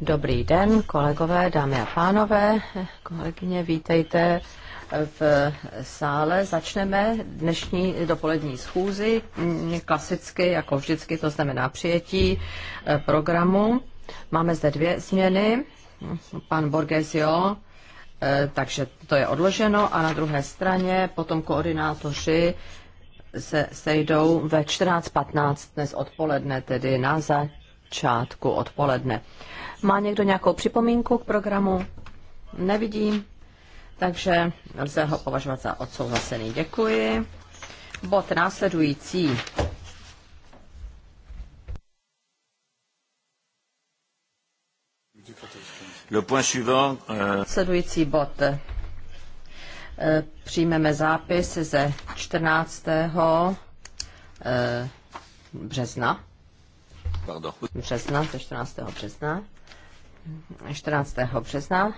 Dobrý den, kolegové, dámy a pánové, kolegyně, vítejte v sále. Začneme dnešní dopolední schůzi, klasicky, jako vždycky, to znamená přijetí programu. Máme zde dvě změny. Pan Borgesio, takže to je odloženo a na druhé straně potom koordinátoři se sejdou ve 14.15 dnes odpoledne, tedy na, začátku odpoledne. Má někdo nějakou připomínku k programu? Nevidím, takže lze ho považovat za odsouhlasený. Děkuji. Bod následující. Le point suivant, euh... Sledující bod. Eh, přijmeme zápis ze 14. Eh, března Pardon. března, 14. března. 14. března.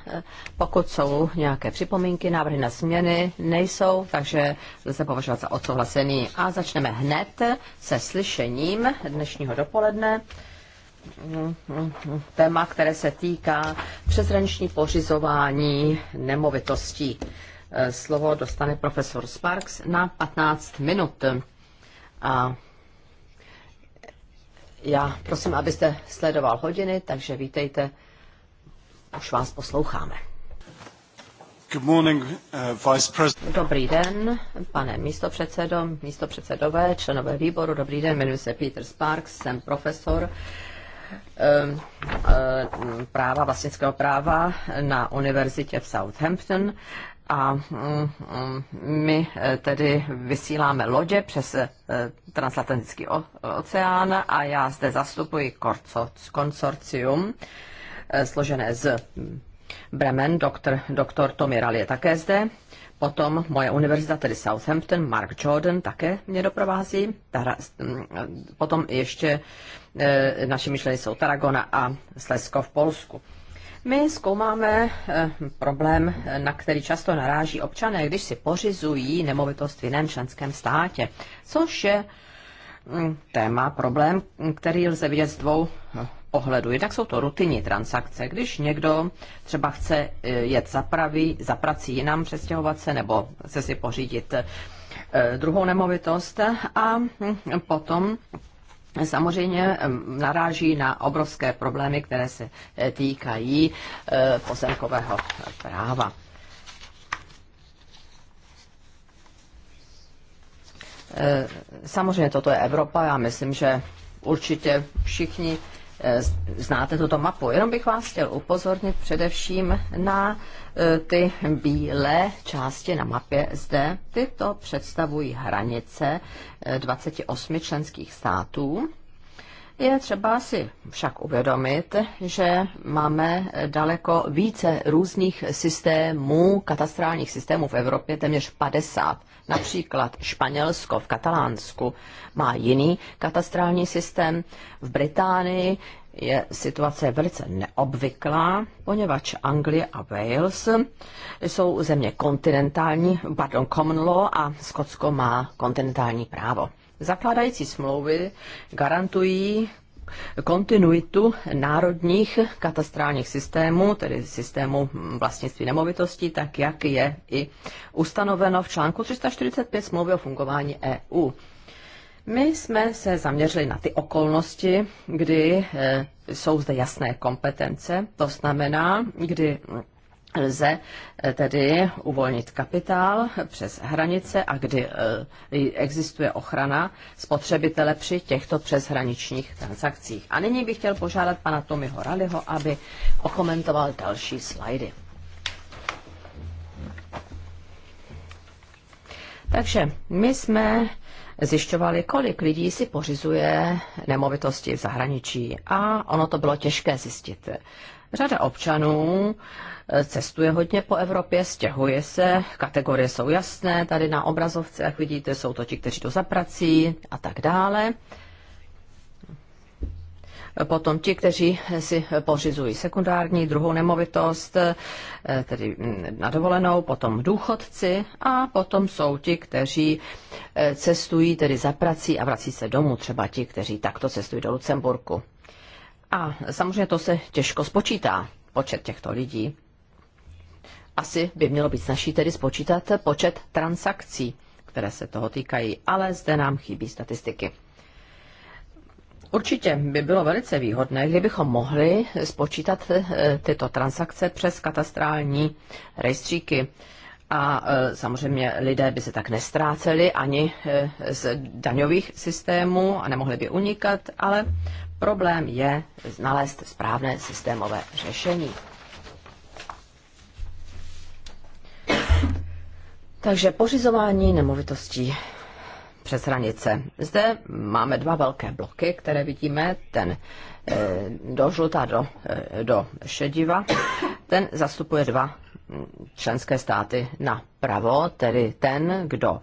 Pokud jsou nějaké připomínky, návrhy na změny, nejsou, takže lze považovat za odsouhlasený. A začneme hned se slyšením dnešního dopoledne. Téma, které se týká přeshraniční pořizování nemovitostí. Slovo dostane profesor Sparks na 15 minut. A já prosím, abyste sledoval hodiny, takže vítejte. Už vás posloucháme. Good morning, uh, Vice President. Dobrý den, pane místopředsedo, místopředsedové, členové výboru. Dobrý den, jmenuji se Peter Sparks, jsem profesor um, uh, práva, vlastnického práva na univerzitě v Southampton a mm, mm, my eh, tedy vysíláme lodě přes eh, transatlantický oceán a já zde zastupuji konsorcium eh, složené z mm, Bremen, doktor, doktor Tommy je také zde, potom moje univerzita, tedy Southampton, Mark Jordan také mě doprovází, potom ještě naše myšleny jsou Taragona a Slesko v Polsku. My zkoumáme eh, problém, eh, na který často naráží občané, když si pořizují nemovitost v jiném členském státě, což je mm, téma, problém, který lze vidět z dvou eh, pohledů. Jednak jsou to rutinní transakce. Když někdo třeba chce jet za, pravý, za prací jinam přestěhovat se nebo chce si pořídit druhou nemovitost a mm, potom samozřejmě naráží na obrovské problémy, které se eh, týkají eh, pozemkového práva. Eh, samozřejmě toto je Evropa, já myslím, že určitě všichni Eh, znáte tuto mapu. Jenom bych vás chtěl upozornit především na eh, ty bílé části na mapě zde. Tyto představují hranice 28 eh, členských států je třeba si však uvědomit, že máme daleko více různých systémů, katastrálních systémů v Evropě, téměř 50. Například Španělsko v Katalánsku má jiný katastrální systém. V Británii je situace velice neobvyklá, poněvadž Anglie a Wales jsou země kontinentální, pardon, common law a Skotsko má kontinentální právo. Zakládající smlouvy garantují kontinuitu národních katastrálních systémů, tedy systému vlastnictví nemovitostí, tak jak je i ustanoveno v článku 345 smlouvy o fungování EU. My jsme se zaměřili na ty okolnosti, kdy eh, jsou zde jasné kompetence, to znamená, kdy lze eh, tedy uvolnit kapitál přes hranice a kdy eh, existuje ochrana spotřebitele při těchto přeshraničních transakcích. A nyní bych chtěl požádat pana Tomiho Raliho, aby okomentoval další slajdy. Takže my jsme zjišťovali, kolik lidí si pořizuje nemovitosti v zahraničí a ono to bylo těžké zjistit. Řada občanů eh, cestuje hodně po Evropě, stěhuje se, kategorie jsou jasné, tady na obrazovce, jak vidíte, jsou to ti, kteří to zaprací a tak dále. Potom ti, kteří si pořizují sekundární, druhou nemovitost, eh, tedy mm, na dovolenou, potom důchodci a potom jsou ti, kteří eh, cestují tedy za prací a vrací se domů, třeba ti, kteří takto cestují do Lucemburku. A samozřejmě to se těžko spočítá, počet těchto lidí. Asi by mělo být snažší tedy spočítat počet transakcí, které se toho týkají, ale zde nám chybí statistiky. Určitě by bylo velice výhodné, kdybychom mohli spočítat eh, tyto transakce přes katastrální rejstříky. A eh, samozřejmě lidé by se tak nestráceli ani eh, z daňových systémů a nemohli by unikat, ale Problém je znalézt správné systémové řešení. Takže pořizování nemovitostí přes hranice. Zde máme dva velké bloky, které vidíme, ten eh, do žlutá, do, eh, do šediva. Ten zastupuje dva hm, členské státy na pravo, tedy ten, kdo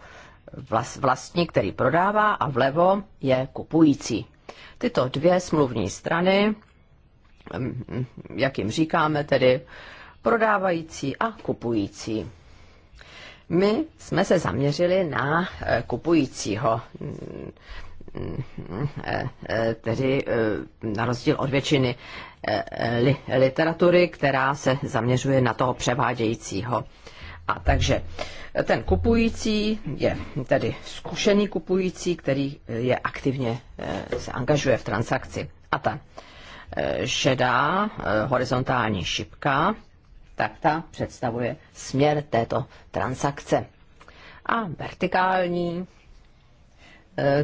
vlastní, který prodává a vlevo je kupující. Tyto dvě smluvní strany, mm, jak jim říkáme tedy, prodávající a kupující. My jsme se zaměřili na eh, kupujícího, mm, mm, eh, eh, tedy na rozdíl od většiny literatury, která se zaměřuje na toho převádějícího. A takže ten kupující je tedy zkušený kupující, který eh, je aktivně eh, se angažuje v transakci. A ta eh, šedá horizontální šipka, tak ta představuje směr této transakce. A vertikální,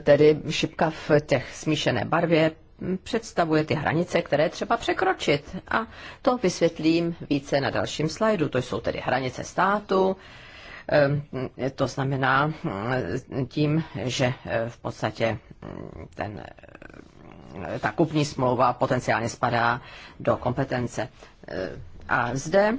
tedy šipka v těch smíšené barvě, představuje ty hranice, které třeba překročit. A to vysvětlím více na dalším slajdu. To jsou tedy hranice státu. Ehm, to znamená mm, tím, že eh, v podstatě mm, ten, eh, ta kupní smlouva potenciálně spadá do kompetence. Eh, a zde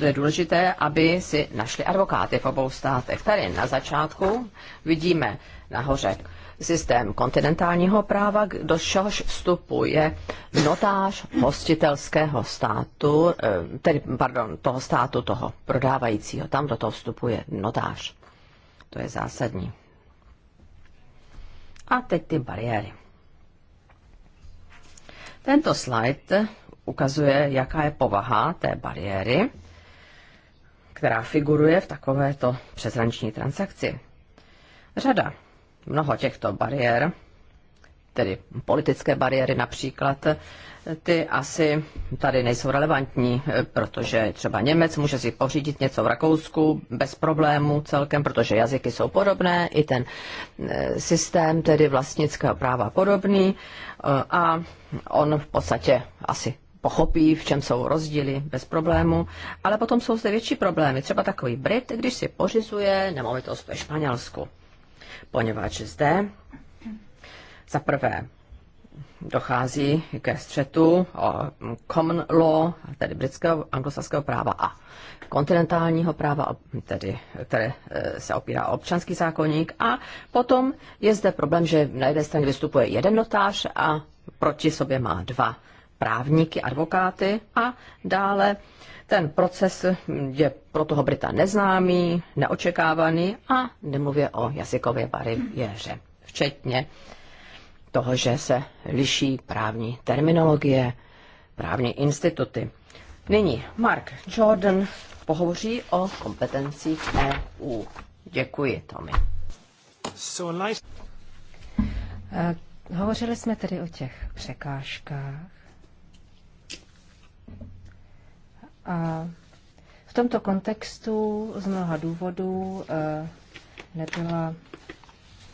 je důležité, aby si našli advokáty v obou státech. Tady na začátku vidíme nahoře systém kontinentálního práva, do čehož vstupuje notář hostitelského státu, eh, tedy, pardon, toho státu, toho prodávajícího. Tam do toho vstupuje notář. To je zásadní. A teď ty bariéry. Tento slide ukazuje, jaká je povaha té bariéry, která figuruje v takovéto přeshraniční transakci. Řada mnoho těchto bariér, tedy politické bariéry například, ty asi tady nejsou relevantní, protože třeba Němec může si pořídit něco v Rakousku bez problému celkem, protože jazyky jsou podobné, i ten e, systém tedy vlastnického práva podobný e, a on v podstatě asi pochopí, v čem jsou rozdíly bez problému, ale potom jsou zde větší problémy. Třeba takový Brit, když si pořizuje nemovitost ve Španělsku poněvadž zde za prvé dochází ke střetu common law, tedy britského anglosaského práva a kontinentálního práva, tedy, které e, se opírá o občanský zákonník. A potom je zde problém, že na jedné straně vystupuje jeden notář a proti sobě má dva právníky, advokáty a dále ten proces je pro toho Brita neznámý, neočekávaný a nemluvě o jazykové bariéře, včetně toho, že se liší právní terminologie, právní instituty. Nyní Mark Jordan pohovoří o kompetencích EU. Děkuji, Tomi. So nice. Eh, hovořili jsme tedy o těch překážkách A v tomto kontextu z mnoha důvodů eh, nebyla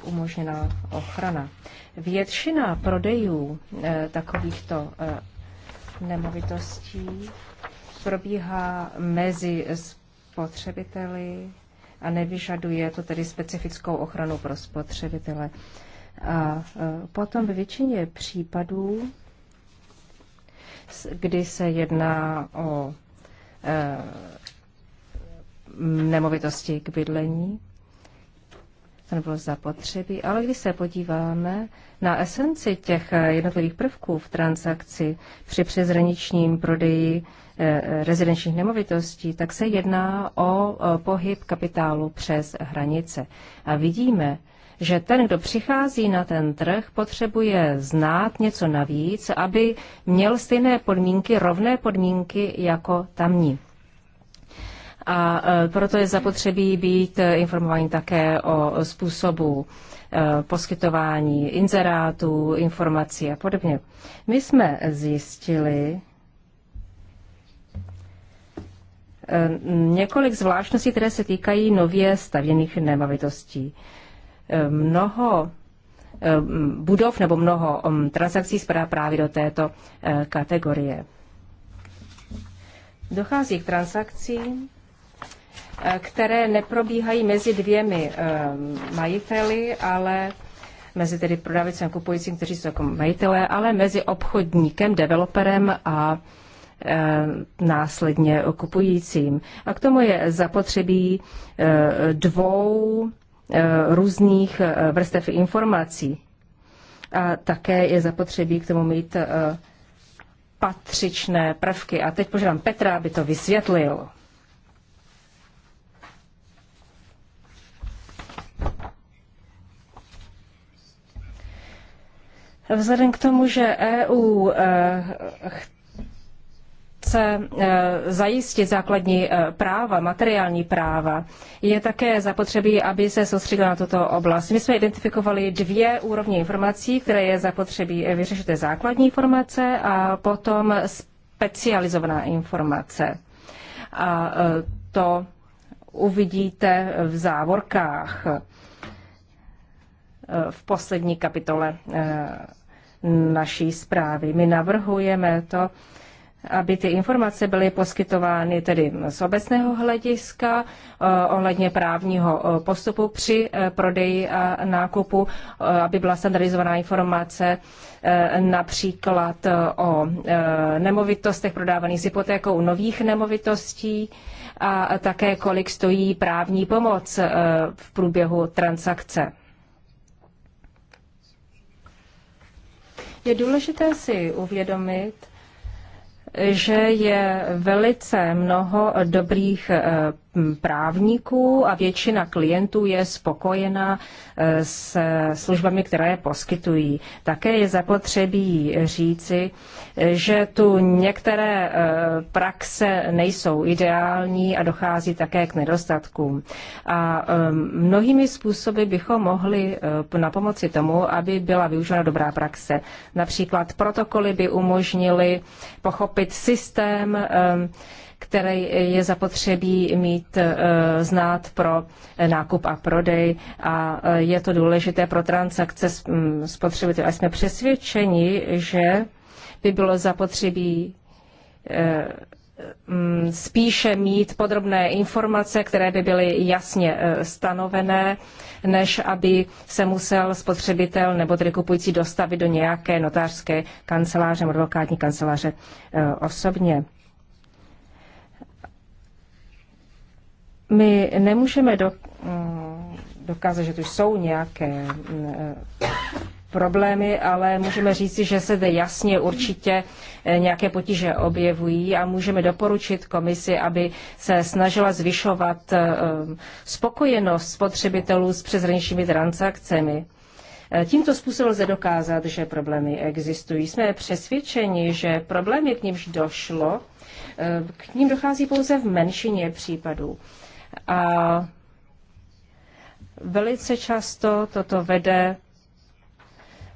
umožněna ochrana. Většina prodejů eh, takovýchto eh, nemovitostí probíhá mezi spotřebiteli a nevyžaduje to tedy specifickou ochranu pro spotřebitele. A potom ve většině případů, kdy se jedná o Eh, nemovitosti k bydlení. To nebylo zapotřebí. Ale když se podíváme na esenci těch eh, jednotlivých prvků v transakci při přezraničním prodeji eh, rezidenčních nemovitostí, tak se jedná o pohyb kapitálu přes hranice. A vidíme, že ten, kdo přichází na ten trh, potřebuje znát něco navíc, aby měl stejné podmínky, rovné podmínky jako tamní. A e, proto je zapotřebí být e, informovaný také o způsobu e, poskytování inzerátů, informací a podobně. My jsme zjistili, několik zvláštností, které se týkají nově stavěných nemovitostí mnoho eh, budov nebo mnoho mm, transakcí spadá právě do této eh, kategorie. Dochází k transakcím, eh, které neprobíhají mezi dvěmi majiteli, ale mezi tedy prodavicem a kupujícím, kteří jsou jako majitelé, ale mezi obchodníkem, developerem a následně kupujícím. A k tomu je zapotřebí dvou Eh, různých eh, vrstev informací. A také je zapotřebí k tomu mít eh, patřičné prvky. A teď požádám Petra, aby to vysvětlil. Vzhledem k tomu, že EU chce eh, zajistit základní eh, práva, materiální práva, je také zapotřebí, aby se soustředila na tuto oblast. My jsme identifikovali dvě úrovně informací, které je zapotřebí vyřešit základní informace a potom specializovaná informace. A eh, to uvidíte v závorkách v poslední kapitole naší zprávy. My navrhujeme to, aby ty informace byly poskytovány tedy z obecného hlediska eh, ohledně právního eh, postupu při eh, prodeji a nákupu, aby byla standardizovaná informace například o nemovitostech prodávaných s hypotékou nových nemovitostí a také kolik stojí právní pomoc v průběhu transakce. Je důležité si uvědomit, že je velice mnoho dobrých eh, právníků a většina klientů je spokojena e, s službami, které poskytují. Také je zapotřebí říci, že tu některé e, praxe nejsou ideální a dochází také k nedostatkům. A e, mnohými způsoby bychom mohli na pomoci tomu, aby byla využena dobrá praxe. Například protokoly by umožnili pochopit systém, které je zapotřebí mít eh, znát pro nákup a prodej a eh, je to důležité pro transakce mm, spotřebitelů. A jsme přesvědčeni, že by bylo zapotřebí eh, mm, spíše mít podrobné informace, které by byly jasně stanovené, než aby se musel spotřebitel nebo tedy kupující dostavit do nějaké notářské kanceláře nebo advokátní kanceláře osobně. My nemůžeme do, mm, dokázat, že tu jsou nějaké mm, eh, problémy, ale můžeme říci, že se zde jasně určitě eh, nějaké potíže objevují a můžeme doporučit komisi, aby se snažila zvyšovat eh, spokojenost spotřebitelů s přeshraničními transakcemi. Tímto způsobem lze dokázat, že problémy existují. Jsme přesvědčeni, že problémy, k nímž došlo, k ním dochází pouze v menšině případů. A velice často toto vede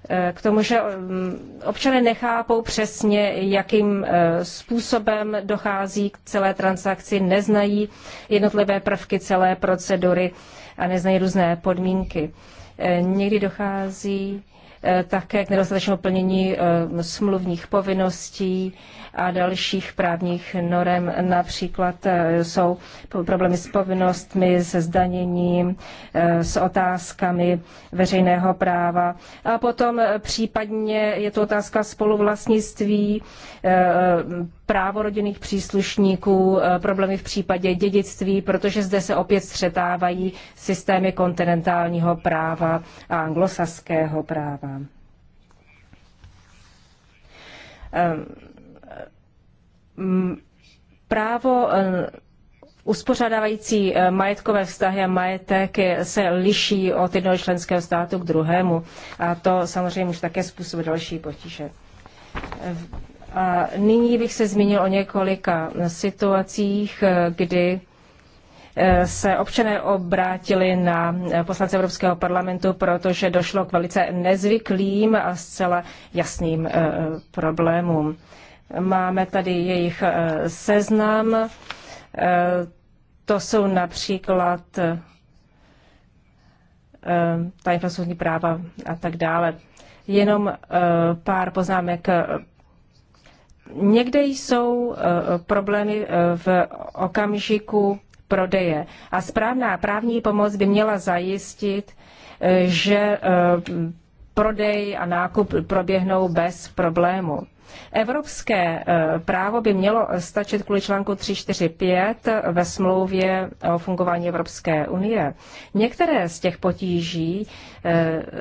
eh, k tomu, že mm, občané nechápou přesně, jakým eh, způsobem dochází k celé transakci, neznají jednotlivé prvky celé procedury a neznají různé podmínky. Eh, někdy dochází Eh, také k nedostatečnému plnění eh, smluvních povinností a dalších právních norem. Například eh, jsou problémy s povinnostmi, se zdaněním, s otázkami veřejného práva. A potom případně je to otázka spoluvlastnictví, právo rodinných příslušníků, eh, problémy v případě dědictví, protože zde se opět střetávají systémy kontinentálního práva a anglosaského práva. Ehm, právo eh, uspořádávající eh, majetkové vztahy a majetek se liší od jednoho členského státu k druhému a to samozřejmě může také způsobit další potíže ehm, a nyní bych se zmínil o několika situacích, eh, kdy eh, se občané obrátili na eh, poslance Evropského parlamentu, protože došlo k velice nezvyklým a zcela jasným problémům. Máme tady jejich seznam. To jsou například ta infrastrukturní práva a tak dále. Jenom pár poznámek Někde jsou eh, problémy eh, v okamžiku prodeje a správná právní pomoc by měla zajistit, eh, že prodej a nákup proběhnou bez problému. Evropské právo by mělo stačit kvůli článku 345 ve smlouvě o fungování Evropské unie. Některé z těch potíží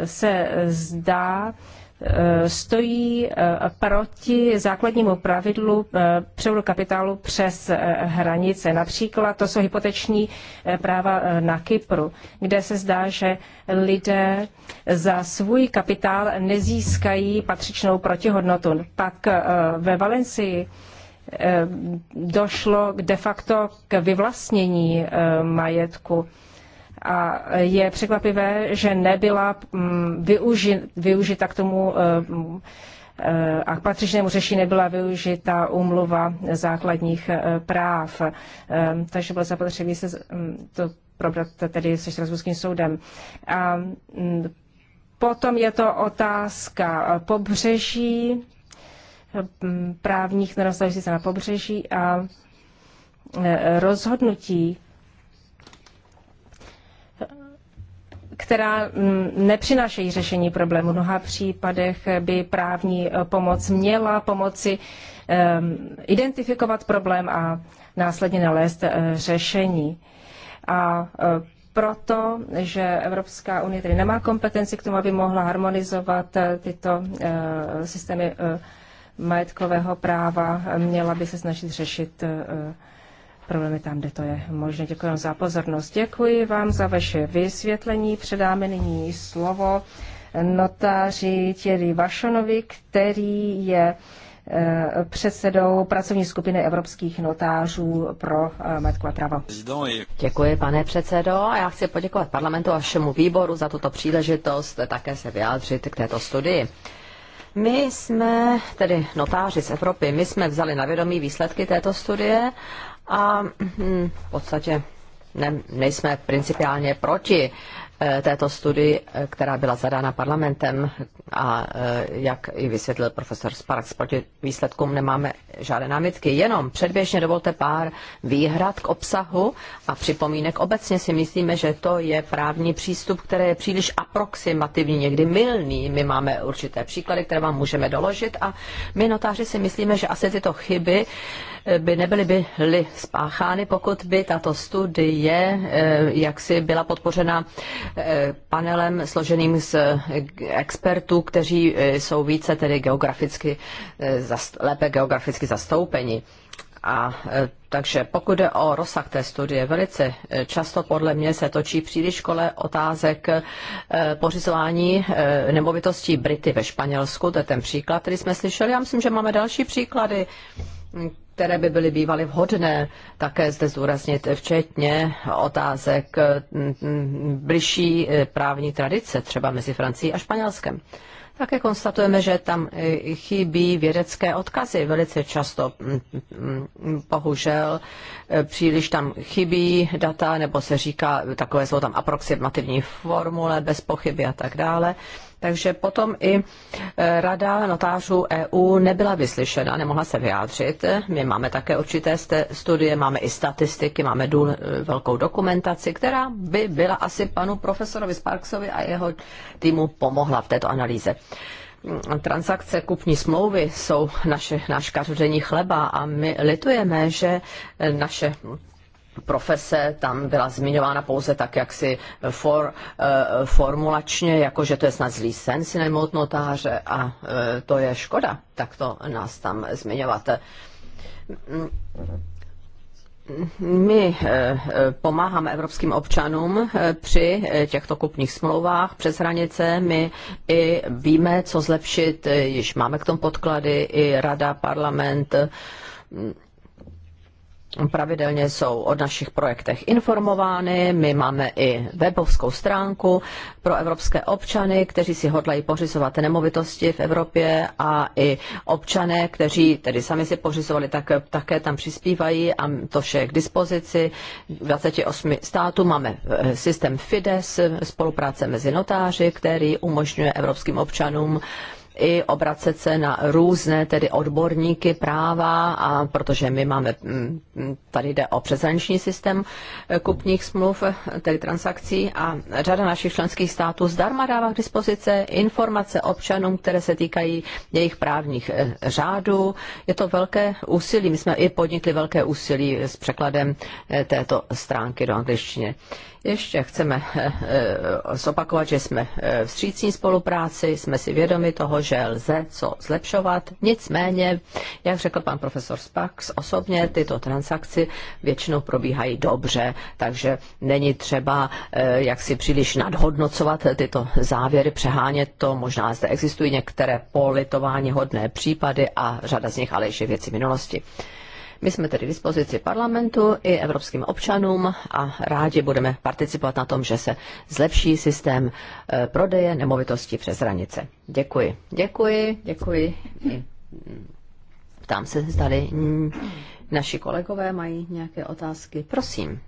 se zdá, Eh, stojí eh, proti základnímu pravidlu eh, převodu kapitálu přes hranice. Například to jsou hypoteční práva na Kypru, kde se zdá, že lidé za svůj kapitál nezískají patřičnou protihodnotu. Pak ve Valencii došlo de facto k vyvlastnění majetku a je překvapivé, že nebyla mm, využi, využita k tomu eh, eh, a k patřičnému řešení nebyla využita umluva základních eh, práv. Takže bylo zapotřebí se mm, to probrat tedy se Štrasburským soudem. A mm, potom je to otázka pobřeží, právních nedostavující se na pobřeží a rozhodnutí která mm, nepřinášejí řešení problému. V mnoha případech by právní eh, pomoc měla pomoci ehm, identifikovat problém a následně nalézt eh, řešení. A eh, proto, že Evropská unie tedy nemá kompetenci k tomu, aby mohla harmonizovat tyto systémy majetkového práva, měla by se snažit řešit problémy tam, kde to je možné. Děkuji za pozornost. Děkuji vám za vaše vysvětlení. Předáme nyní slovo notáři Thierry Vašonovi, který je eh, předsedou pracovní skupiny evropských notářů pro eh, a práva. Děkuji, pane předsedo, a já chci poděkovat parlamentu a všemu výboru za tuto příležitost také se vyjádřit k této studii. My jsme, tedy notáři z Evropy, my jsme vzali na vědomí výsledky této studie a hm, v podstatě ne, nejsme principiálně proti eh, této studii, eh, která byla zadána parlamentem a eh, jak i vysvětlil profesor Sparks, proti výsledkům nemáme žádné námitky. Jenom předběžně dovolte pár výhrad k obsahu a připomínek. Obecně si myslíme, že to je právní přístup, který je příliš aproximativní, někdy mylný. My máme určité příklady, které vám můžeme doložit a my notáři si myslíme, že asi tyto chyby by nebyly by spáchány, pokud by tato studie eh, jaksi byla podpořena eh, panelem složeným z expertů, kteří eh, jsou více tedy geograficky, lépe geograficky zastoupeni. A takže pokud jde o rozsah té studie, velice často podle mě se točí příliš kole otázek pořizování nemovitostí Brity ve Španělsku, to je ten příklad, který jsme slyšeli. Já myslím, že máme další příklady které by byly bývaly vhodné, také zde zúraznit včetně otázek mm, mm, bližší e, právní tradice, třeba mezi Francií a Španělskem. Také konstatujeme, že tam e, chybí vědecké odkazy velice často. Mm, bohužel e, příliš tam chybí data, nebo se říká, takové jsou tam aproximativní formule, bez pochyby a tak dále. Takže potom i e, Rada notářů EU nebyla vyslyšena, nemohla se vyjádřit. My máme také určité studie, máme i statistiky, máme důl, velkou dokumentaci, která by byla asi panu profesorovi Sparksovi a jeho týmu pomohla v této analýze transakce kupní smlouvy jsou naše, náš každodenní chleba a my litujeme, že naše profese tam byla zmiňována pouze tak jaksi eh, for, e, formulačně, jako že to je snad zlý sen si najmout notáře a e, to je škoda, tak to nás tam zmiňovat. My pomáháme evropským občanům při těchto kupních smlouvách přes hranice. My i víme, co zlepšit, již máme k tomu podklady, i rada, parlament pravidelně jsou od našich projektech informovány. My máme i webovskou stránku pro evropské občany, kteří si hodlají pořizovat nemovitosti v Evropě a i občané, kteří tedy sami si pořizovali, tak také tam přispívají a to vše je k dispozici. V 28 států máme eh, systém FIDES, spolupráce mezi notáři, který umožňuje evropským občanům i obracet se na různé tedy odborníky práva, a protože my máme, mm, mm, tady jde o přeshraniční systém eh, kupních smluv, eh, tedy transakcí a řada našich členských států zdarma dává k dispozice informace občanům, které se týkají jejich právních eh, řádů. Je to velké úsilí, my jsme i podnikli velké úsilí s překladem této stránky do angličtiny. Ještě chceme eh, eh, zopakovat, že jsme eh, v střícní spolupráci, jsme si vědomi toho, že lze co zlepšovat. Nicméně, jak řekl pan profesor Spax, osobně tyto transakci většinou probíhají dobře, takže není třeba jak si příliš nadhodnocovat tyto závěry, přehánět to. Možná zde existují některé politování hodné případy a řada z nich ale ještě věci minulosti. My jsme tedy v dispozici parlamentu i evropským občanům a rádi budeme participovat na tom, že se zlepší systém eh, prodeje nemovitostí přes hranice. Děkuji. Děkuji, děkuji. Mm, ptám se, zdali mm, naši kolegové mají nějaké otázky. Prosím.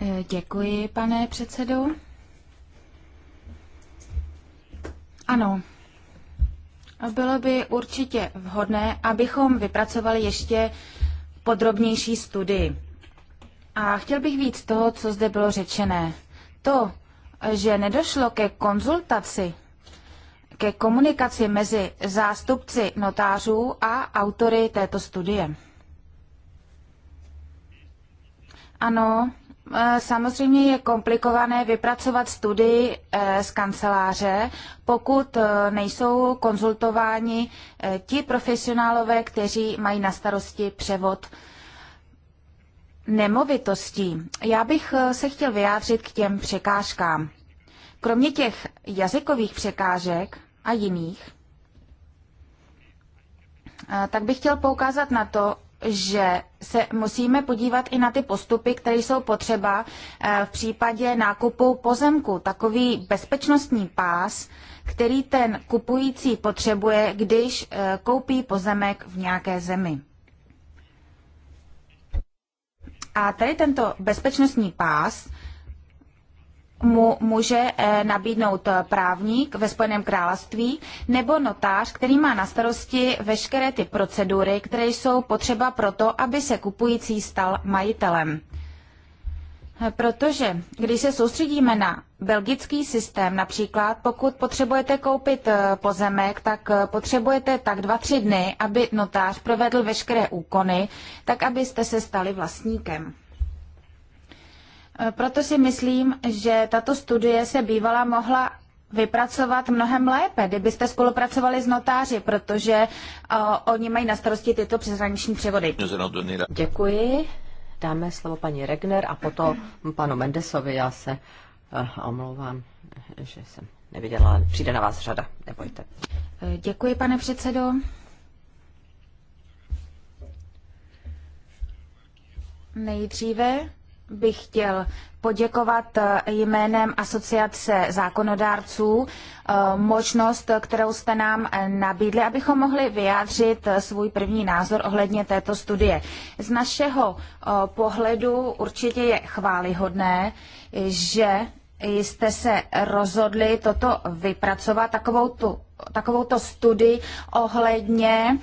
Eh, děkuji, pane předsedo. Ano. Bylo by určitě vhodné, abychom vypracovali ještě podrobnější studii. A chtěl bych víc toho, co zde bylo řečené. To, že nedošlo ke konzultaci, ke komunikaci mezi zástupci notářů a autory této studie. Ano, Samozřejmě je komplikované vypracovat studii eh, z kanceláře, pokud eh, nejsou konzultováni eh, ti profesionálové, kteří mají na starosti převod nemovitostí. Já bych se chtěl vyjádřit k těm překážkám. Kromě těch jazykových překážek a jiných, tak bych chtěl poukázat na to, že se musíme podívat i na ty postupy, které jsou potřeba eh, v případě nákupu pozemku. Takový bezpečnostní pás, který ten kupující potřebuje, když eh, koupí pozemek v nějaké zemi. A tady tento bezpečnostní pás mu může eh, nabídnout eh, právník ve Spojeném království nebo notář, který má na starosti veškeré ty procedury, které jsou potřeba pro to, aby se kupující stal majitelem. Eh, protože když se soustředíme na belgický systém, například pokud potřebujete koupit pozemek, tak potřebujete tak dva, tři dny, aby notář provedl veškeré úkony, tak abyste se stali vlastníkem. E, proto si myslím, že tato studie se bývala mohla vypracovat mnohem lépe, kdybyste spolupracovali s notáři, protože uh, oni mají na starosti tyto přeshraniční převody. Děkuji. Dáme slovo paní Regner a potom panu Mendesovi. Já se uh, omlouvám, že jsem neviděla, ale přijde na vás řada. Nebojte. Děkuji, pane předsedo. Nejdříve bych chtěl poděkovat eh, jménem Asociace zákonodárců eh, možnost, kterou jste nám eh, nabídli, abychom mohli vyjádřit svůj první názor ohledně této studie. Z našeho pohledu určitě je chválihodné, že jste se rozhodli toto vypracovat, takovou tu, takovouto studii ohledně uh,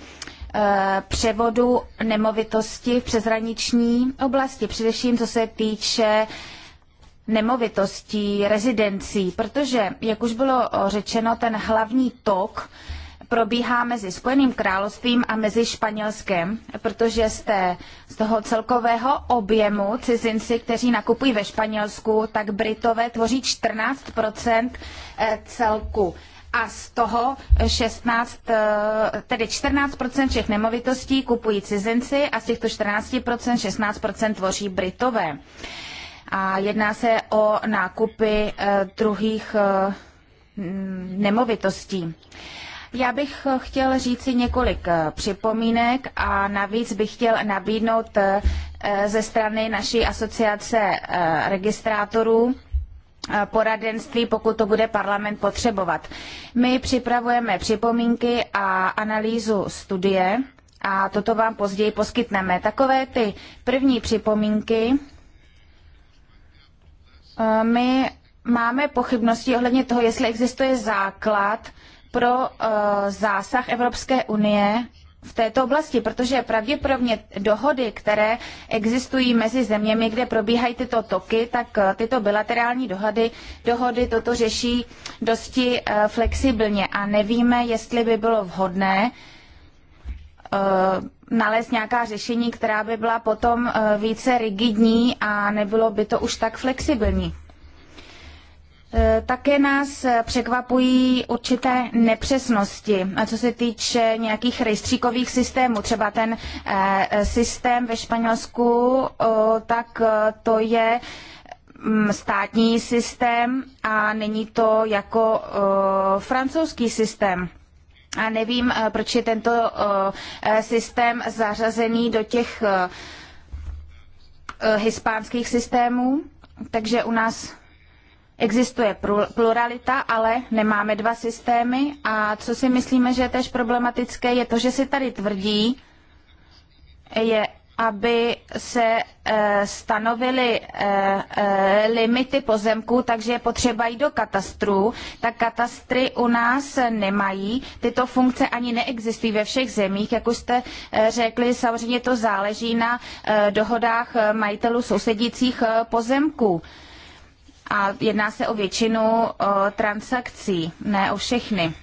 Eh, převodu nemovitosti v přeshraniční oblasti, především co se týče nemovitostí, rezidencí, protože, jak už bylo řečeno, ten hlavní tok probíhá mezi Spojeným královstvím a mezi Španělskem, protože z, té, z toho celkového objemu cizinci, kteří nakupují ve Španělsku, tak Britové tvoří 14 eh, celku a z toho 16, eh, tedy 14% všech nemovitostí kupují cizinci a z těchto 14% 16% tvoří Britové. A jedná se o nákupy eh, druhých eh, nemovitostí. Já bych chtěl si několik připomínek a navíc bych chtěl nabídnout ze strany naší asociace registrátorů Eh, poradenství, pokud to bude parlament potřebovat. My připravujeme připomínky a analýzu studie a toto vám později poskytneme. Takové ty první připomínky. Eh, my máme pochybnosti ohledně toho, jestli existuje základ pro eh, zásah Evropské unie v této oblasti, protože pravděpodobně dohody, které existují mezi zeměmi, kde probíhají tyto toky, tak eh, tyto bilaterální dohody, dohody toto řeší dosti eh, flexibilně a nevíme, jestli by bylo vhodné eh, nalézt nějaká řešení, která by byla potom více rigidní a nebylo by to už tak flexibilní. E, také nás překvapují určité nepřesnosti, co se týče nějakých rejstříkových systémů. Třeba ten e, systém ve Španělsku, tak e, to je mm, státní systém a není to jako francouzský systém. A nevím, proč je tento systém zařazený do těch hispánských systémů. Takže u nás Existuje pluralita, ale nemáme dva systémy a co si myslíme, že je tež problematické, je to, že si tady tvrdí, je, aby se eh, stanovily eh, eh, limity pozemků, takže je potřeba jít do katastrů, tak katastry u nás nemají. Tyto funkce ani neexistují ve všech zemích. Jak už jste řekli, samozřejmě to záleží na dohodách majitelů sousedících pozemků. A jedná se o většinu transakcí, ne o všechny.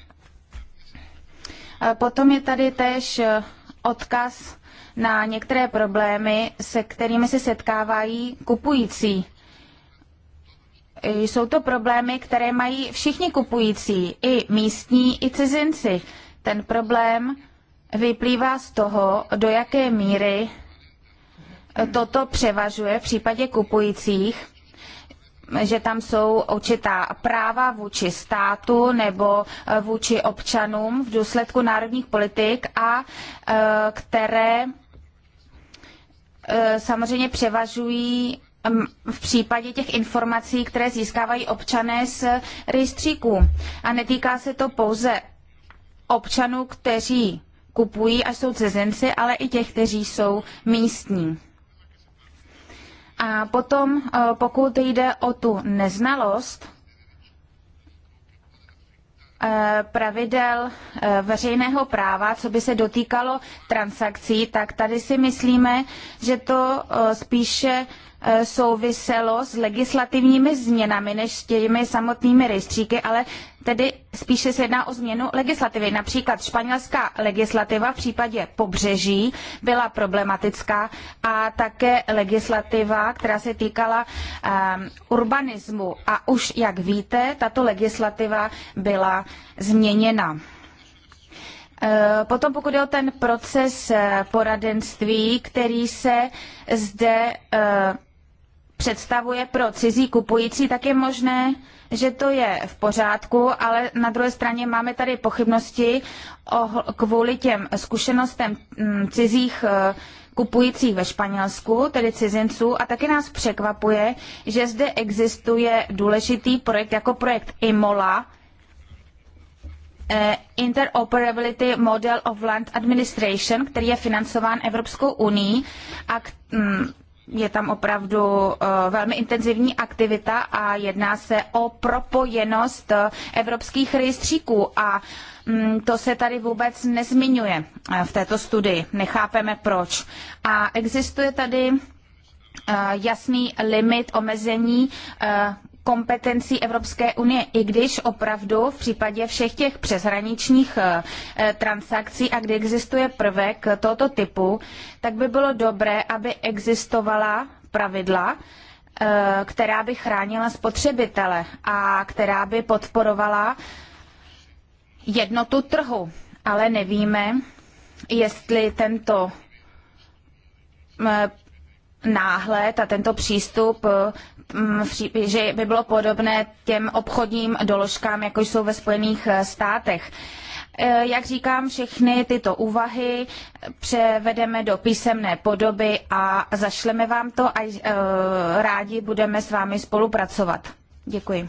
Potom je tady též e, odkaz na některé problémy, se kterými se setkávají kupující. E, jsou to problémy, které mají všichni kupující, i místní, i cizinci. Ten problém vyplývá z toho, do jaké míry e, toto převažuje v případě kupujících že tam jsou určitá práva vůči státu nebo eh, vůči občanům v důsledku národních politik a eh, které eh, samozřejmě převažují mm, v případě těch informací, které získávají občané z rejstříků. A netýká se to pouze občanů, kteří kupují a jsou cizinci, ale i těch, kteří jsou místní. A potom, eh, pokud jde o tu neznalost eh, pravidel eh, veřejného práva, co by se dotýkalo transakcí, tak tady si myslíme, že to spíše souviselo s legislativními změnami než s těmi samotnými rejstříky, ale Tedy spíše se jedná o změnu legislativy. Například španělská legislativa v případě pobřeží byla problematická a také legislativa, která se týkala um, urbanismu. A už, jak víte, tato legislativa byla změněna. Ehm, potom pokud je o ten proces eh, poradenství, který se zde eh, představuje pro cizí kupující, tak je možné že to je v pořádku, ale na druhé straně máme tady pochybnosti o, kvůli těm zkušenostem mm, cizích eh, kupujících ve Španělsku, tedy cizinců, a také nás překvapuje, že zde existuje důležitý projekt jako projekt IMOLA, eh, Interoperability Model of Land Administration, který je financován Evropskou unii a mm, je tam opravdu eh, velmi intenzivní aktivita a jedná se o propojenost eh, evropských rejstříků a mm, to se tady vůbec nezmiňuje eh, v této studii. Nechápeme proč. A existuje tady jasný limit omezení, kompetencí Evropské unie, i když opravdu v případě všech těch přeshraničních eh, eh, transakcí a kdy existuje prvek tohoto typu, tak by bylo dobré, aby existovala pravidla, eh, která by chránila spotřebitele a která by podporovala jednotu trhu. Ale nevíme, jestli tento náhled a tento přístup, eh, mm, že by bylo podobné těm obchodním doložkám, jako jsou ve Spojených eh, státech. Eh, jak říkám, všechny tyto úvahy převedeme do písemné podoby a zašleme vám to a rádi budeme s vámi spolupracovat. Děkuji.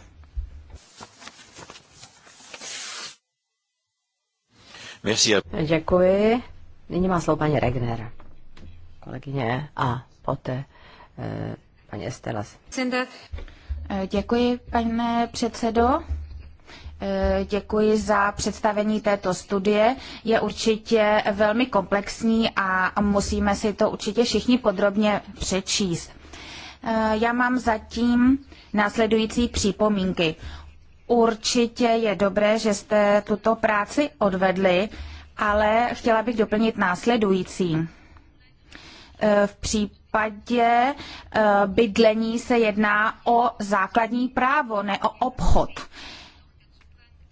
Děkuji. Nyní má slovo paní Regner, kolegyně a poté eh, paní Estelas. Eh, děkuji, pane předsedo. Eh, děkuji za představení této studie. Je určitě velmi komplexní a musíme si to určitě všichni podrobně přečíst. Já mám zatím následující připomínky. Určitě je dobré, že jste tuto práci odvedli, ale chtěla bych doplnit následující. V případě případě eh, bydlení se jedná o základní právo, ne o obchod.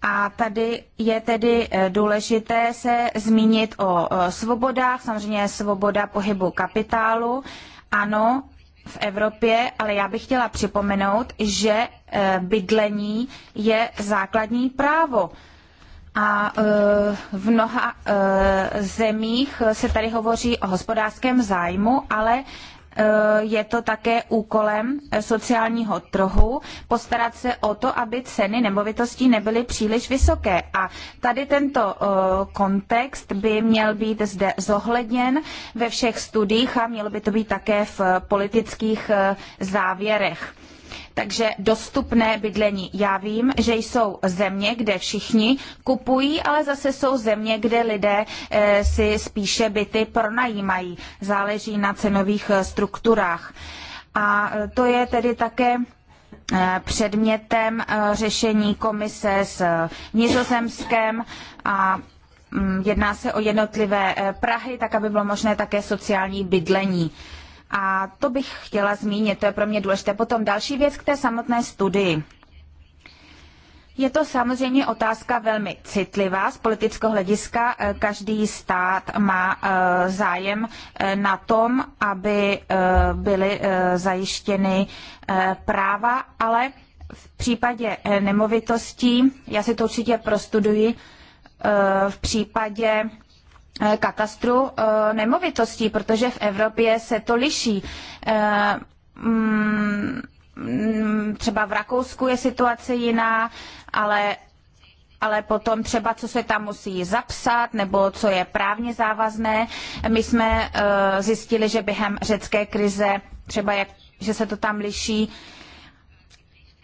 A tady je tedy eh, důležité se zmínit o eh, svobodách, samozřejmě svoboda pohybu kapitálu. Ano, v Evropě, ale já bych chtěla připomenout, že bydlení je základní právo. A v mnoha zemích se tady hovoří o hospodářském zájmu, ale Eh, je to také úkolem eh, sociálního trhu postarat se o to, aby ceny nemovitostí nebyly příliš vysoké. A tady tento eh, kontext by měl být zde zohledněn ve všech studiích a mělo by to být také v politických závěrech. Takže dostupné bydlení. Já vím, že jsou země, kde všichni kupují, ale zase jsou země, kde lidé eh, si spíše byty pronajímají. Záleží na cenových eh, strukturách. A eh, to je tedy také předmětem řešení komise s Nizozemskem a mm, jedná se o jednotlivé Prahy, tak aby bylo možné také sociální bydlení. A to bych chtěla zmínit, to je pro mě důležité. Potom další věc k té samotné studii. Je to samozřejmě otázka velmi citlivá z politického hlediska. Eh, každý stát má eh, zájem eh, na tom, aby byly zajištěny práva, ale v případě nemovitostí, já si to určitě prostuduji, v případě Eh, katastru eh, nemovitostí, protože v Evropě se to liší. Eh, mm, třeba v Rakousku je situace jiná, ale ale potom třeba, co se tam musí zapsat, nebo co je právně závazné. My jsme zjistili, že během řecké krize, třeba jak, že se to tam liší,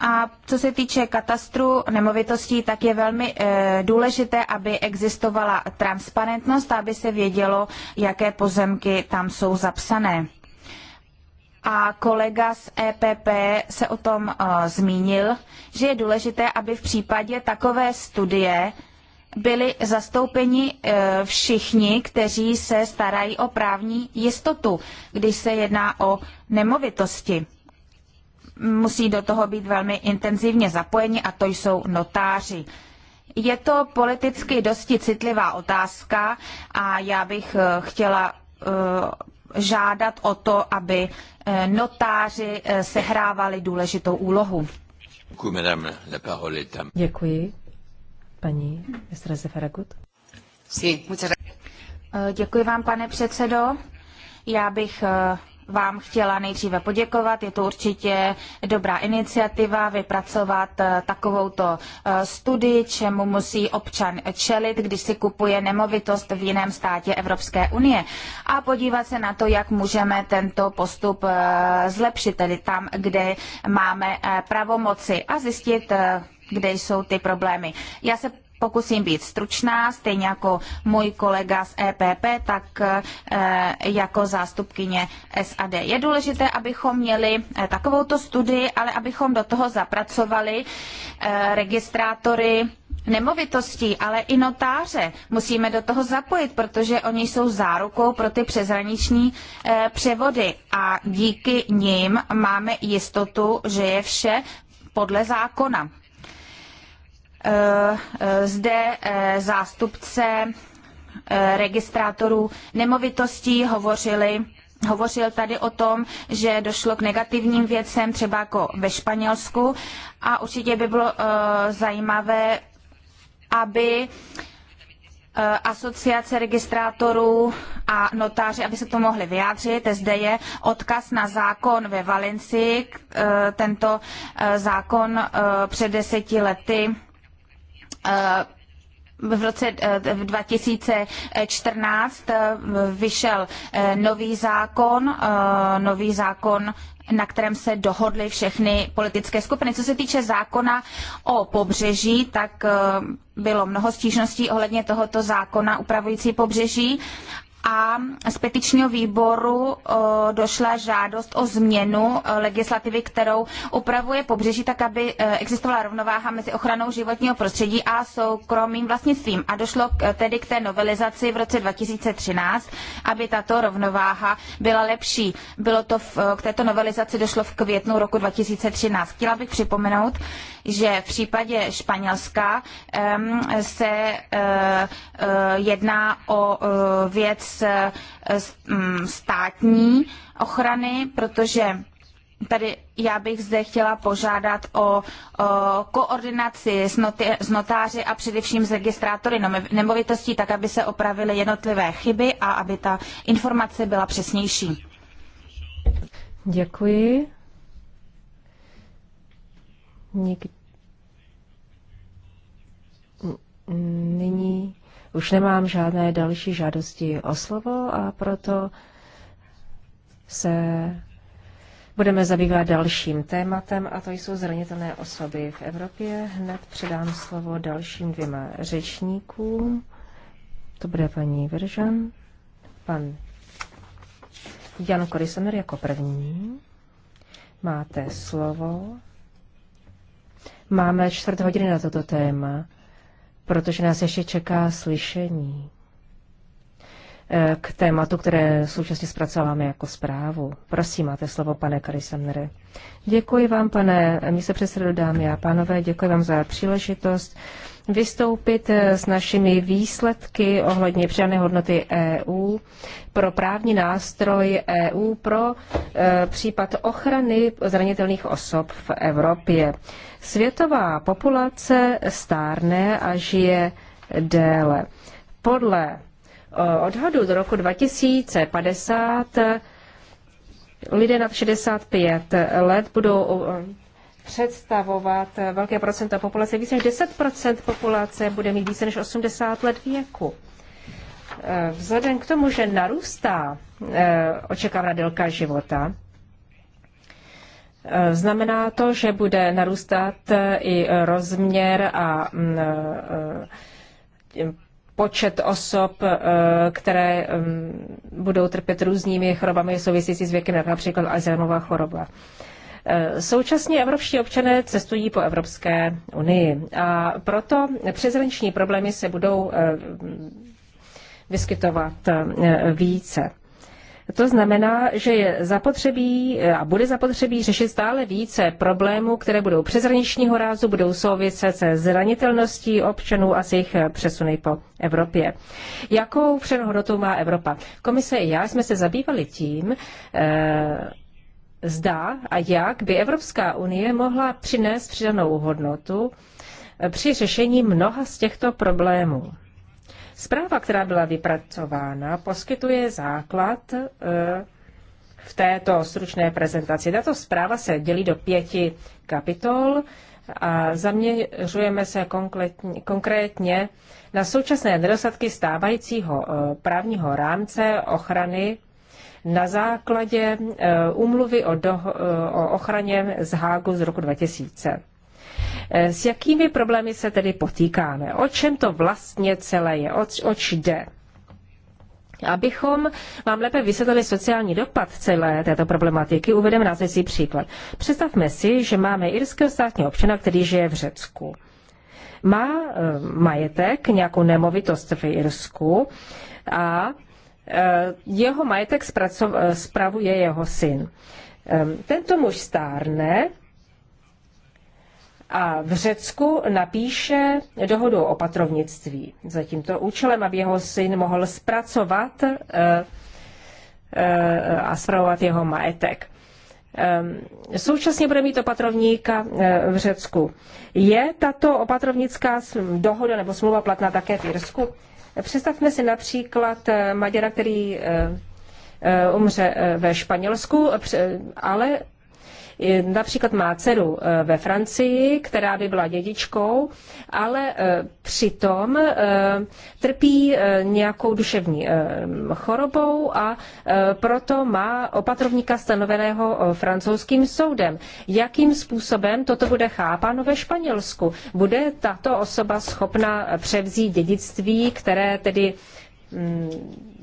a co se týče katastru nemovitostí, tak je velmi e, důležité, aby existovala transparentnost, aby se vědělo, jaké pozemky tam jsou zapsané. A kolega z EPP se o tom e, zmínil, že je důležité, aby v případě takové studie byli zastoupeni e, všichni, kteří se starají o právní jistotu, když se jedná o nemovitosti musí do toho být velmi intenzivně zapojeni a to jsou notáři. Je to politicky dosti citlivá otázka a já bych eh, chtěla eh, žádat o to, aby eh, notáři sehrávali důležitou úlohu. Děkuji. Paní Estreze Děkuji vám, pane předsedo. Já bych vám chtěla nejdříve poděkovat. Je to určitě dobrá iniciativa vypracovat eh, takovouto eh, studii, čemu musí občan čelit, když si kupuje nemovitost v jiném státě Evropské unie a podívat se na to, jak můžeme tento postup eh, zlepšit, tedy tam, kde máme pravomoci a zjistit, kde jsou ty problémy. Já se pokusím být stručná, stejně jako můj kolega z EPP, tak eh, jako zástupkyně SAD. Je důležité, abychom měli eh, takovouto studii, ale abychom do toho zapracovali eh, registrátory nemovitostí, ale i notáře musíme do toho zapojit, protože oni jsou zárukou pro ty přeshraniční převody a díky nim máme jistotu, že je vše podle zákona. Eh, zde eh, zástupce eh, registrátorů nemovitostí hovořili hovořil tady o tom, že došlo k negativním věcem, třeba jako ve Španělsku a určitě by bylo uh, zajímavé, aby uh, asociace registrátorů a notáři, aby se to mohli vyjádřit. Zde je odkaz na zákon ve Valencii. Uh, tento zákon před deseti lety Eh, v roce 2014 eh, eh, vyšel nový zákon, nový zákon na kterém se dohodly všechny politické skupiny. Co se týče zákona o pobřeží, tak bylo mnoho stížností ohledně tohoto zákona upravující pobřeží a z petičního výboru došla žádost o změnu legislativy, kterou upravuje pobřeží tak, aby e, existovala rovnováha mezi ochranou životního prostředí a soukromým vlastnictvím. A došlo tedy k té novelizaci v roce 2013, aby tato rovnováha byla lepší. Bylo to v, k této novelizaci došlo v květnu roku 2013. Chtěla bych připomenout, že v případě Španělska se eh, eh, jedná o eh, věc mm, státní ochrany, protože tady já bych zde chtěla požádat o, o koordinaci s, s notáři a především s registrátory nemovitostí, tak aby se opravily jednotlivé chyby a aby ta informace byla přesnější. Děkuji. Nikdy. Nyní už nemám žádné další žádosti o slovo a proto se budeme zabývat dalším tématem a to jsou zranitelné osoby v Evropě. Hned předám slovo dalším dvěma řečníkům. To bude paní Veržan, pan Jan Korisoner jako první. Máte slovo. Máme čtvrt hodiny na toto téma, protože nás ještě čeká slyšení eh, k tématu, které současně zpracováváme jako zprávu. Prosím, máte slovo, pane Karisemnere. Děkuji vám, pane místopředsedo, dámy a pánové, děkuji vám za příležitost vystoupit eh, s našimi výsledky ohledně přidané hodnoty EU pro právní nástroj EU pro eh, případ ochrany zranitelných osob v Evropě. Světová populace stárne a žije déle. Podle eh, odhadu do roku 2050 lidé nad 65 let budou představovat velké procento populace. Více než 10 populace bude mít více než 80 let věku. Eh, vzhledem k tomu, že narůstá eh, očekávaná délka života, eh, znamená to, že bude narůstat i rozměr a mm, počet osob, které mm, budou trpět různými chorobami souvisící s věkem, například Alzheimerova choroba. Eh, současně evropští občané cestují po Evropské unii a proto přezranční problémy se budou eh, vyskytovat eh, více. To znamená, že je zapotřebí a bude zapotřebí řešit stále více problémů, které budou přezraničního rázu, budou souviset se zranitelností občanů a s jejich přesuny po Evropě. Jakou přenohodnotu má Evropa? Komise i já jsme se zabývali tím, eh, zda a jak by Evropská unie mohla přinést přidanou hodnotu eh, při řešení mnoha z těchto problémů. Zpráva, která byla vypracována, poskytuje základ eh, v této stručné prezentaci. Tato zpráva se dělí do pěti kapitol a zaměřujeme se konkrétně na současné nedostatky stávajícího eh, právního rámce ochrany na základě umluvy eh, o, doho- eh, o ochraně z Hágu z roku 2000. Eh, s jakými problémy se tedy potýkáme? O čem to vlastně celé je? Oč jde? Abychom vám lépe vysvětlili sociální dopad celé této problematiky, uvedeme následující příklad. Představme si, že máme irského státního občana, který žije v Řecku. Má majetek, nějakou nemovitost v Irsku a Eh, jeho majetek eh, spravuje jeho syn. Tento muž stárne a v Řecku napíše dohodu o opatrovnictví za tímto účelem, aby jeho syn mohl zpracovat eh, a spravovat jeho majetek. Současně bude mít opatrovníka v Řecku. Je tato opatrovnická dohoda nebo smlouva platná také v Irsku? Představme si například eh, Maďara, který eh, eh, umře ve Španělsku, ale Například má dceru eh, ve Francii, která by byla dědičkou, ale eh, přitom eh, trpí nějakou duševní chorobou a proto má opatrovníka stanoveného francouzským soudem. Jakým způsobem toto bude chápáno ve Španělsku? Bude tato osoba schopna převzít dědictví, které tedy mm,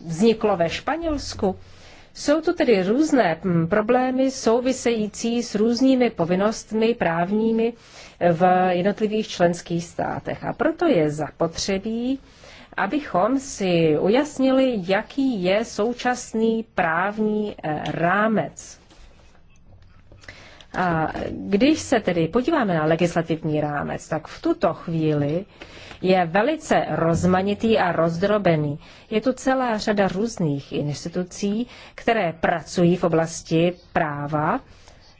vzniklo ve Španělsku? Jsou tu tedy různé hm, problémy související s různými povinnostmi právními v jednotlivých členských státech. A proto je zapotřebí, abychom si ujasnili, jaký je současný právní eh, rámec. A když se tedy podíváme na legislativní rámec, tak v tuto chvíli je velice rozmanitý a rozdrobený. Je tu celá řada různých institucí, které pracují v oblasti práva.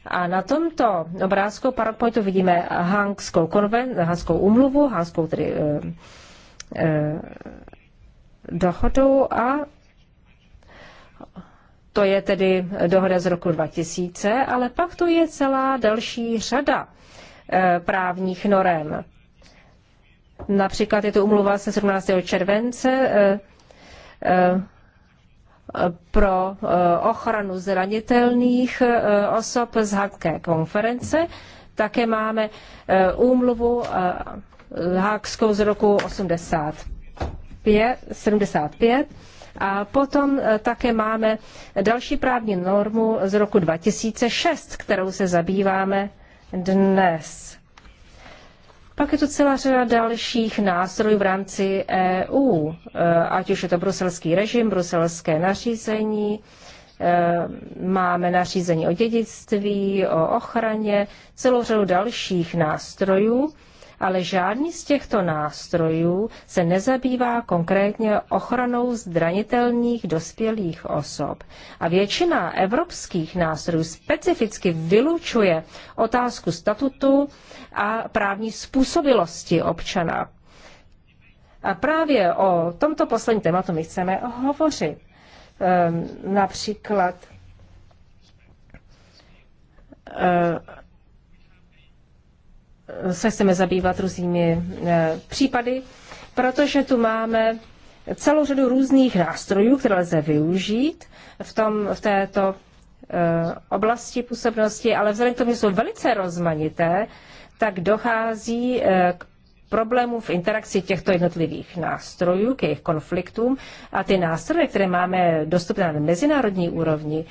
A na tomto obrázku PowerPointu vidíme Hanskou konven, Hanskou umluvu, Hanskou tedy, eh, eh, dohodu a to je tedy dohoda z roku 2000, ale pak tu je celá další řada eh, právních norem. Například je to umluva se 17. července eh, eh, pro eh, ochranu zranitelných osob z Hacké konference. Také máme úmluvu Hákskou z roku 85, a potom také máme další právní normu z roku 2006, kterou se zabýváme dnes. Pak je tu celá řada dalších nástrojů v rámci EU, eh, ať už je to bruselský režim, bruselské nařízení, eh, máme nařízení o dědictví, o ochraně, celou řadu dalších nástrojů, ale žádný z těchto nástrojů se nezabývá konkrétně ochranou zranitelných dospělých osob. A většina evropských nástrojů specificky vylučuje otázku statutu a právní způsobilosti občana. A právě o tomto posledním tématu my chceme hovořit. Ehm, například ehm, se chceme zabývat různými eh, případy, protože tu máme celou řadu různých nástrojů, které lze využít v, tom, v této eh, oblasti působnosti, ale vzhledem k tomu, že jsou velice rozmanité, tak dochází eh, k problémů v interakci těchto jednotlivých nástrojů, k jejich konfliktům a ty nástroje, které máme dostupné na mezinárodní úrovni,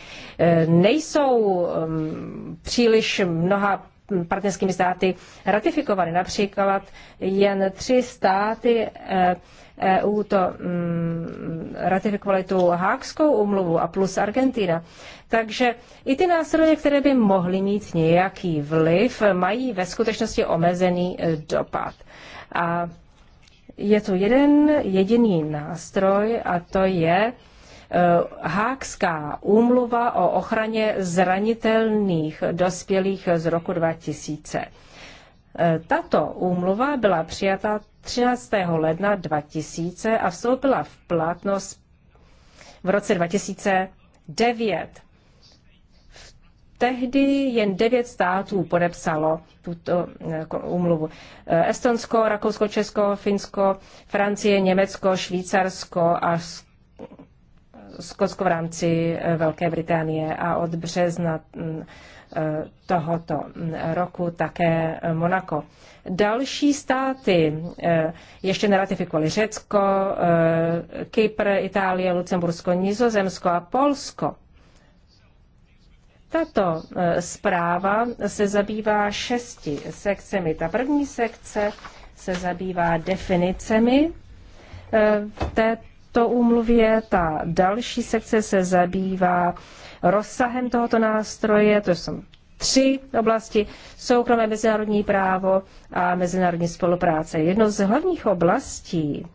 nejsou ehm, příliš mnoha partnerskými státy ratifikovaly. Například jen tři státy EU eh, e to mm, ratifikovaly tu hákskou umluvu a plus Argentina. Takže i ty nástroje, které by mohly mít nějaký vliv, mají ve skutečnosti omezený eh, dopad. A je tu jeden jediný nástroj a to je Eh, Hákská úmluva o ochraně zranitelných dospělých z roku 2000. Eh, tato úmluva byla přijata 13. ledna 2000 a vstoupila v platnost v roce 2009. Tehdy jen devět států podepsalo tuto eh, úmluvu. Estonsko, Rakousko, Česko, Finsko, Francie, Německo, Švýcarsko a Skotsko v rámci eh, Velké Británie a od března mm, eh, tohoto mm, roku také eh, Monako. Další státy ještě neratifikovaly Řecko, Kypr, Itálie, Lucembursko, Nizozemsko a Polsko. Tato zpráva se zabývá šesti sekcemi. Ta první sekce se zabývá definicemi této této úmluvě. Ta další sekce se zabývá rozsahem tohoto nástroje, to jsou tři oblasti, soukromé mezinárodní právo a mezinárodní spolupráce. Jednou z hlavních oblastí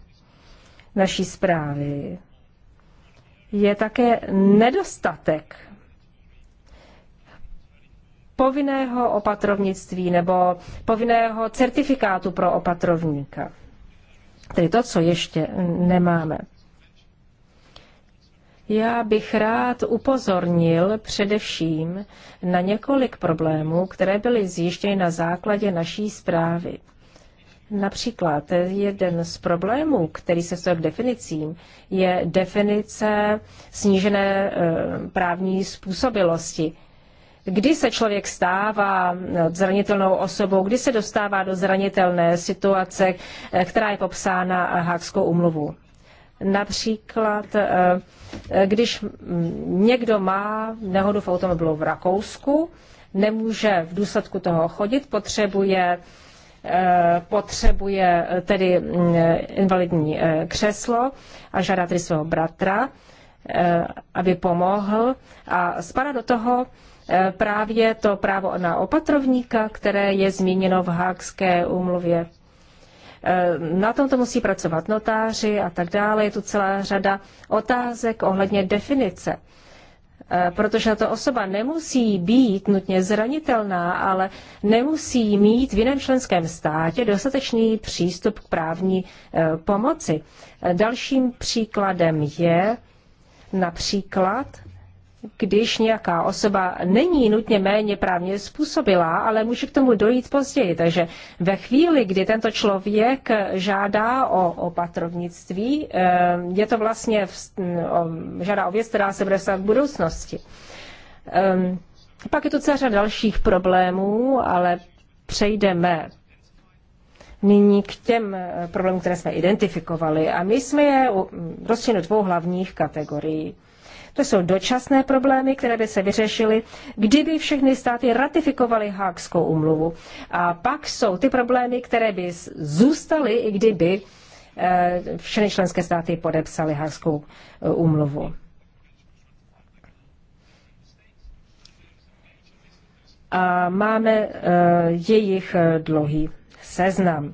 naší zprávy je také nedostatek povinného opatrovnictví nebo povinného certifikátu pro opatrovníka. Tedy to, co ještě nemáme. Já bych rád upozornil především na několik problémů, které byly zjištěny na základě naší zprávy. Například jeden z problémů, který se stojí k definicím, je definice snížené eh, právní způsobilosti. Kdy se člověk stává eh, zranitelnou osobou, kdy se dostává do zranitelné situace, eh, která je popsána Hákskou umluvu? Například, eh, eh, když někdo má nehodu v automobilu v Rakousku, nemůže v důsledku toho chodit, potřebuje eh, potřebuje tedy mm, invalidní křeslo a žádá tedy svého bratra, aby pomohl. A spadá do toho právě to právo na opatrovníka, které je zmíněno v Hákské úmluvě. Eh, na tom to musí pracovat notáři a tak dále. Je tu celá řada otázek ohledně definice eh, protože ta osoba nemusí být nutně zranitelná, ale nemusí mít v jiném členském státě dostatečný přístup k právní eh, pomoci. Dalším příkladem je například když nějaká osoba není nutně méně právně způsobilá, ale může k tomu dojít později. Takže ve chvíli, kdy tento člověk žádá o opatrovnictví, eh, je to vlastně hm, žádá o věc, která se bude stát v budoucnosti. Ehm, pak je tu celá řada dalších problémů, ale přejdeme nyní k těm eh, problémům, které jsme identifikovali. A my jsme je hm, rozčlenili do dvou hlavních kategorií. To jsou dočasné problémy, které by se vyřešily, kdyby všechny státy ratifikovaly Hákskou umluvu. A pak jsou ty problémy, které by zůstaly, i kdyby eh, všechny členské státy podepsaly Hákskou umluvu. Eh, A máme eh, jejich dlouhý seznam.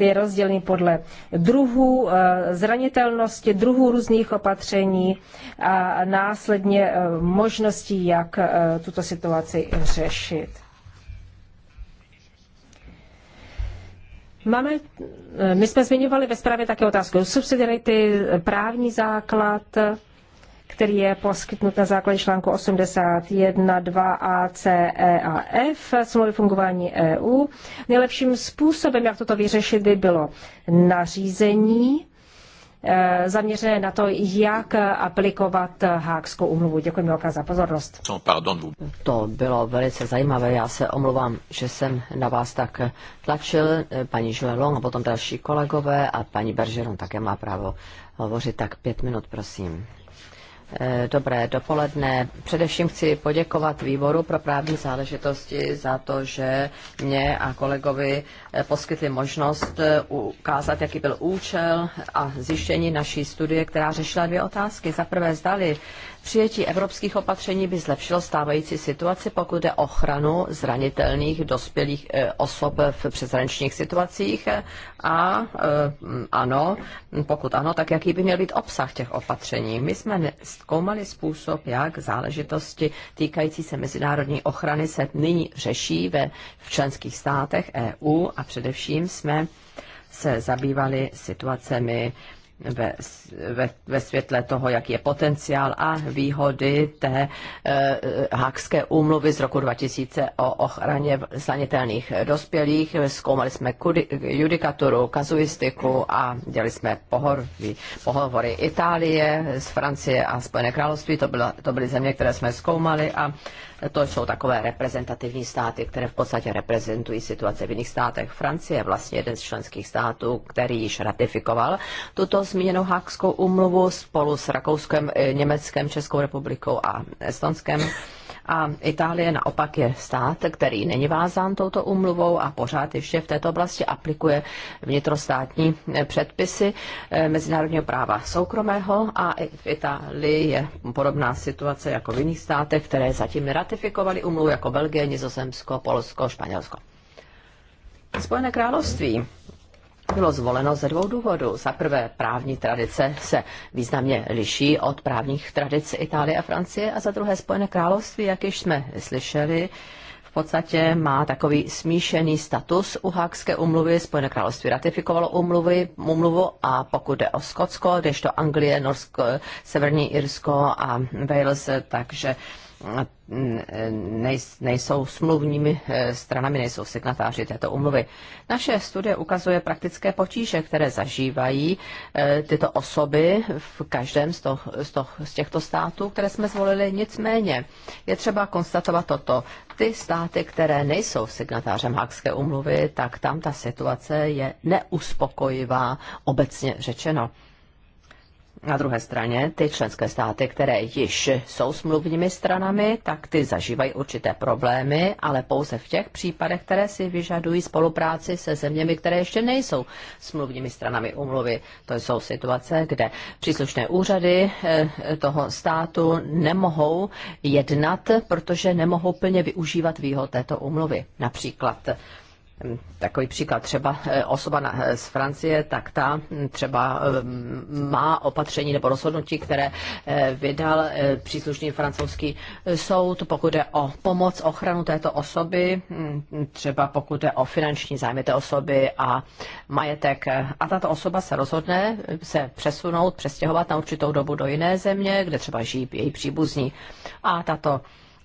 Ty je rozdělený podle druhů, eh, zranitelnosti, druhů různých opatření a následně eh, možností, jak eh, tuto situaci řešit. Máme, my jsme zmiňovali ve zprávě také otázku subsidiarity, právní základ, který je poskytnut na základě článku 81, 2 a C, E a F smlouvy fungování EU. Nejlepším způsobem, jak toto vyřešit, by bylo nařízení eh, zaměřené na to, jak aplikovat Hákskou umluvu. Děkuji mi za pozornost. Oh, to bylo velice zajímavé. Já se omluvám, že jsem na vás tak tlačil. Eh, paní Joelong a potom další kolegové a paní Bergeron také má právo hovořit. Tak pět minut, prosím. Eh, dobré dopoledne. Především chci poděkovat výboru pro právní záležitosti za to, že mě a kolegovi eh, poskytli možnost eh, ukázat, jaký byl účel a zjištění naší studie, která řešila dvě otázky. Za prvé, zdali Přijetí evropských opatření by zlepšilo stávající situaci, pokud jde o ochranu zranitelných dospělých eh, osob v přeshraničních situacích. Eh, a eh, ano, pokud ano, tak jaký by měl být obsah těch opatření? My jsme zkoumali způsob, jak záležitosti týkající se mezinárodní ochrany se nyní řeší ve, v členských státech EU a především jsme se zabývali situacemi ve, ve, ve světle toho, jaký je potenciál a výhody té eh, Hákské úmluvy z roku 2000 o ochraně zanitelných dospělých. Zkoumali jsme kudy, judikaturu, kazuistiku a dělali jsme pohorvy, pohovory Itálie, z Francie a Spojené království. To, byla, to byly země, které jsme zkoumali a eh, to jsou takové reprezentativní státy, které v podstatě reprezentují situace v jiných státech. Francie je vlastně jeden z členských států, který již ratifikoval tuto zmíněnou hákskou úmluvu spolu s Rakouskem, eh, Německem, Českou republikou a Estonskem. A Itálie naopak je stát, který není vázán touto umluvou a pořád ještě v této oblasti aplikuje vnitrostátní předpisy eh, mezinárodního práva soukromého a v Itálii je podobná situace jako v jiných státech, které zatím neratifikovaly umluvu jako Belgie, Nizozemsko, Polsko, Španělsko. Spojené království bylo zvoleno ze dvou důvodů. Za prvé, právní tradice se významně liší od právních tradic Itálie a Francie a za druhé Spojené království, jak již jsme slyšeli, v podstatě má takový smíšený status u Hákské umluvy. Spojené království ratifikovalo umluvy, umluvu a pokud jde o Skotsko, kdežto Anglie, Norsko, Severní Irsko a Wales, takže Mm, nejsou smluvními eh, stranami, nejsou signatáři této umluvy. Naše studie ukazuje praktické potíže, které zažívají eh, tyto osoby v každém z, to, z, to, z těchto států, které jsme zvolili. Nicméně je třeba konstatovat toto. Ty státy, které nejsou signatářem Hákské umluvy, tak tam ta situace je neuspokojivá, obecně řečeno. Na druhé straně ty členské státy, které již jsou smluvními stranami, tak ty zažívají určité problémy, ale pouze v těch případech, které si vyžadují spolupráci se zeměmi, které ještě nejsou smluvními stranami umluvy. To jsou situace, kde příslušné úřady eh, toho státu nemohou jednat, protože nemohou plně využívat výhod této umluvy. Například Takový příklad, třeba eh, osoba na, eh, z Francie, tak ta hm, třeba hm, má opatření nebo rozhodnutí, které eh, vydal příslušný francouzský soud, pokud jde o pomoc, ochranu této osoby, hm, třeba pokud jde o finanční zájmy té osoby a majetek. A tato osoba se rozhodne se přesunout, přestěhovat na určitou dobu do jiné země, kde třeba žijí její příbuzní. A tato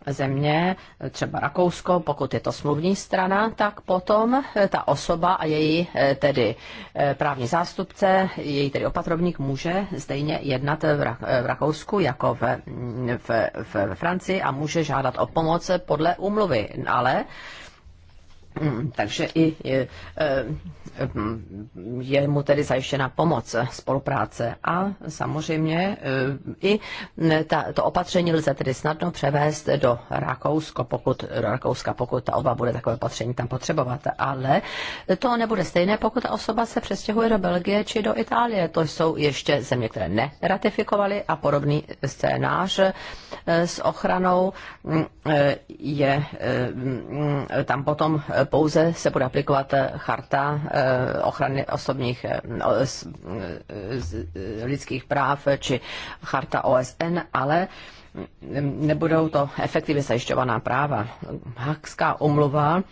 země, třeba Rakousko, pokud je to smluvní strana, tak potom ta osoba a její eh, tedy eh, právní zástupce, její tedy opatrovník může stejně jednat v eh, Rakousku jako v, mm, v, v Francii a může žádat o pomoc podle úmluvy. Ale Mm, takže i je, e, je mu tedy zajištěna pomoc, spolupráce a samozřejmě e, i ta, to opatření lze tedy snadno převést do Rakouska, pokud, do Rakouska, pokud ta oba bude takové opatření tam potřebovat, ale to nebude stejné, pokud ta osoba se přestěhuje do Belgie či do Itálie. To jsou ještě země, které neratifikovaly a podobný scénář e, s ochranou mm, je mm, tam potom pouze se bude aplikovat eh, charta eh, ochrany osobních eh, no, lidských práv či charta OSN, ale mm, nebudou to efektivně zajišťovaná práva. Hakská umluva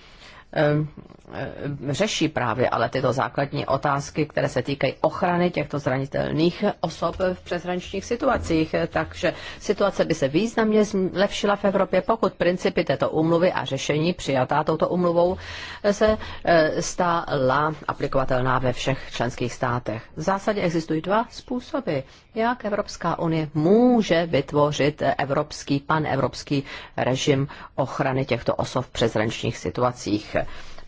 Eh, řeší právě ale tyto základní otázky, které se týkají ochrany těchto zranitelných osob v přeshraničních situacích. Takže situace by se významně zlepšila v Evropě, pokud principy této úmluvy a řešení přijatá touto úmluvou eh, se eh, stala aplikovatelná ve všech členských státech. V zásadě existují dva způsoby, jak Evropská unie může vytvořit evropský, panevropský režim ochrany těchto osob v přeshraničních situacích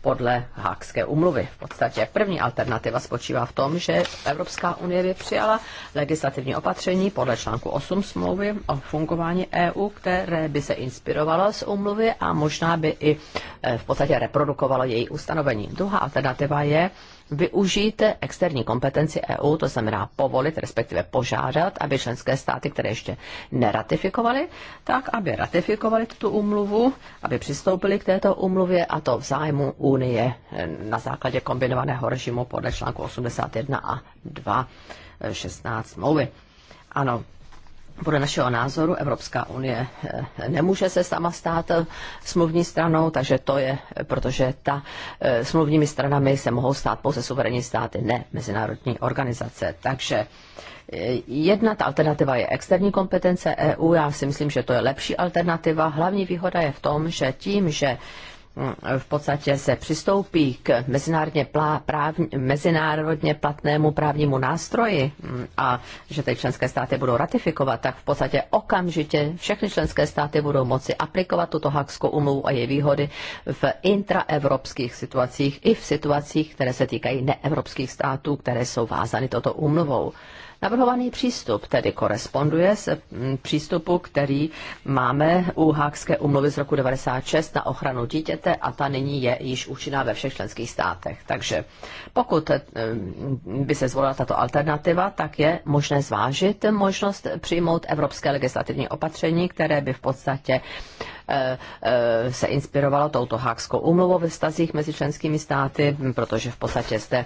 podle Hákské umluvy. V podstatě první alternativa spočívá v tom, že Evropská unie by přijala legislativní opatření podle článku 8 smlouvy o fungování EU, které by se inspirovalo z umluvy a možná by i eh, v podstatě reprodukovalo její ustanovení. Druhá alternativa je, využít externí kompetenci EU, to znamená povolit, respektive požádat, aby členské státy, které ještě neratifikovaly, tak aby ratifikovali tuto úmluvu, aby přistoupili k této úmluvě a to v zájmu Unie na základě kombinovaného režimu podle článku 81 a 2 16 smlouvy. Ano, podle našeho názoru Evropská unie eh, nemůže se sama stát eh, smluvní stranou, takže to je, protože ta eh, smluvními stranami se mohou stát pouze suverénní státy, ne mezinárodní organizace. Takže Jedna ta alternativa je externí kompetence EU. Já si myslím, že to je lepší alternativa. Hlavní výhoda je v tom, že tím, že v podstatě se přistoupí k mezinárodně, plá, práv, mezinárodně platnému právnímu nástroji mm, a že ty členské státy budou ratifikovat, tak v podstatě okamžitě všechny členské státy budou moci aplikovat tuto hakskou umluvu a její výhody v intraevropských situacích i v situacích, které se týkají neevropských států, které jsou vázány toto umluvou. Navrhovaný přístup tedy koresponduje s mm, přístupu, který máme u Hákské umluvy z roku 96 na ochranu dítěte a ta nyní je již účinná ve všech členských státech. Takže pokud mm, by se zvolila tato alternativa, tak je možné zvážit možnost přijmout evropské legislativní opatření, které by v podstatě Eh, eh, se inspirovalo touto hákskou umluvou ve vztazích mezi členskými státy, protože v podstatě zde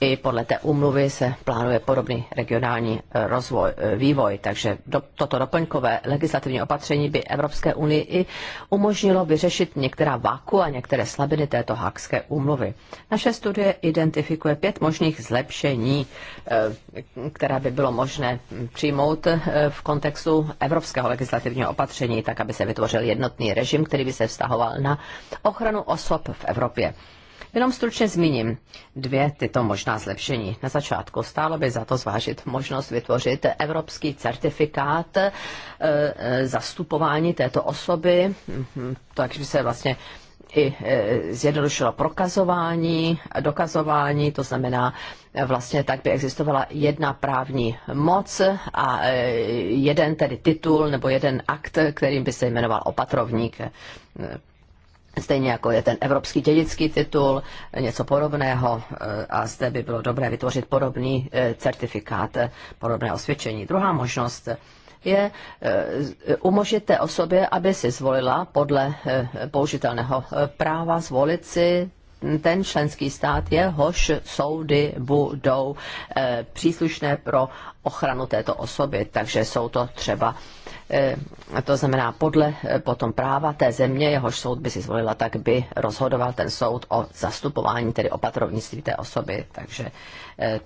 i podle té umluvy se plánuje podobný regionální eh, rozvoj, vývoj. Takže do, toto doplňkové legislativní opatření by Evropské unii i umožnilo vyřešit některá váku a některé slabiny této hákské umluvy. Naše studie identifikuje pět možných zlepšení, která by bylo možné přijmout v kontextu evropského legislativního opatření, tak aby se vytvořil jednotný jednotný režim, který by se vztahoval na ochranu osob v Evropě. Jenom stručně zmíním dvě tyto možná zlepšení. Na začátku stálo by za to zvážit možnost vytvořit evropský certifikát eh, eh, zastupování této osoby, mhm, takže by se vlastně i e, zjednodušilo prokazování, dokazování, to znamená, e, vlastně tak by existovala jedna právní moc a e, jeden tedy titul nebo jeden akt, kterým by se jmenoval opatrovník. Stejně jako je ten evropský dědický titul, něco podobného a zde by bylo dobré vytvořit podobný certifikát, podobné osvědčení. Druhá možnost je eh, umožnit té osobě, aby si zvolila podle eh, použitelného eh, práva zvolit si ten členský stát, jehož soudy budou příslušné pro ochranu této osoby. Takže jsou to třeba, to znamená podle potom práva té země, jehož soud by si zvolila, tak by rozhodoval ten soud o zastupování, tedy opatrovnictví té osoby. Takže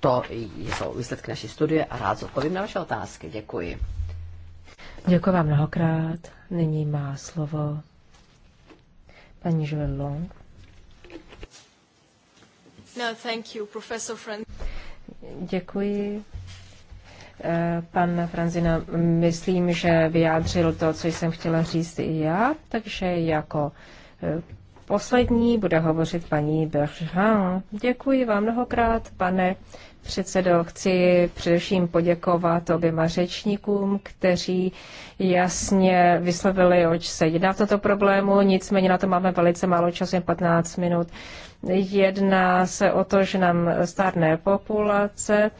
to jsou výsledky naší studie a rád zodpovím na vaše otázky. Děkuji. Děkuji vám mnohokrát. Nyní má slovo paní Joël Long. No, thank you, professor Fran. Děkuji. Eh, pan Franzina, myslím, že vyjádřil to, co jsem chtěla říct i já, takže jako eh, poslední bude hovořit paní Bergerin. Děkuji vám mnohokrát, pane předsedo, chci především poděkovat oběma řečníkům, kteří jasně vyslovili, oč se jedná v toto problému, nicméně na to máme velice málo času, jen 15 minut. Jedná se o to, že nám stárné populace.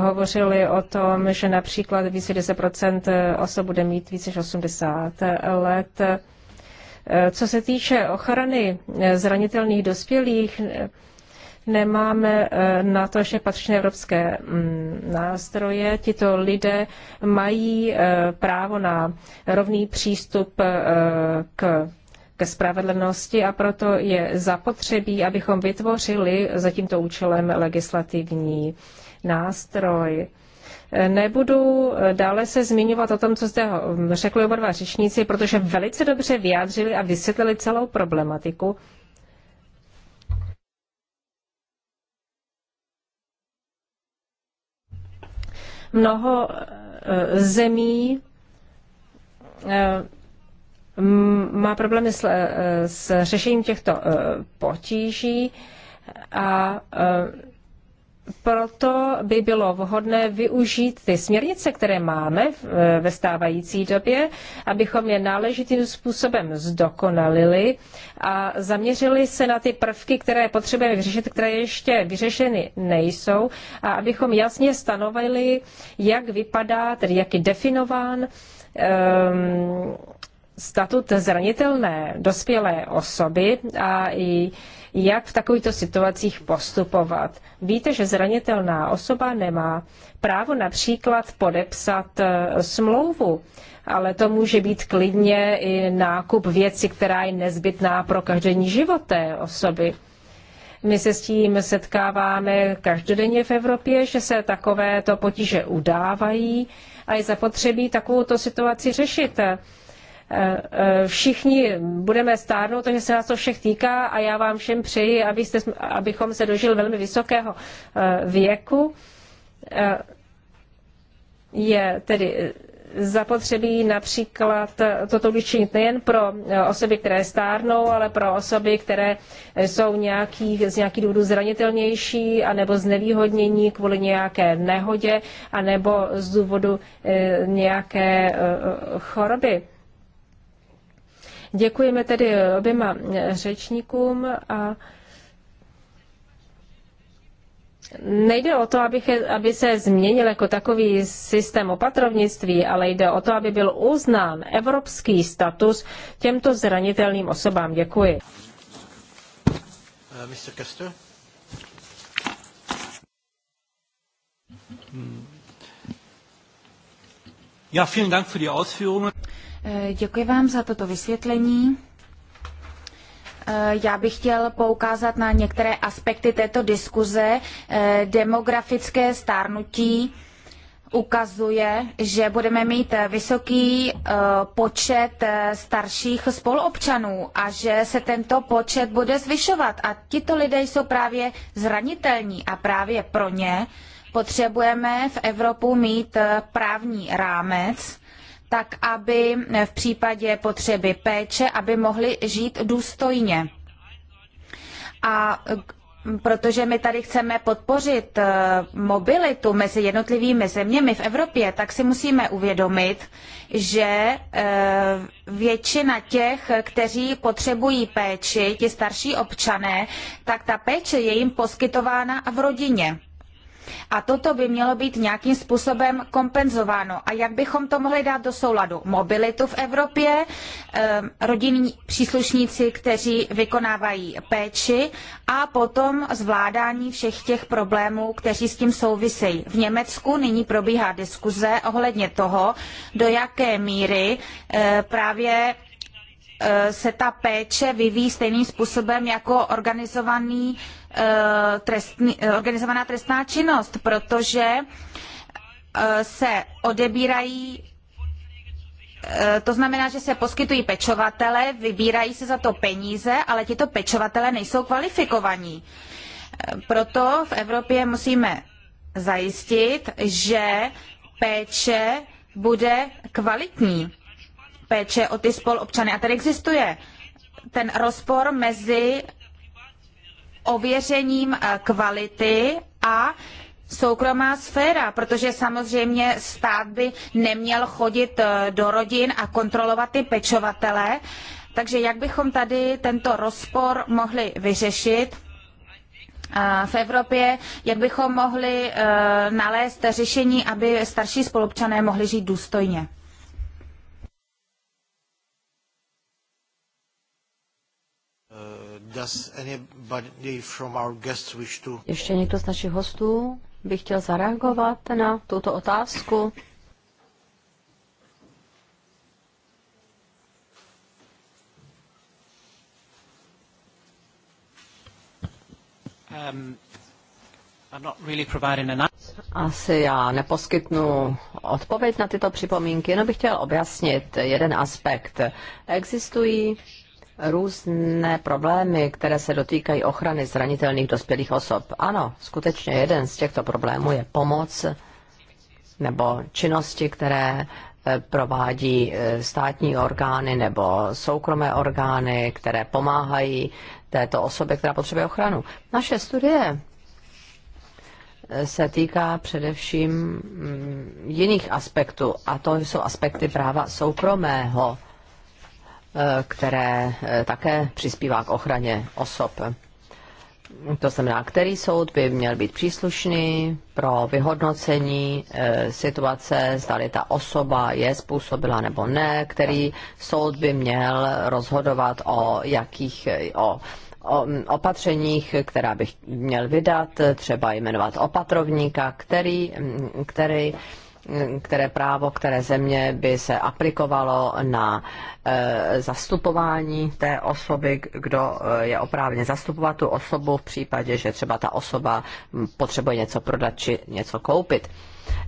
Hovořili o tom, že například více 10 osob bude mít více než 80 let. Co se týče ochrany zranitelných dospělých, nemáme eh, na to ještě patřičné evropské mm, nástroje. Tito lidé mají eh, právo na rovný přístup eh, k ke spravedlnosti a proto je zapotřebí, abychom vytvořili za tímto účelem legislativní nástroj. Nebudu dále se zmiňovat o tom, co zde hm, řekli oba dva řečníci, protože velice dobře vyjádřili a vysvětlili celou problematiku Mnoho eh, zemí eh, má problémy s, eh, s řešením těchto potíží a proto by bylo vhodné využít ty směrnice, které máme eh, ve stávající době, abychom je náležitým způsobem zdokonalili a zaměřili se na ty prvky, které potřebujeme vyřešit, které ještě vyřešeny nejsou a abychom jasně stanovili, jak vypadá, tedy jak je definován um, statut zranitelné dospělé osoby a i jak v takovýchto situacích postupovat. Víte, že zranitelná osoba nemá právo například podepsat e, smlouvu, ale to může být klidně i nákup věci, která je nezbytná pro každodenní život té osoby. My se s tím setkáváme každodenně v Evropě, že se takovéto potíže udávají a je zapotřebí takovouto situaci řešit. Eh, eh, všichni budeme stárnout, takže se nás to všech týká a já vám všem přeji, abyste, abychom se dožili velmi vysokého eh, věku. Je tedy zapotřebí například toto učinit nejen pro osoby, které stárnou, ale pro osoby, které jsou nějaký, z nějaký důvodů zranitelnější anebo znevýhodnění kvůli nějaké nehodě anebo z důvodu nějaké choroby. Děkujeme tedy oběma eh, řečníkům a Nejde o to, aby se změnil jako takový systém opatrovnictví, ale jde o to, aby byl uznán evropský status těmto zranitelným osobám. Děkuji. Uh, Mr. Hmm. Ja, vielen Dank für die Ausführungen. Děkuji vám za toto vysvětlení. Eh, já bych chtěl poukázat na některé aspekty této diskuze. Eh, demografické stárnutí ukazuje, že budeme mít vysoký eh, počet starších spoluobčanů a že se tento počet bude zvyšovat. A tito lidé jsou právě zranitelní a právě pro ně potřebujeme v Evropu mít právní rámec, tak aby v případě potřeby péče, aby mohli žít důstojně. A protože my tady chceme podpořit eh, mobilitu mezi jednotlivými zeměmi v Evropě, tak si musíme uvědomit, že eh, většina těch, kteří potřebují péči, ti starší občané, tak ta péče je jim poskytována v rodině. A toto by mělo být nějakým způsobem kompenzováno. A jak bychom to mohli dát do souladu? Mobilitu v Evropě, ehm, rodinní příslušníci, kteří vykonávají péči a potom zvládání všech těch problémů, kteří s tím souvisejí. V Německu nyní probíhá diskuze ohledně toho, do jaké míry ehm, právě Eh, se ta péče vyvíjí stejným způsobem jako organizovaný, eh, trestný, eh, organizovaná trestná činnost, protože se odebírají to znamená, že se poskytují pečovatele, vybírají se za to peníze, ale tito pečovatele nejsou kvalifikovaní. Proto v Evropě musíme zajistit, že péče bude kvalitní péče o ty spolupčany. A tady existuje ten rozpor mezi ověřením eh, kvality a soukromá sféra, protože samozřejmě stát by neměl chodit eh, do rodin a kontrolovat ty pečovatele. Takže jak bychom tady tento rozpor mohli vyřešit? Eh, v Evropě, jak bychom mohli nalézt řešení, aby starší spolupčané mohli žít důstojně. Ještě někdo z našich hostů by chtěl zareagovat na tuto otázku? Um, Asi já neposkytnu odpověď na tyto připomínky, jenom bych chtěl objasnit jeden aspekt. Existují různé problémy, které se dotýkají ochrany zranitelných dospělých osob. Ano, skutečně jeden z těchto problémů je pomoc nebo činnosti, které eh, provádí eh, státní orgány nebo soukromé orgány, které pomáhají této osobě, která potřebuje ochranu. Naše studie eh, se týká především mm, jiných aspektů, a to jsou aspekty práva soukromého Eh, které eh, také přispívá k ochraně osob. To znamená, který soud by měl být příslušný pro vyhodnocení e, situace, zdali ta osoba je způsobila nebo ne, který soud by měl rozhodovat o jakých, o O mm, opatřeních, která bych měl vydat, třeba jmenovat opatrovníka, který, mm, který které právo, které země by se aplikovalo na e, zastupování té osoby, kdo e, je oprávněn zastupovat tu osobu v případě, že třeba ta osoba potřebuje něco prodat či něco koupit.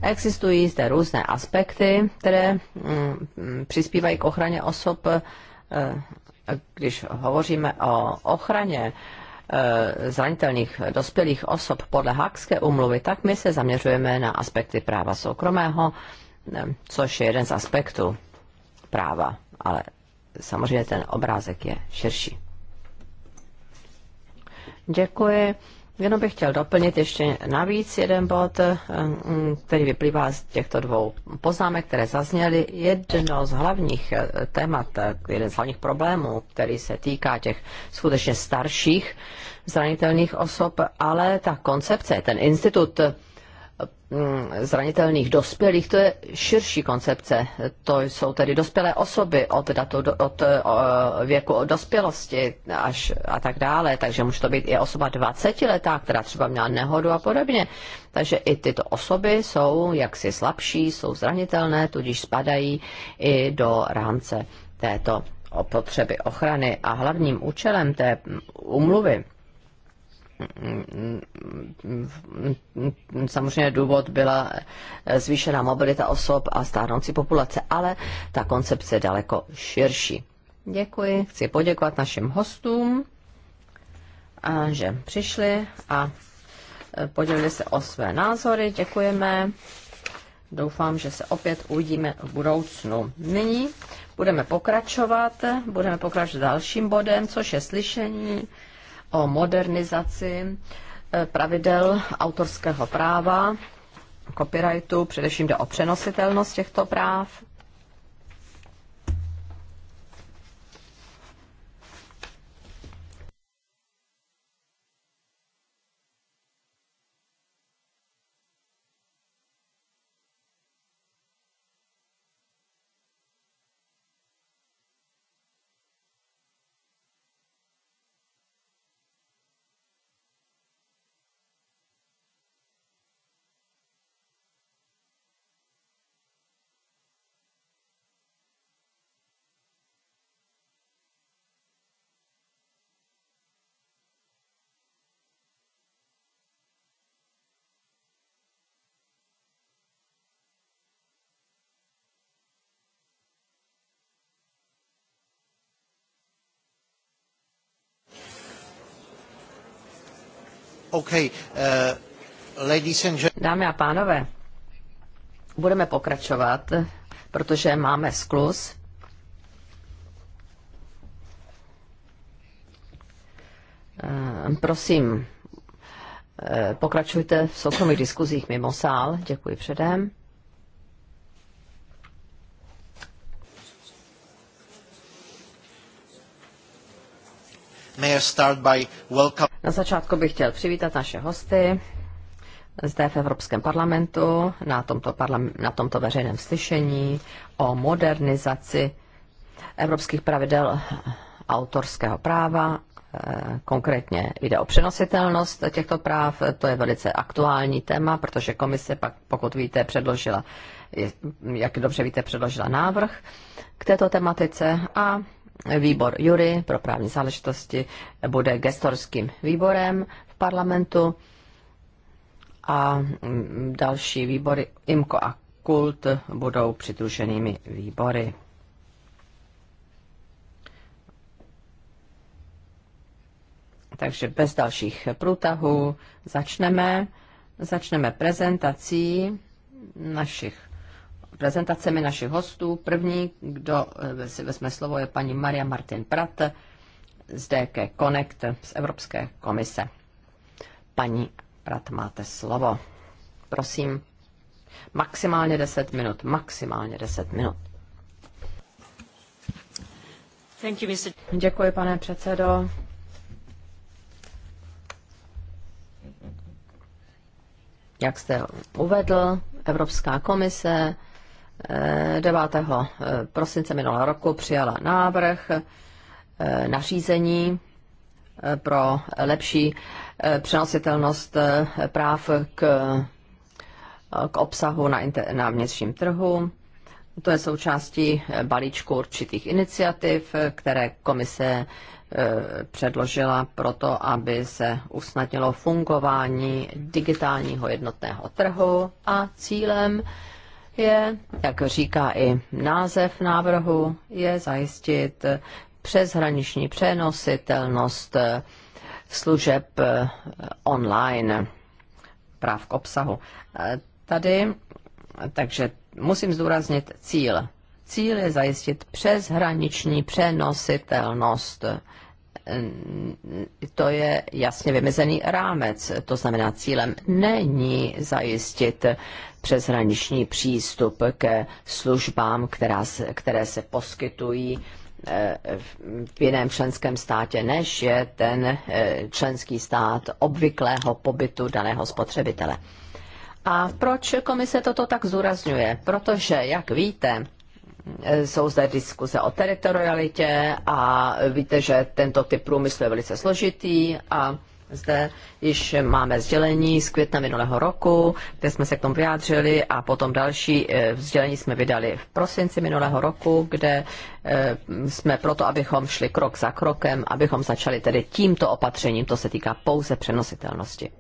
Existují zde různé aspekty, které mm, přispívají k ochraně osob, e, když hovoříme o ochraně Eh, zranitelných dospělých osob podle Hakské umluvy, tak my se zaměřujeme na aspekty práva soukromého, eh, což je jeden z aspektů práva, ale samozřejmě ten obrázek je širší. Děkuji. Jenom bych chtěl doplnit ještě navíc jeden bod, eh, mm, který vyplývá z těchto dvou poznámek, které zazněly. Jedno z hlavních eh, témat, eh, jeden z hlavních problémů, který se týká těch skutečně starších zranitelných osob, ale ta koncepce, ten institut zranitelných dospělých, to je širší koncepce. To jsou tedy dospělé osoby od, datu, od eh, věku od dospělosti až a tak dále. Takže může to být i osoba 20 letá, která třeba měla nehodu a podobně. Takže i tyto osoby jsou jaksi slabší, jsou zranitelné, tudíž spadají i do rámce této potřeby ochrany. A hlavním účelem té umluvy samozřejmě důvod byla zvýšená mobilita osob a stárnoucí populace, ale ta koncepce je daleko širší. Děkuji, chci poděkovat našim hostům, a že přišli a podělili se o své názory. Děkujeme. Doufám, že se opět uvidíme v budoucnu. Nyní budeme pokračovat, budeme pokračovat dalším bodem, což je slyšení o modernizaci eh, pravidel autorského práva, copyrightu, především jde o přenositelnost těchto práv Okay, uh, Dámy a pánové, budeme pokračovat, protože máme sklus. Eh, prosím, eh, pokračujte v soukromých diskuzích mimo sál. Děkuji předem. Na začátku bych chtěl přivítat naše hosty zde v Evropském parlamentu na tomto, parlam- na tomto veřejném slyšení o modernizaci evropských pravidel autorského práva. Eh, konkrétně jde o přenositelnost těchto práv, to je velice aktuální téma, protože komise pak, pokud víte, předložila, jak dobře víte, předložila návrh k této tematice a výbor Jury pro právní záležitosti bude gestorským výborem v parlamentu a mm, další výbory IMKO a KULT budou přidruženými výbory. Takže bez dalších průtahů začneme. Začneme prezentací našich prezentacemi našich hostů. První, kdo eh, si vezme slovo, je paní Maria Martin Prat z DK Connect z Evropské komise. Paní Prat, máte slovo. Prosím, maximálně 10 minut, maximálně 10 minut. You, Děkuji, pane předsedo. Jak jste uvedl, Evropská komise 9. Eh, eh, prosince minulého roku přijala návrh eh, nařízení pro lepší přenositelnost práv k, k obsahu na, inter, na vnitřním trhu. To je součástí balíčku určitých iniciativ, které komise předložila proto, aby se usnadnilo fungování digitálního jednotného trhu a cílem je, jak říká i název návrhu, je zajistit přeshraniční přenositelnost eh, služeb eh, online práv k obsahu. Eh, tady, takže musím zdůraznit cíl. Cíl je zajistit přeshraniční přenositelnost. To je jasně vymezený rámec. To znamená, cílem není zajistit přeshraniční přístup ke službám, která se, které se poskytují eh, v jiném členském státě, než je ten eh, členský stát obvyklého pobytu daného spotřebitele. A proč komise toto tak zúrazňuje? Protože, jak víte, eh, jsou zde diskuze o teritorialitě a víte, že tento typ průmyslu je velice složitý a zde již máme sdělení z května minulého roku, kde jsme se k tomu vyjádřili a potom další eh, sdělení jsme vydali v prosinci minulého roku, kde eh, jsme proto, abychom šli krok za krokem, abychom začali tedy tímto opatřením, to se týká pouze přenositelnosti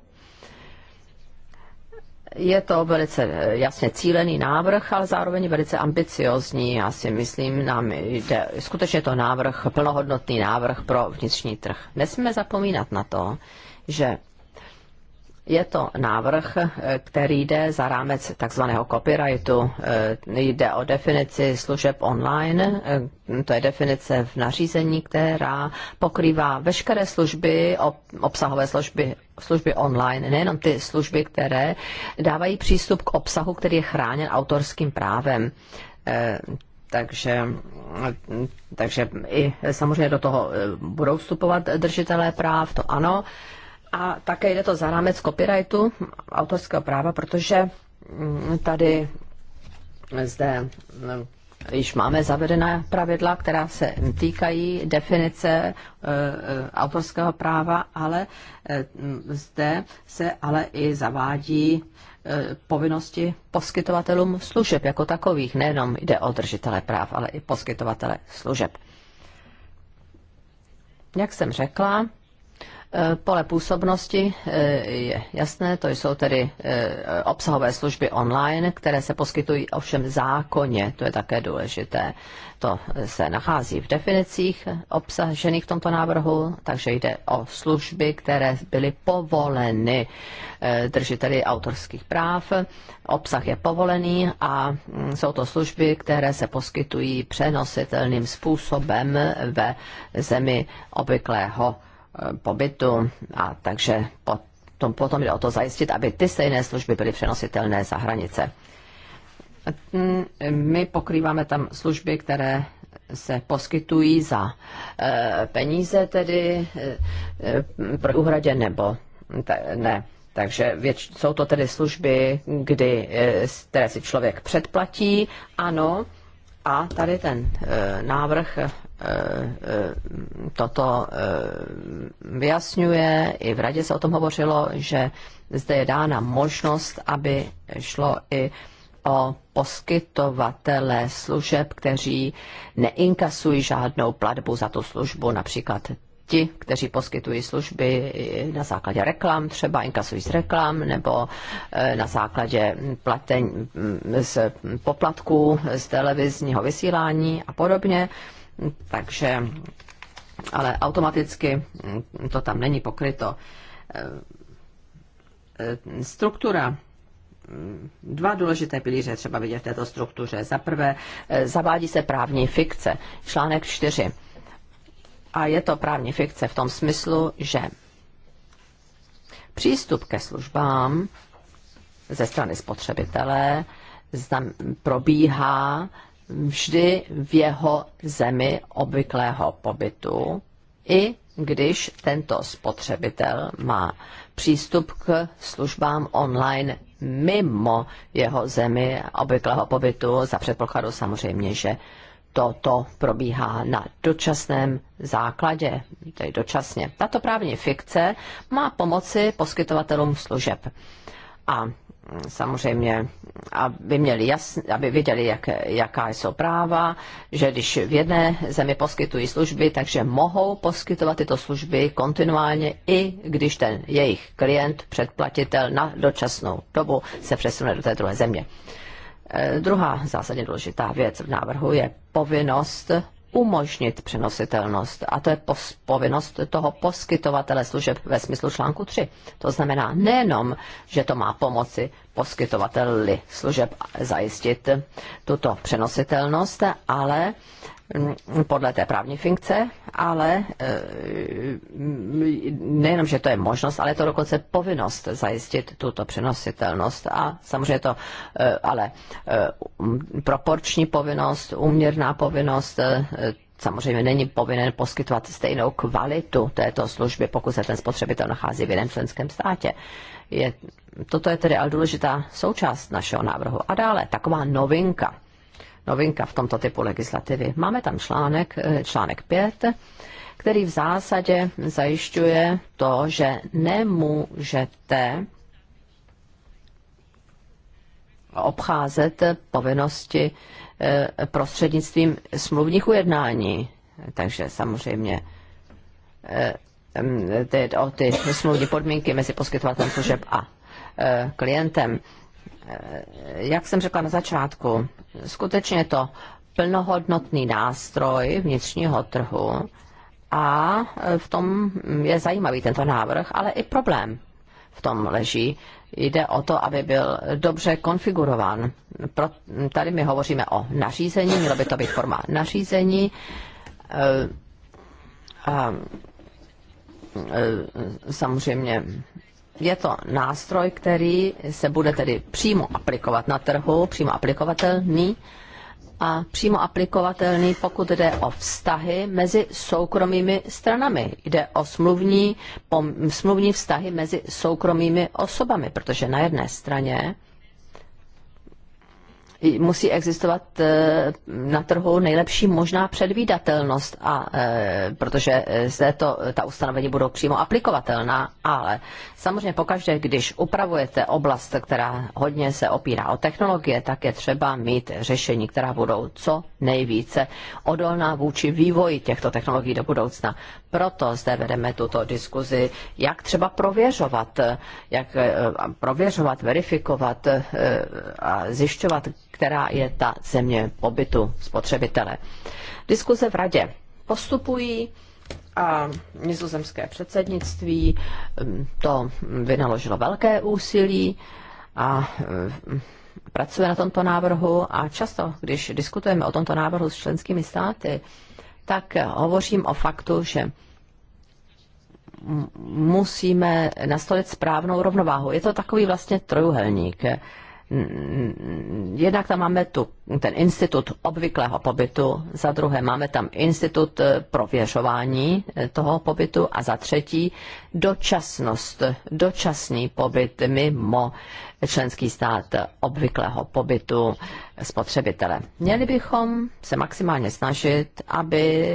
je to velice eh, jasně cílený návrh, ale zároveň velice ambiciozní. Já si myslím, nám jde skutečně to návrh, plnohodnotný návrh pro vnitřní trh. Nesmíme zapomínat na to, že je to návrh, eh, který jde za rámec takzvaného copyrightu. Eh, jde o definici služeb online, eh, to je definice v nařízení, která pokrývá veškeré služby, obsahové služby, služby online, nejenom ty služby, které dávají přístup k obsahu, který je chráněn autorským právem. Takže, takže i samozřejmě do toho budou vstupovat držitelé práv, to ano. A také jde to za rámec copyrightu, autorského práva, protože mm, tady mm, zde mm, již máme zavedená pravidla, která se týkají definice e, e, autorského práva, ale e, zde se ale i zavádí povinnosti poskytovatelům služeb jako takových. Nejenom jde o držitele práv, ale i poskytovatele služeb. Jak jsem řekla, Eh, pole působnosti eh, je jasné, to jsou tedy eh, obsahové služby online, které se poskytují ovšem zákonně, to je také důležité. To se nachází v definicích obsažených v tomto návrhu, takže jde o služby, které byly povoleny držiteli autorských práv. Obsah je povolený a mm, jsou to služby, které se poskytují přenositelným způsobem ve zemi obvyklého Eh, pobytu. A takže potom, potom jde o to zajistit, aby ty stejné služby byly přenositelné za hranice. Eh, my pokrýváme tam služby, které se poskytují za eh, peníze, tedy pro uhradě nebo ne. Takže věč, jsou to tedy služby, kdy, které si člověk předplatí, ano, a tady ten návrh E, e, toto e, vyjasňuje. I v radě se o tom hovořilo, že zde je dána možnost, aby šlo i o poskytovatele služeb, kteří neinkasují žádnou platbu za tu službu, například ti, kteří poskytují služby na základě reklam, třeba inkasují z reklam, nebo na základě platení z poplatků z televizního vysílání a podobně takže ale automaticky to tam není pokryto. Struktura dva důležité pilíře třeba vidět v této struktuře. Za prvé, zavádí se právní fikce, článek 4. A je to právní fikce v tom smyslu, že přístup ke službám ze strany spotřebitele probíhá vždy v jeho zemi obvyklého pobytu, i když tento spotřebitel má přístup k službám online mimo jeho zemi obvyklého pobytu, za předpokladu samozřejmě, že toto probíhá na dočasném základě, tedy dočasně. Tato právní fikce má pomoci poskytovatelům služeb. A samozřejmě, aby, měli jasn, aby věděli, jak, jaká jsou práva, že když v jedné zemi poskytují služby, takže mohou poskytovat tyto služby kontinuálně, i když ten jejich klient, předplatitel na dočasnou dobu se přesune do té druhé země. Eh, druhá zásadně důležitá věc v návrhu je povinnost umožnit přenositelnost. A to je pos- povinnost toho poskytovatele služeb ve smyslu článku 3. To znamená nejenom, že to má pomoci poskytovateli služeb zajistit tuto přenositelnost, ale mm, podle té právní funkce, ale eh, nejenom, že to je možnost, ale je to dokonce povinnost zajistit tuto přenositelnost a samozřejmě to eh, ale eh, proporční povinnost, uměrná povinnost, samozřejmě není povinen poskytovat stejnou kvalitu této služby, pokud se ten spotřebitel nachází v jiném členském státě. Je, toto je tedy ale důležitá součást našeho návrhu. A dále taková novinka. Novinka v tomto typu legislativy. Máme tam článek, eh, článek 5, který v zásadě zajišťuje to, že nemůžete obcházet povinnosti eh, prostřednictvím smluvních ujednání. Takže samozřejmě eh, ty, o ty smluvní podmínky mezi poskytovatelem služeb a e, klientem. E, jak jsem řekla na začátku, skutečně je to plnohodnotný nástroj vnitřního trhu a v tom je zajímavý tento návrh, ale i problém v tom leží. Jde o to, aby byl dobře konfigurován. Pro, tady my hovoříme o nařízení, mělo by to být forma nařízení. E, a, Eh, samozřejmě je to nástroj, který se bude tedy přímo aplikovat na trhu, přímo aplikovatelný a přímo aplikovatelný, pokud jde o vztahy mezi soukromými stranami. Jde o smluvní, smluvní vztahy mezi soukromými osobami, protože na jedné straně musí existovat eh, na trhu nejlepší možná předvídatelnost, a, eh, protože eh, zde to, ta ustanovení budou přímo aplikovatelná, ale samozřejmě pokaždé, když upravujete oblast, která hodně se opírá o technologie, tak je třeba mít řešení, která budou co nejvíce odolná vůči vývoji těchto technologií do budoucna proto zde vedeme tuto diskuzi, jak třeba prověřovat, jak eh, prověřovat, verifikovat eh, a zjišťovat, která je ta země pobytu spotřebitele. Diskuze v radě postupují a nizozemské předsednictví hm, to vynaložilo velké úsilí a hm, pracuje na tomto návrhu a často, když diskutujeme o tomto návrhu s členskými státy, tak hovořím o faktu, že musíme nastolit správnou rovnováhu. Je to takový vlastně trojuhelník. Jednak tam máme tu, ten institut obvyklého pobytu, za druhé máme tam institut prověřování toho pobytu a za třetí dočasnost, dočasný pobyt mimo členský stát obvyklého pobytu spotřebitele. Měli bychom se maximálně snažit, aby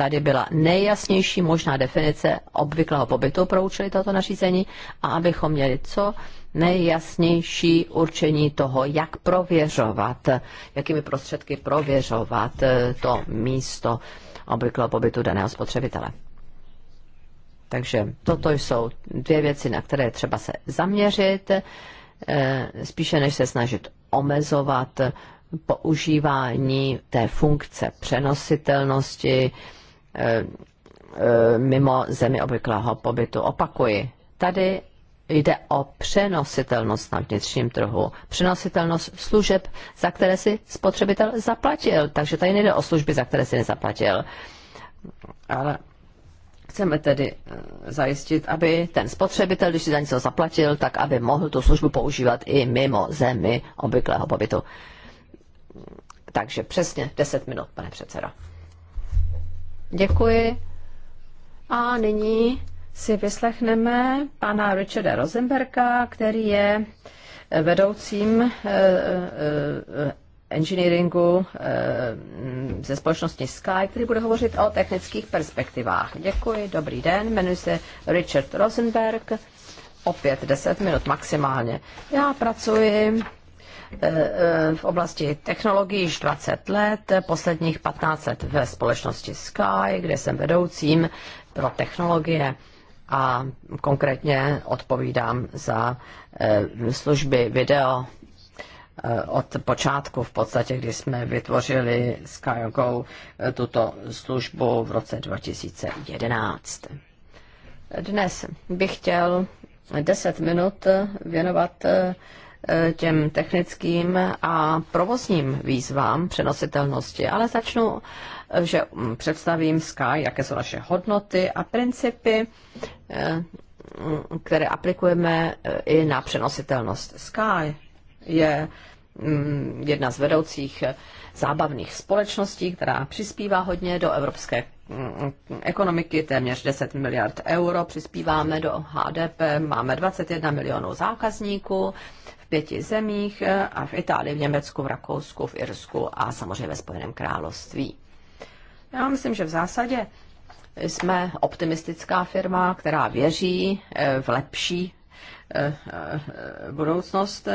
tady byla nejjasnější možná definice obvyklého pobytu pro účely tohoto nařízení a abychom měli co nejjasnější určení toho, jak prověřovat, jakými prostředky prověřovat eh, to místo obvyklého pobytu daného spotřebitele. Takže toto jsou dvě věci, na které třeba se zaměřit, eh, spíše než se snažit omezovat používání té funkce přenositelnosti, Eh, eh, mimo zemi obvyklého pobytu. Opakuji, tady jde o přenositelnost na vnitřním trhu, přenositelnost služeb, za které si spotřebitel zaplatil. Takže tady nejde o služby, za které si nezaplatil. Ale chceme tedy eh, zajistit, aby ten spotřebitel, když si za něco zaplatil, tak aby mohl tu službu používat i mimo zemi obvyklého pobytu. Takže přesně 10 minut, pane předsedo. Děkuji. A nyní si vyslechneme pana Richarda Rosenberga, který je eh, vedoucím eh, eh, engineeringu ze společnosti Sky, který bude hovořit o technických perspektivách. Děkuji, dobrý den, jmenuji se Richard Rosenberg, opět 10 minut maximálně. Já pracuji Eh, eh, v oblasti technologií již 20 let, posledních 15 let ve společnosti Sky, kde jsem vedoucím pro technologie a konkrétně odpovídám za eh, služby video od počátku v podstatě, kdy jsme vytvořili SkyGo tuto službu v roce 2011. Dnes bych chtěl 10 minut věnovat E, těm technickým a provozním výzvám přenositelnosti, ale začnu, e, že představím Sky, jaké jsou naše hodnoty a principy, e, které aplikujeme i na přenositelnost. Sky je jedna z vedoucích zábavných společností, která přispívá hodně do evropské mm, ekonomiky, téměř 10 miliard euro přispíváme do HDP, máme 21 milionů zákazníků v pěti zemích a v Itálii, v Německu, v Rakousku, v Irsku a samozřejmě ve Spojeném království. Já myslím, že v zásadě jsme optimistická firma, která věří eh, v lepší eh, eh, budoucnost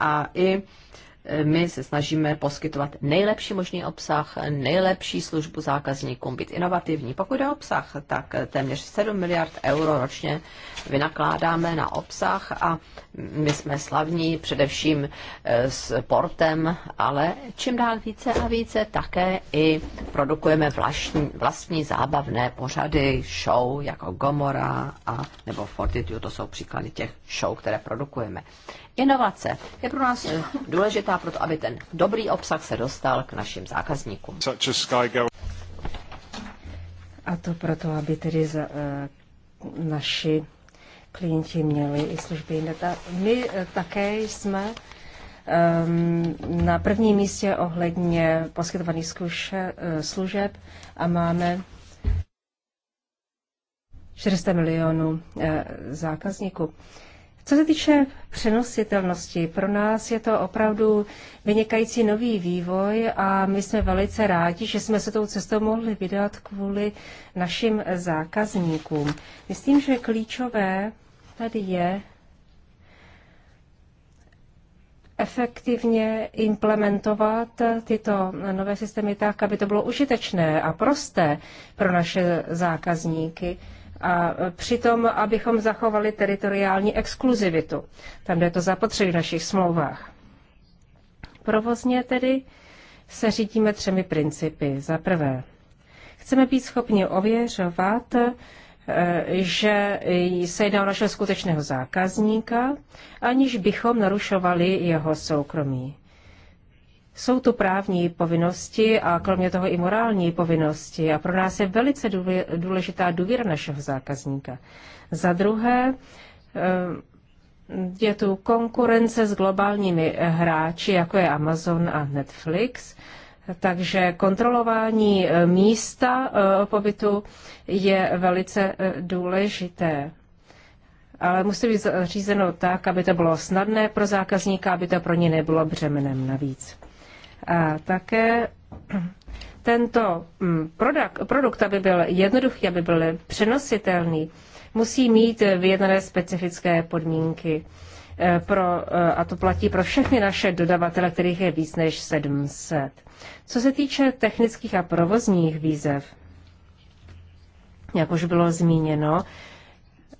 a i my se snažíme poskytovat nejlepší možný obsah, nejlepší službu zákazníkům, být inovativní. Pokud je obsah, tak téměř 7 miliard euro ročně vynakládáme na obsah a my jsme slavní především eh, s portem, ale čím dál více a více také i produkujeme vlastní, vlastní zábavné pořady, show jako Gomora a nebo Fortitude, to jsou příklady těch show, které produkujeme. Inovace je pro nás důležitá proto, aby ten dobrý obsah se dostal k našim zákazníkům. A to proto, aby tedy za, uh, naši klienti měli i služby jinde. My uh, také jsme um, na prvním místě ohledně poskytovaných zkuše, uh, služeb a máme 400 milionů uh, zákazníků. Co se týče přenositelnosti, pro nás je to opravdu vynikající nový vývoj a my jsme velice rádi, že jsme se tou cestou mohli vydat kvůli našim zákazníkům. Myslím, že klíčové tady je efektivně implementovat tyto nové systémy tak, aby to bylo užitečné a prosté pro naše zákazníky a e, přitom, abychom zachovali teritoriální exkluzivitu, tam, kde to zapotřebí v našich smlouvách. Provozně tedy se řídíme třemi principy. Za prvé, chceme být schopni ověřovat, e, že se jedná o našeho skutečného zákazníka, aniž bychom narušovali jeho soukromí. Jsou to právní povinnosti a kromě toho i morální povinnosti a pro nás je velice důležitá důvěra našeho zákazníka. Za druhé, eh, je tu konkurence s globálními hráči, jako je Amazon a Netflix, takže kontrolování eh, místa eh, pobytu je velice důležité ale musí být řízeno tak, aby to bylo snadné pro zákazníka, aby to pro ně nebylo břemenem navíc. A také tento mm, produkt, produkt, aby byl jednoduchý, aby byl přenositelný, musí mít vyjednané specifické podmínky. Eh, pro, eh, a to platí pro všechny naše dodavatele, kterých je víc než 700. Co se týče technických a provozních výzev, jak už bylo zmíněno,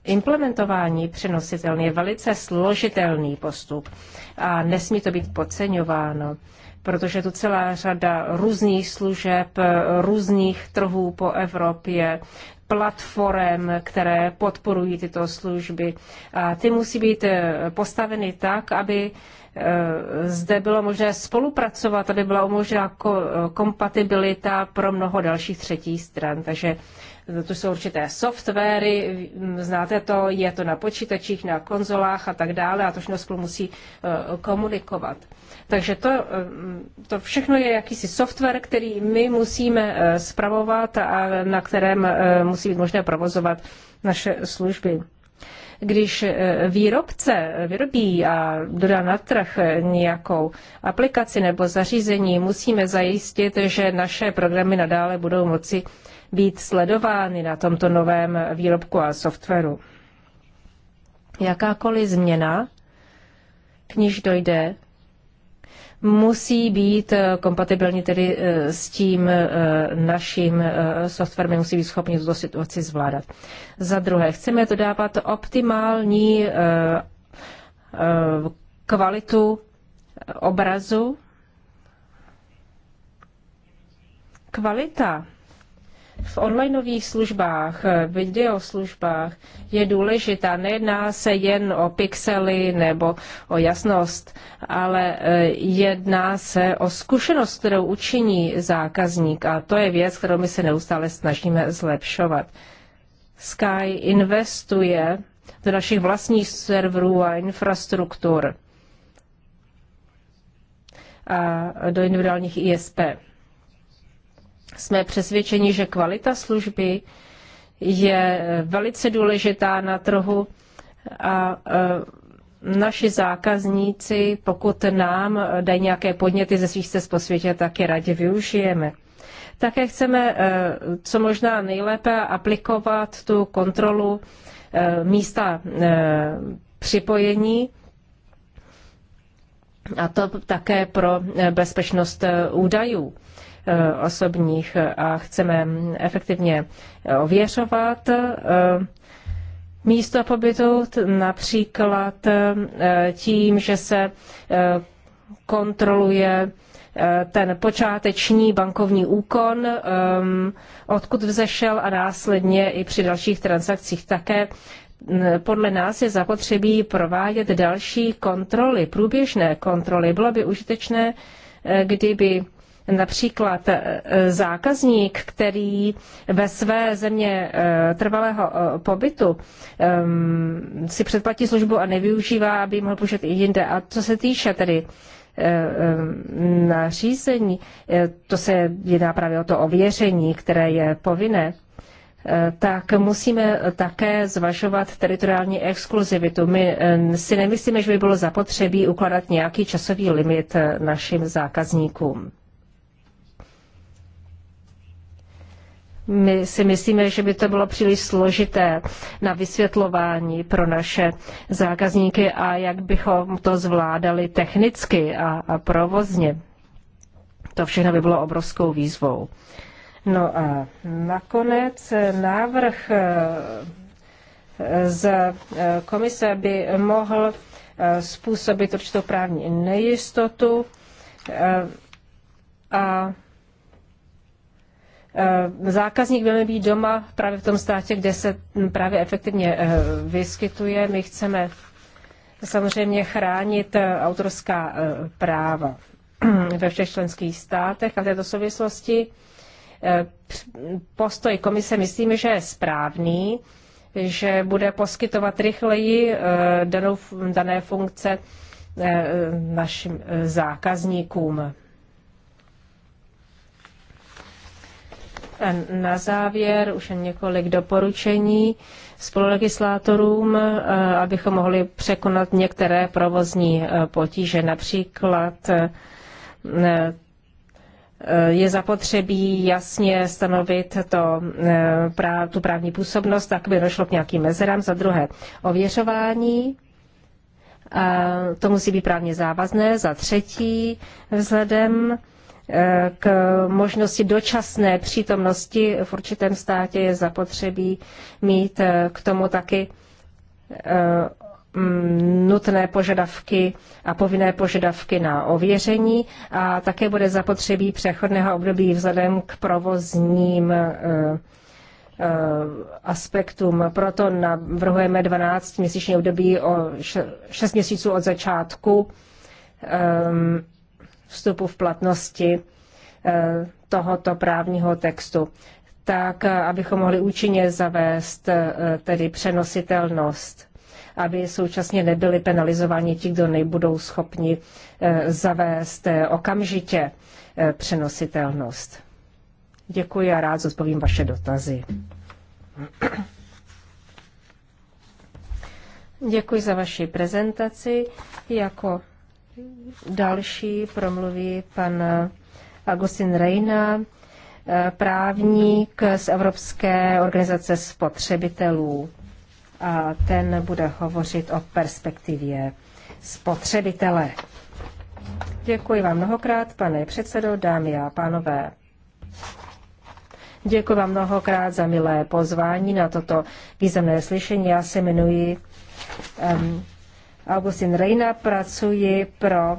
implementování přenositelný je velice složitelný postup a nesmí to být podceňováno protože tu celá řada různých služeb, různých trhů po Evropě, platform, které podporují tyto služby. A ty musí být eh, postaveny tak, aby eh, zde bylo možné spolupracovat, aby byla umožněna kompatibilita pro mnoho dalších třetích stran. Takže to jsou určité softwary, znáte to, je to na počítačích, na konzolách a tak dále a to všechno spolu musí e, komunikovat. Takže to, e, to všechno je jakýsi software, který my musíme e, spravovat a na kterém musí být možné provozovat naše služby když výrobce vyrobí a dodá na trh nějakou aplikaci nebo zařízení, musíme zajistit, že naše programy nadále budou moci být sledovány na tomto novém výrobku a softwaru. Jakákoliv změna, k níž dojde, musí být kompatibilní tedy eh, s tím eh, naším eh, softwarem, musí být schopni tuto situaci zvládat. Za druhé, chceme to dávat optimální kvalitu obrazu. Kvalita v onlineových službách, videoslužbách je důležitá. Nejedná se jen o pixely nebo o jasnost, ale eh, jedná se o zkušenost, kterou učiní zákazník a to je věc, kterou my se neustále snažíme zlepšovat. Sky investuje do našich vlastních serverů a infrastruktur a do individuálních ISP. Jsme přesvědčeni, že kvalita služby je eh, velice důležitá na trhu a eh, naši zákazníci, pokud nám eh, dají nějaké podněty ze svých cest po světě, tak je rádi využijeme. Také chceme co možná nejlépe aplikovat tu kontrolu místa připojení, a to také pro bezpečnost údajů. Eh, osobních a chceme efektivně ověřovat eh, místo pobytu, například eh, tím, že se kontroluje ten počáteční bankovní úkon, odkud vzešel a následně i při dalších transakcích také. Podle nás je zapotřebí provádět další kontroly, průběžné kontroly. Bylo by užitečné, kdyby Například e, e, zákazník, který ve své země e, trvalého pobytu si předplatí službu a nevyužívá, aby mohl použít i jinde. A co se týče tedy nařízení, to se jedná právě o to ověření, které je povinné, tak musíme také zvažovat teritoriální exkluzivitu. My si nemyslíme, že by bylo zapotřebí ukládat nějaký časový limit našim zákazníkům. My si myslíme, že by to bylo příliš složité na vysvětlování pro naše zákazníky a jak bychom to zvládali technicky a, a provozně. To všechno by bylo obrovskou výzvou. No a nakonec návrh eh, z eh, komise by mohl eh, způsobit určitou právní nejistotu a Eh, zákazník by měl být doma právě v tom státě, kde se právě efektivně eh, vyskytuje. My chceme samozřejmě chránit eh, autorská práva ve všech členských státech a v této souvislosti postoj komise myslíme, že je správný, že bude poskytovat rychleji danou, dané funkce našim zákazníkům. na závěr už několik doporučení spolulegislátorům, eh, abychom mohli překonat některé provozní eh, potíže. Například eh, je zapotřebí jasně stanovit to, tu právní působnost, tak by došlo k nějakým mezerám. Za druhé, ověřování to musí být právně závazné. Za třetí, vzhledem Eh, k možnosti dočasné přítomnosti v určitém státě je zapotřebí mít eh, k tomu taky eh, mm, nutné požadavky a povinné požadavky na ověření a také bude zapotřebí přechodného období vzhledem k provozním aspektům. Proto navrhujeme 12 měsíční období o 6 měsíců od začátku ehm, vstupu v platnosti eh, tohoto právního textu, tak eh, abychom mohli účinně zavést eh, tedy přenositelnost, aby současně nebyli penalizováni ti, kdo nebudou schopni zavést okamžitě přenositelnost. Děkuji a rád zodpovím vaše dotazy. Děkuji za vaši prezentaci. Jako Další promluví pan Agustin Reina, právník z Evropské organizace spotřebitelů. A ten bude hovořit o perspektivě spotřebitele. Děkuji vám mnohokrát, pane předsedo, dámy a pánové. Děkuji vám mnohokrát za milé pozvání na toto významné slyšení. Já se jmenuji um, Augustin Reina, pracuji pro eh,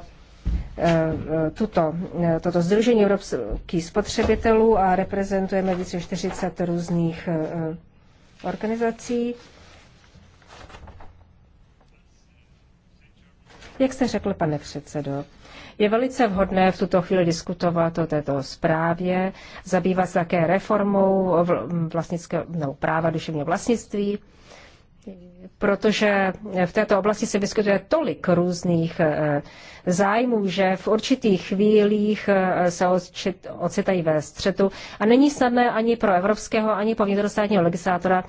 eh, tuto, eh, toto Združení evropských spotřebitelů a reprezentujeme více 40 různých organizací. Jak jste řekl, pane předsedo, je velice vhodné v tuto chvíli diskutovat o této zprávě, zabývat se také reformou vlastnického, no, práva duševního vlastnictví protože v této oblasti se vyskytuje tolik různých eh, zájmů, že v určitých chvílích eh, se ocitají ve střetu a není snadné ani pro evropského, ani pro vnitrostátního legislátora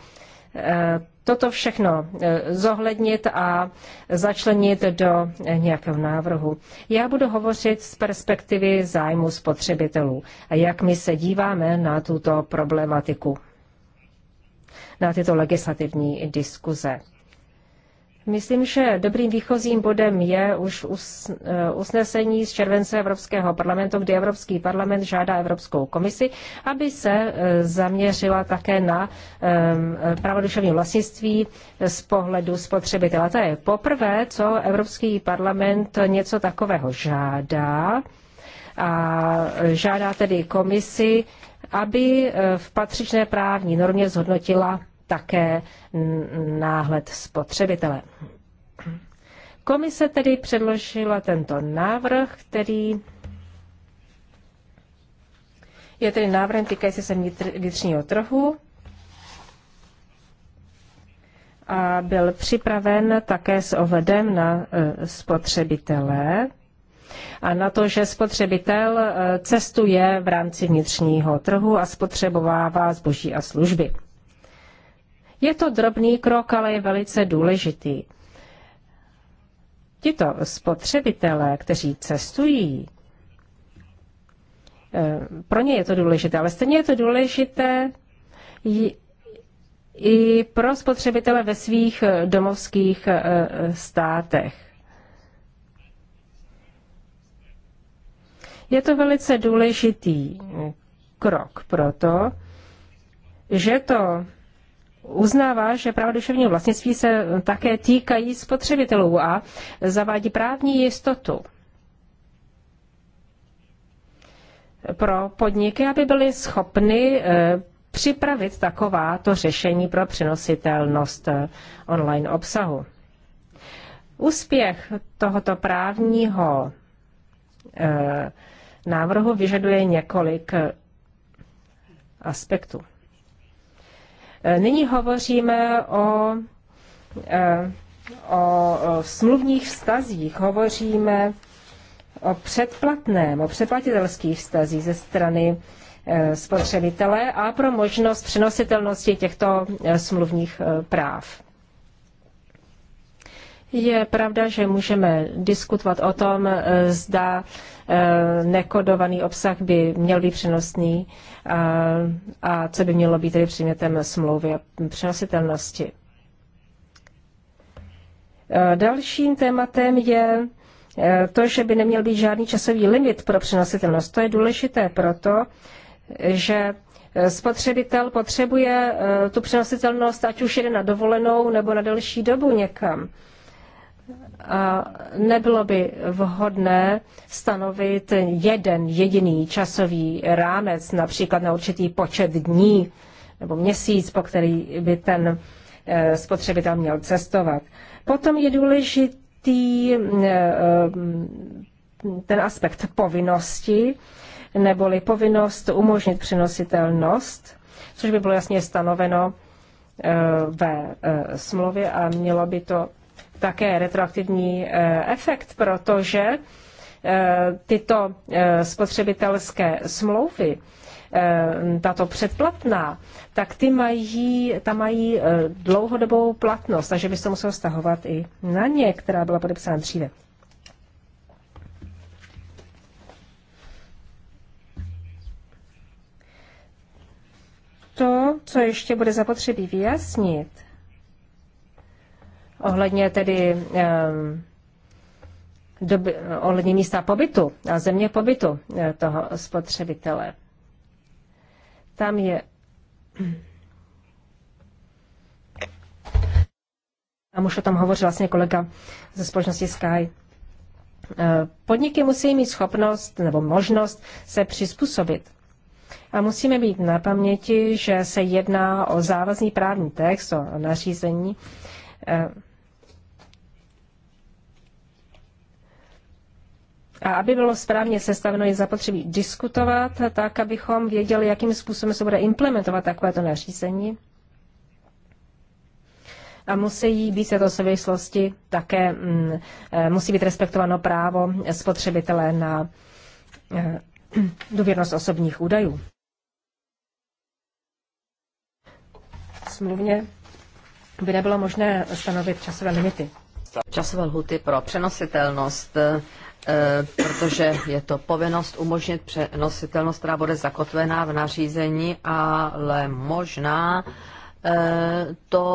eh, toto všechno zohlednit a začlenit do nějakého návrhu. Já budu hovořit z perspektivy zájmu spotřebitelů a jak my se díváme na tuto problematiku na tyto legislativní diskuze. Myslím, že dobrým výchozím bodem je už eh, usnesení z července Evropského parlamentu, kdy Evropský parlament žádá Evropskou komisi, aby se eh, zaměřila také na eh, právo duševního vlastnictví z pohledu spotřebitela. To je poprvé, co Evropský parlament něco takového žádá a žádá tedy komisi, aby v patřičné právní normě zhodnotila také náhled spotřebitele. Komise tedy předložila tento návrh, který je tedy návrhem týkající se vnitřního trhu a byl připraven také s ohledem na e, spotřebitele a na to, že spotřebitel e, cestuje v rámci vnitřního trhu a spotřebovává zboží a služby. Je to drobný krok, ale je velice důležitý. Tito spotřebitelé, kteří cestují, eh, pro ně je to důležité, ale stejně je to důležité i pro spotřebitele ve svých eh, domovských eh, státech. Je to velice důležitý krok proto, že to uznává, že práva duševního vlastnictví se také týkají spotřebitelů a zavádí právní jistotu pro podniky, aby byly schopny e, připravit takováto řešení pro přenositelnost e, online obsahu. Úspěch tohoto právního e, návrhu vyžaduje několik aspektů. Eh, nyní hovoříme eh, o, o, smluvních vztazích, hovoříme o předplatném, o předplatitelských vztazích ze strany eh, spotřebitele a pro možnost přenositelnosti těchto smluvních práv. Je pravda, že můžeme diskutovat o tom, eh, zda eh, nekodovaný obsah by měl být přenosný a, a co by mělo být tedy předmětem smlouvy a přenositelnosti. Eh, dalším tématem je to, že by neměl být žádný časový limit pro přenositelnost. To je důležité proto, že spotřebitel potřebuje tu přenositelnost, ať už jede na dovolenou nebo na delší dobu někam. A nebylo by vhodné stanovit jeden jediný časový rámec, například na určitý počet dní nebo měsíc, po který by ten eh, spotřebitel měl cestovat. Potom je důležitý eh, ten aspekt povinnosti, neboli povinnost umožnit přenositelnost, což by bylo jasně stanoveno eh, ve smlouvě a mělo by to také retroaktivní eh, efekt, protože eh, tyto eh, spotřebitelské smlouvy, tato předplatná, tak ty mají, ta mají dlouhodobou platnost, takže by se to muselo stahovat i na ně, která byla podepsána dříve. To, co ještě bude zapotřebí vyjasnit, ohledně tedy doby, ohledně místa pobytu a země pobytu eh, toho spotřebitele. Tam je tam už o tom hovořil vlastně kolega ze společnosti Sky. Eh, podniky musí mít schopnost nebo možnost se přizpůsobit. A musíme být na paměti, že se jedná o závazný právní text, o nařízení, eh, A aby bylo správně sestaveno, je zapotřebí diskutovat tak, abychom věděli, jakým způsobem se bude implementovat takovéto nařízení. A musí být v této souvislosti také, mm, eh, musí být respektováno právo spotřebitele na eh, důvěrnost osobních údajů. Smluvně by nebylo možné stanovit časové limity. Časové lhuty pro přenositelnost Eh, protože je to povinnost umožnit přenositelnost, která bude zakotvená v nařízení, ale možná eh, to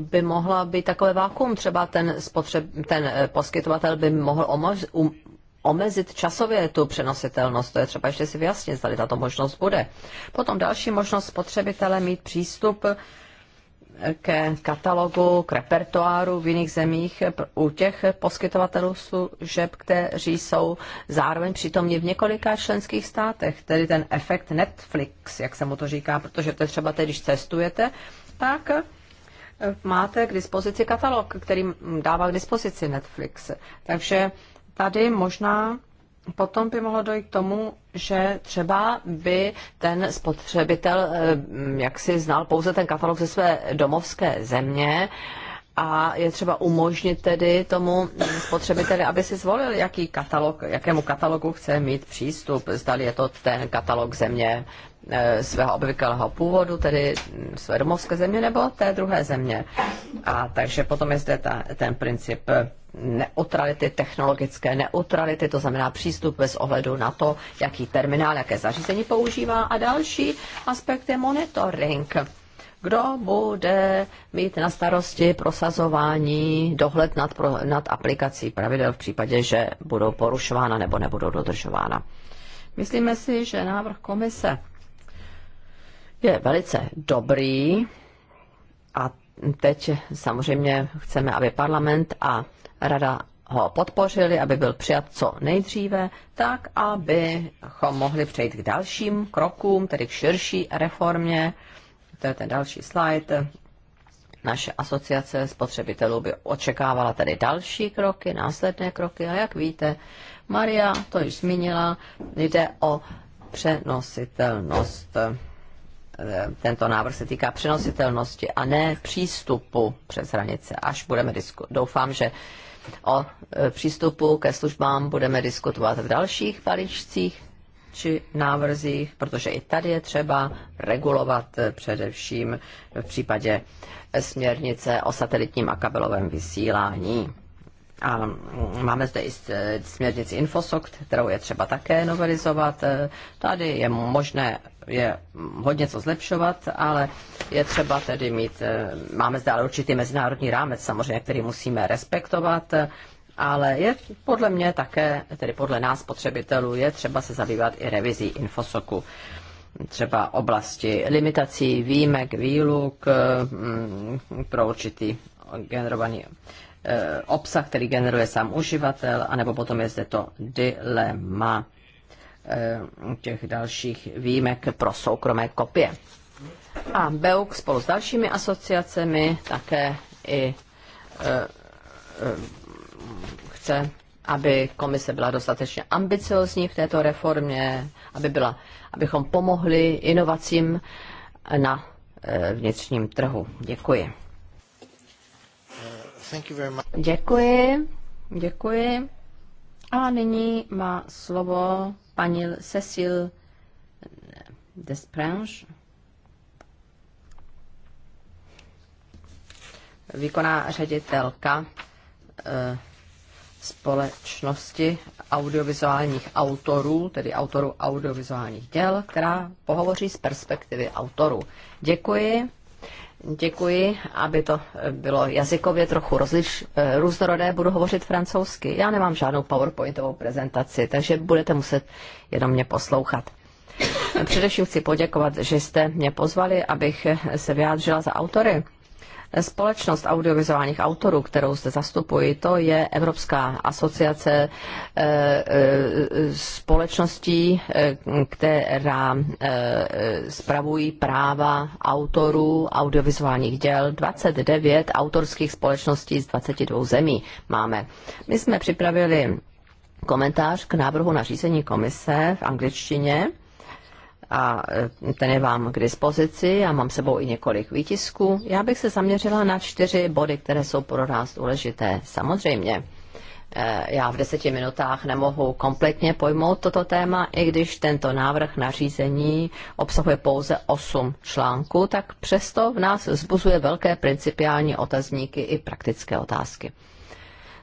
by mohla být takové vákum. Třeba ten, spotřeb, ten eh, poskytovatel by mohl omož, um, omezit časově tu přenositelnost. To je třeba ještě si vyjasnit, zda tato možnost bude. Potom další možnost spotřebitele mít přístup ke katalogu, k repertoáru v jiných zemích u těch poskytovatelů služeb, kteří jsou zároveň přítomní v několika členských státech, tedy ten efekt Netflix, jak se mu to říká, protože to třeba teď, když cestujete, tak máte k dispozici katalog, který dává k dispozici Netflix. Takže tady možná potom by mohlo dojít k tomu, že třeba by ten spotřebitel eh, jak si znal pouze ten katalog ze své domovské země a je třeba umožnit tedy tomu spotřebiteli, aby si zvolil, jaký katalog, jakému katalogu chce mít přístup. Zdali je to ten katalog země Eh, svého obvyklého původu, tedy své domovské země nebo té druhé země. A takže potom je zde ta, ten princip neutrality, technologické neutrality, to znamená přístup bez ohledu na to, jaký terminál, jaké zařízení používá. A další aspekt je monitoring. Kdo bude mít na starosti prosazování, dohled nad, pro, nad aplikací pravidel v případě, že budou porušována nebo nebudou dodržována? Myslíme si, že návrh komise je velice dobrý a teď samozřejmě chceme, aby parlament a rada ho podpořili, aby byl přijat co nejdříve, tak abychom mohli přejít k dalším krokům, tedy k širší reformě. To je ten další slide. Naše asociace spotřebitelů by očekávala tedy další kroky, následné kroky. A jak víte, Maria to již zmínila, jde o přenositelnost Eh, tento návrh se týká přenositelnosti a ne přístupu přes hranice, až budeme diskutovat. Doufám, že o eh, přístupu ke službám budeme diskutovat v dalších balíčcích či návrzích, protože i tady je třeba regulovat eh, především v případě směrnice o satelitním a kabelovém vysílání. A máme zde i eh, směrnici Infosoc, kterou je třeba také novelizovat. Eh, Tady je možné je hodně co zlepšovat, ale je třeba tedy mít, eh, máme zde ale určitý mezinárodní rámec samozřejmě, který musíme respektovat, ale je podle mě také, tedy podle nás spotřebitelů, je třeba se zabývat i revizí Infosoku třeba oblasti limitací, výjimek, výluk mm, pro určitý generovaný Eh, obsah, který generuje sám uživatel, anebo potom je zde to dilema eh, těch dalších výjimek pro soukromé kopie. A BEUK spolu s dalšími asociacemi také i eh, chce, aby komise byla dostatečně ambiciozní v této reformě, aby byla, abychom pomohli inovacím na vnitřním trhu. Děkuji. Děkuji, děkuji. A nyní má slovo paní Cecil Desprange. Výkonná ředitelka eh, společnosti audiovizuálních autorů, tedy autorů audiovizuálních děl, která pohovoří z perspektivy autorů. Děkuji. Děkuji, aby to eh, bylo jazykově trochu rozliš, eh, různorodé, budu hovořit francouzsky. Já nemám žádnou PowerPointovou prezentaci, takže budete muset jenom mě poslouchat. Především chci poděkovat, že jste mě pozvali, abych eh, se vyjádřila za autory Společnost audiovizuálních autorů, kterou zde zastupuji, to je Evropská asociace eh, eh, společností, eh, která spravují práva autorů audiovizuálních děl. 29 autorských společností z 22 zemí máme. My jsme připravili komentář k návrhu nařízení komise v angličtině a e, ten je vám k dispozici. Já mám sebou i několik výtisků. Já bych se zaměřila na čtyři body, které jsou pro nás důležité. Samozřejmě, e, já v deseti minutách nemohu kompletně pojmout toto téma, i když tento návrh nařízení obsahuje pouze osm článků, tak přesto v nás zbuzuje velké principiální otazníky i praktické otázky.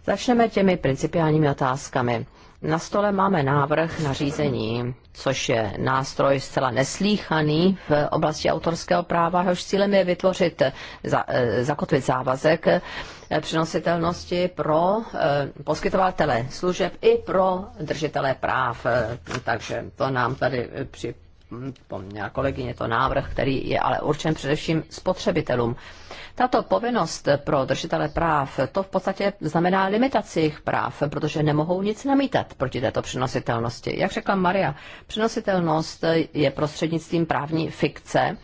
Začneme těmi principiálními otázkami. Na stole máme návrh na řízení, což je nástroj zcela neslíchaný v oblasti autorského práva, jehož cílem je vytvořit, za, e, zakotvit závazek e, přenositelnosti pro e, poskytovatele služeb i pro držitele práv. Takže to nám tady při, připomněla kolegyně to návrh, který je ale určen především spotřebitelům. Tato povinnost pro držitele práv, to v podstatě znamená limitaci jejich práv, protože nemohou nic namítat proti této přenositelnosti. Jak řekla Maria, přenositelnost je prostřednictvím právní fikce,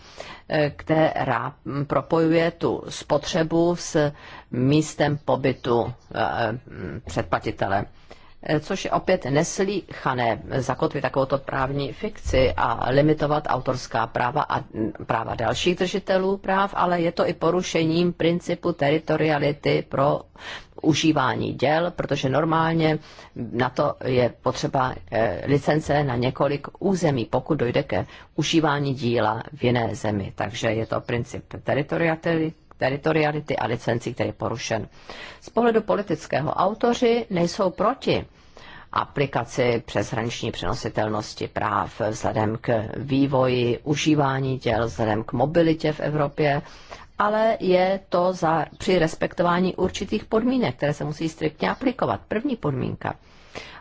eh, která propojuje tu spotřebu s místem pobytu eh, předplatitele. Eh, což je opět neslíchané zakotvit takovouto právní fikci a limitovat autorská práva a mm, práva dalších držitelů práv, ale je to i porušením principu teritoriality pro užívání děl, protože normálně na to je potřeba eh, licence na několik území, pokud dojde ke užívání díla v jiné zemi. Takže je to princip teritoriality teritoriality a licencí, který je porušen. Z pohledu politického autoři nejsou proti aplikaci přeshraniční přenositelnosti práv vzhledem k vývoji užívání těl, vzhledem k mobilitě v Evropě, ale je to za, při respektování určitých podmínek, které se musí striktně aplikovat. První podmínka –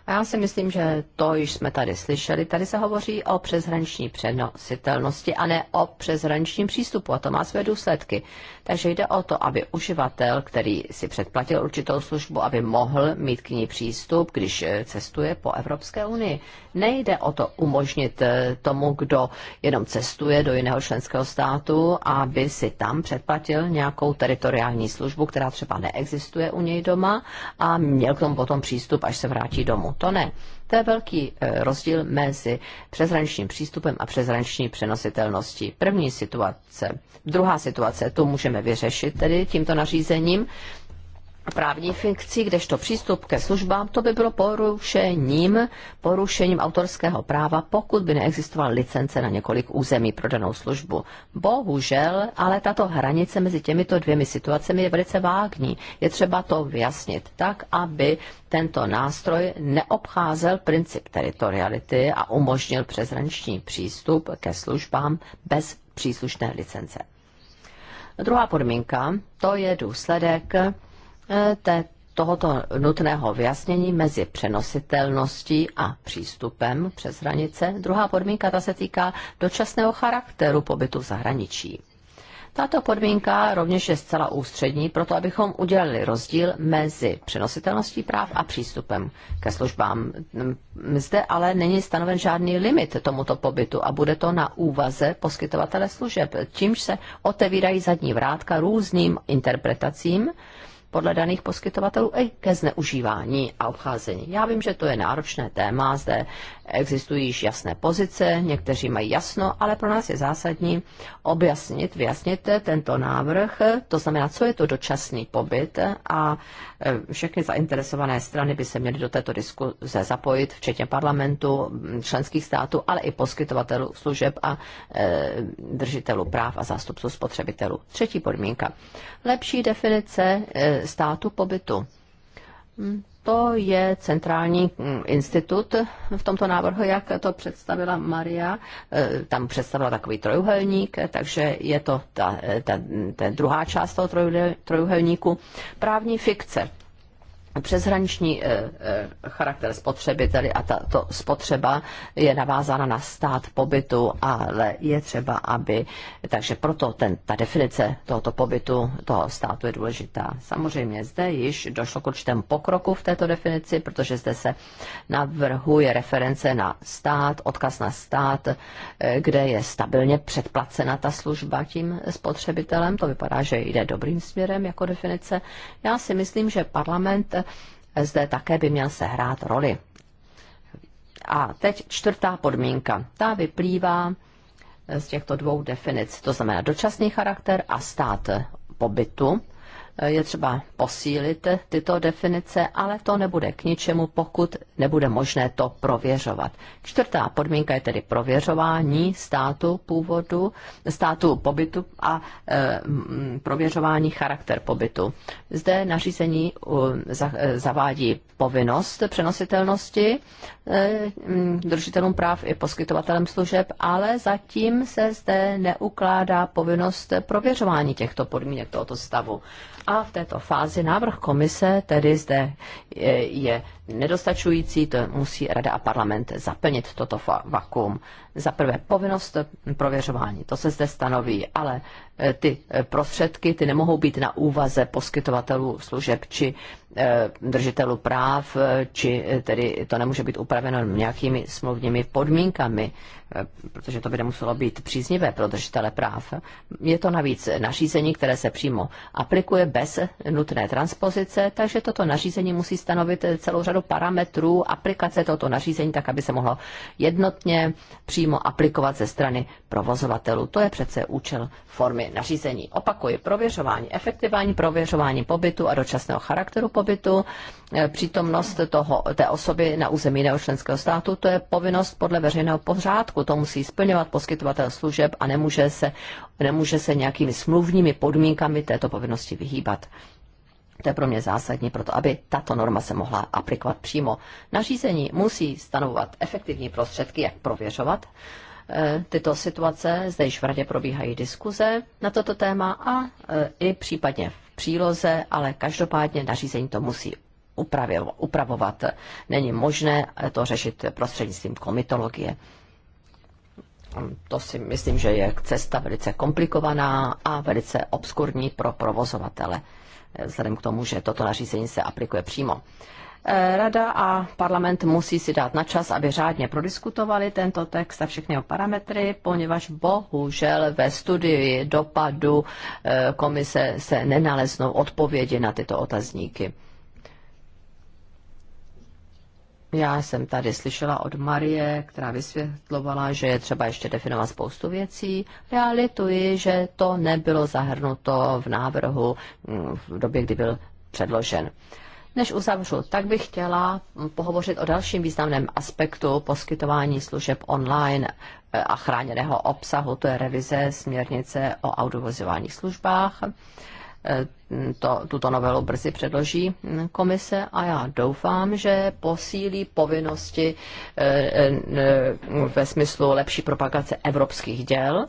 a já si myslím, že to již jsme tady slyšeli. Tady se hovoří o přeshraniční přenositelnosti a ne o přeshraničním přístupu. A to má své důsledky. Takže jde o to, aby uživatel, který si předplatil určitou službu, aby mohl mít k ní přístup, když eh, cestuje po Evropské unii. Nejde o to umožnit eh, tomu, kdo jenom cestuje do jiného členského státu, aby si tam předplatil nějakou teritoriální službu, která třeba neexistuje u něj doma a měl k tomu potom přístup, až se vrátí domů to ne. To je velký eh, rozdíl mezi přeshraničním přístupem a přeshraniční přenositelností. První situace, druhá situace, tu můžeme vyřešit tedy tímto nařízením právní fikcí, kdežto přístup ke službám, to by bylo porušením, porušením autorského práva, pokud by neexistovala licence na několik území pro danou službu. Bohužel, ale tato hranice mezi těmito dvěmi situacemi je velice vágní. Je třeba to vyjasnit tak, aby tento nástroj neobcházel princip teritoriality a umožnil přeshraniční přístup ke službám bez příslušné licence. Druhá podmínka, to je důsledek Eh, té, tohoto nutného vyjasnění mezi přenositelností a přístupem přes hranice. Druhá podmínka ta se týká dočasného charakteru pobytu v zahraničí. Tato podmínka rovněž je zcela ústřední, proto abychom udělali rozdíl mezi přenositelností práv a přístupem ke službám. Zde ale není stanoven žádný limit tomuto pobytu a bude to na úvaze poskytovatele služeb, čímž se otevírají zadní vrátka různým interpretacím podle daných poskytovatelů i ke zneužívání a obcházení. Já vím, že to je náročné téma, zde Existují již jasné pozice, někteří mají jasno, ale pro nás je zásadní objasnit, vyjasnit tento návrh, to znamená, co je to dočasný pobyt a e, všechny zainteresované strany by se měly do této diskuze zapojit, včetně parlamentu, členských států, ale i poskytovatelů služeb a e, držitelů práv a zástupců spotřebitelů. Třetí podmínka. Lepší definice e, státu pobytu. Hm to je centrální mm, institut v tomto návrhu, jak to představila Maria. E, tam představila takový trojuhelník, takže je to ta, e, ta, ta druhá část toho trojuhelníku. Právní fikce přeshraniční eh, eh, charakter spotřeby, tedy a tato spotřeba je navázána na stát pobytu, ale je třeba, aby, takže proto ten, ta definice tohoto pobytu, toho státu je důležitá. Samozřejmě zde již došlo k určitému pokroku v této definici, protože zde se navrhuje reference na stát, odkaz na stát, eh, kde je stabilně předplacena ta služba tím spotřebitelem. To vypadá, že jde dobrým směrem jako definice. Já si myslím, že parlament zde také by měl sehrát roli. A teď čtvrtá podmínka. Ta vyplývá z těchto dvou definic, to znamená dočasný charakter a stát pobytu je třeba posílit tyto definice, ale to nebude k ničemu, pokud nebude možné to prověřovat. Čtvrtá podmínka je tedy prověřování státu původu, státu pobytu a e, prověřování charakter pobytu. Zde nařízení eh, eh, zavádí povinnost přenositelnosti držitelům práv i poskytovatelem služeb, ale zatím se zde neukládá povinnost prověřování těchto podmínek tohoto stavu. A v této fázi návrh komise tedy zde je, je nedostačující, to musí Rada a parlament zaplnit toto vakuum. Za prvé povinnost prověřování, to se zde stanoví, ale e, ty e, prostředky ty nemohou být na úvaze poskytovatelů služeb či e, držitelů práv, či tedy to nemůže být upraveno nějakými smluvními podmínkami, protože to by nemuselo být příznivé pro držitele práv. Je to navíc nařízení, které se přímo aplikuje bez nutné transpozice, takže toto nařízení musí stanovit celou řadu řadu parametrů aplikace tohoto nařízení, tak aby se mohlo jednotně přímo aplikovat ze strany provozovatelů. To je přece účel formy nařízení. Opakuji, prověřování efektivání, prověřování pobytu a dočasného charakteru pobytu, e, přítomnost toho, té osoby na území jiného členského státu, to je povinnost podle veřejného pořádku. To musí splňovat poskytovatel služeb a nemůže se, nemůže se nějakými smluvními podmínkami této povinnosti vyhýbat. To je pro mě zásadní, proto aby tato norma se mohla aplikovat přímo. Nařízení musí stanovovat efektivní prostředky, jak prověřovat eh, tyto situace. Zde již v radě probíhají diskuze na toto téma a eh, i případně v příloze, ale každopádně nařízení to musí upravovat. Není možné eh, to řešit prostřednictvím komitologie. Hm, to si myslím, že je cesta velice komplikovaná a velice obskurní pro provozovatele vzhledem k tomu, že toto nařízení se aplikuje přímo. Eh, Rada a parlament musí si dát na čas, aby řádně prodiskutovali tento text a všechny jeho parametry, poněvadž bohužel ve studii dopadu eh, komise se nenaleznou odpovědi na tyto otazníky. Já jsem tady slyšela od Marie, která vysvětlovala, že je třeba ještě definovat spoustu věcí. Realituji, že to nebylo zahrnuto v návrhu mm, v době, kdy byl předložen. Než uzavřu, tak bych chtěla pohovořit o dalším významném aspektu poskytování služeb online eh, a chráněného obsahu, to je revize směrnice o audiovizuálních službách to, tuto novelu brzy předloží komise a já doufám, že posílí povinnosti eh, eh, ve smyslu lepší propagace evropských děl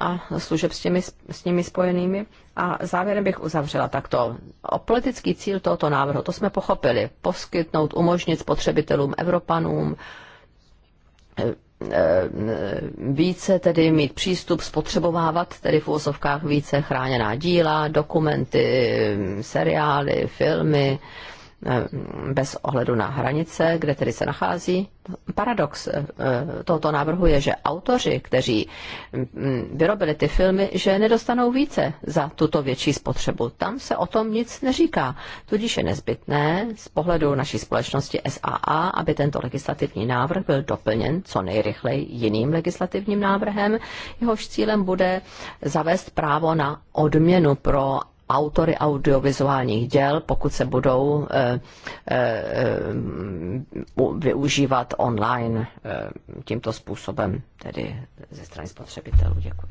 a služeb s, těmi, s nimi spojenými. A závěrem bych uzavřela takto. O politický cíl tohoto návrhu, to jsme pochopili, poskytnout, umožnit spotřebitelům, Evropanům, eh, Eh, více tedy mít přístup, spotřebovávat tedy v úvozovkách více chráněná díla, dokumenty, seriály, filmy, Eh, bez ohledu na hranice, kde tedy se nachází. Paradox eh, tohoto návrhu je, že autoři, kteří mm, mm, vyrobili ty filmy, že nedostanou více za tuto větší spotřebu. Tam se o tom nic neříká. Tudíž je nezbytné z pohledu naší společnosti SAA, aby tento legislativní návrh byl doplněn co nejrychleji jiným legislativním návrhem. Jehož cílem bude zavést právo na odměnu pro autory audiovizuálních děl, pokud se budou e, e, využívat online e, tímto způsobem, tedy ze strany spotřebitelů. Děkuji.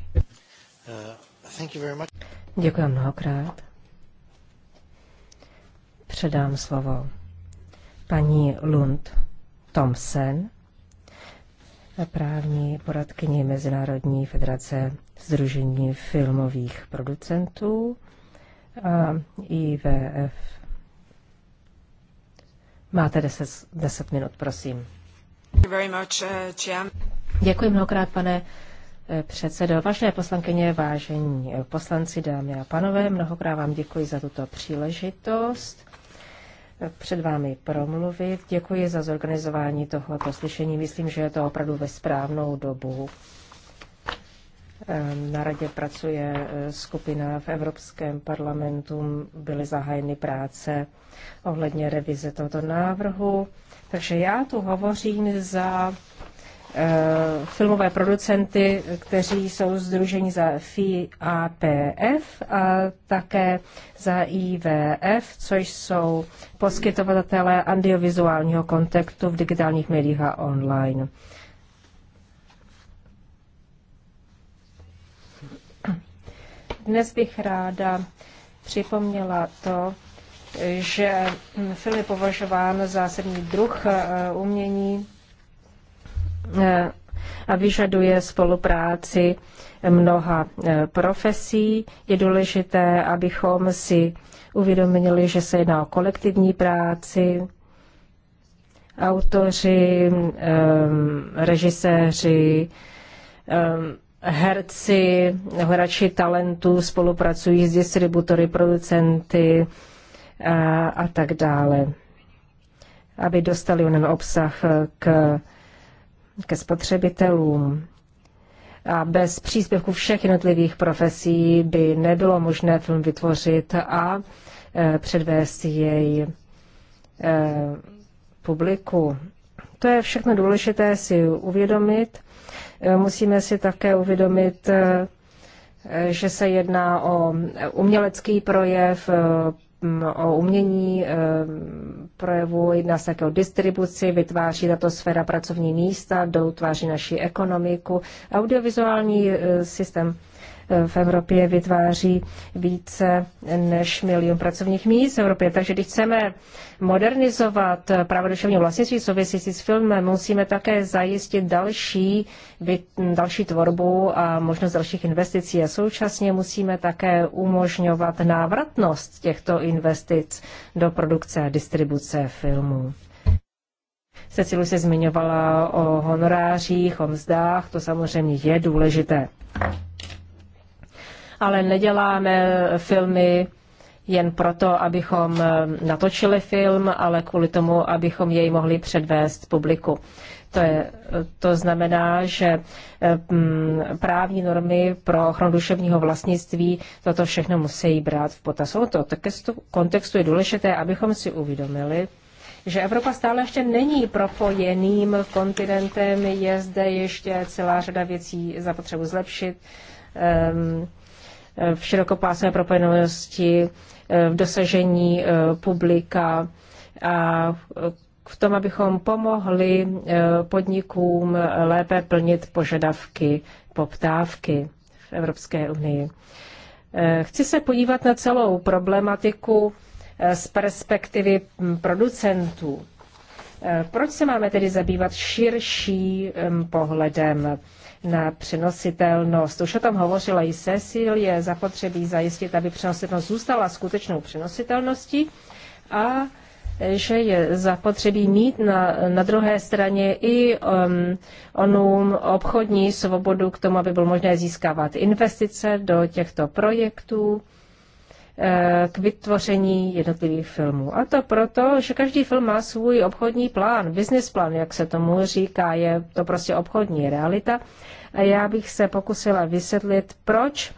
Děkuji mnohokrát. Předám slovo paní Lund Thompson, právní poradkyni Mezinárodní federace Združení filmových producentů IVF. Máte 10, 10 minut, prosím. Uh, děkuji mnohokrát, pane eh, předsedo. Vážené poslankyně, vážení eh, poslanci, dámy a panové, mnohokrát vám děkuji za tuto příležitost eh, před vámi promluvit. Děkuji za zorganizování tohoto slyšení. Myslím, že je to opravdu ve správnou dobu. Ehm, na radě pracuje eh, skupina v Evropském parlamentu, byly zahájeny práce ohledně revize tohoto návrhu. Takže já tu hovořím za eh, filmové producenty, kteří jsou združeni za FIAPF a také za IVF, což jsou poskytovatelé audiovizuálního kontaktu v digitálních médiích a online. Dnes bych ráda připomněla to, že film je považován za sedmý druh eh, umění eh, a vyžaduje spolupráci mnoha eh, profesí. Je důležité, abychom si uvědomili, že se jedná o kolektivní práci. Autoři, režiséři, herci, hledači talentů spolupracují s distributory, producenty a, a tak dále, aby dostali onen obsah k, ke spotřebitelům. A bez příspěvku všech jednotlivých profesí by nebylo možné film vytvořit a e, předvést jej e, publiku. To je všechno důležité si uvědomit Musíme si také uvědomit, eh, že se jedná o umělecký projev, eh, o umění eh, projevu, jedná se také o distribuci, vytváří tato sféra pracovní místa, dotváří naši ekonomiku, audiovizuální systém v Evropě vytváří více než milion pracovních míst v Evropě. Takže když chceme modernizovat právo duševního vlastnictví souvisící s filmem, musíme také zajistit další, další tvorbu a možnost dalších investicí. A současně musíme také umožňovat návratnost těchto investic do produkce a distribuce filmů. Cecilu se zmiňovala o honorářích, o mzdách, to samozřejmě je důležité ale neděláme filmy jen proto, abychom eh, natočili film, ale kvůli tomu, abychom jej mohli předvést publiku. To, je, eh, to znamená, že eh, mm, právní normy pro ochranu duševního vlastnictví toto všechno musí brát v potaz. V to kontextu je důležité, abychom si uvědomili, že Evropa stále ještě není propojeným kontinentem, je zde ještě celá řada věcí zapotřebu zlepšit. Um, v širokopásné propojenosti, eh, v dosažení eh, publika a eh, v tom, abychom pomohli podnikům lépe plnit požadavky poptávky v Evropské unii. Chci se podívat na celou problematiku z perspektivy hm, producentů. Proč se máme tedy zabývat širším hm, pohledem? na přenositelnost. Už o tom hovořila i Cecil, je zapotřebí zajistit, aby přenositelnost zůstala skutečnou přenositelností a že je zapotřebí mít na, na druhé straně i um, onu obchodní svobodu k tomu, aby bylo možné získávat investice do těchto projektů Eh, k vytvoření jednotlivých filmů. A to proto, že každý film má svůj obchodní plán, business plán, jak se tomu říká, je to prostě obchodní realita. A já bych se pokusila vysvětlit, proč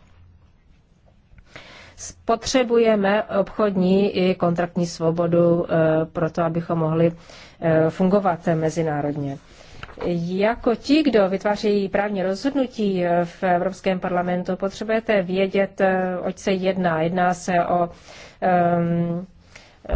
potřebujeme obchodní i kontraktní svobodu eh, pro to, abychom mohli eh, fungovat mezinárodně. Jako ti, kdo vytvářejí právní rozhodnutí v Evropském parlamentu, potřebujete vědět, eh, oč se jedná. Jedná se o um,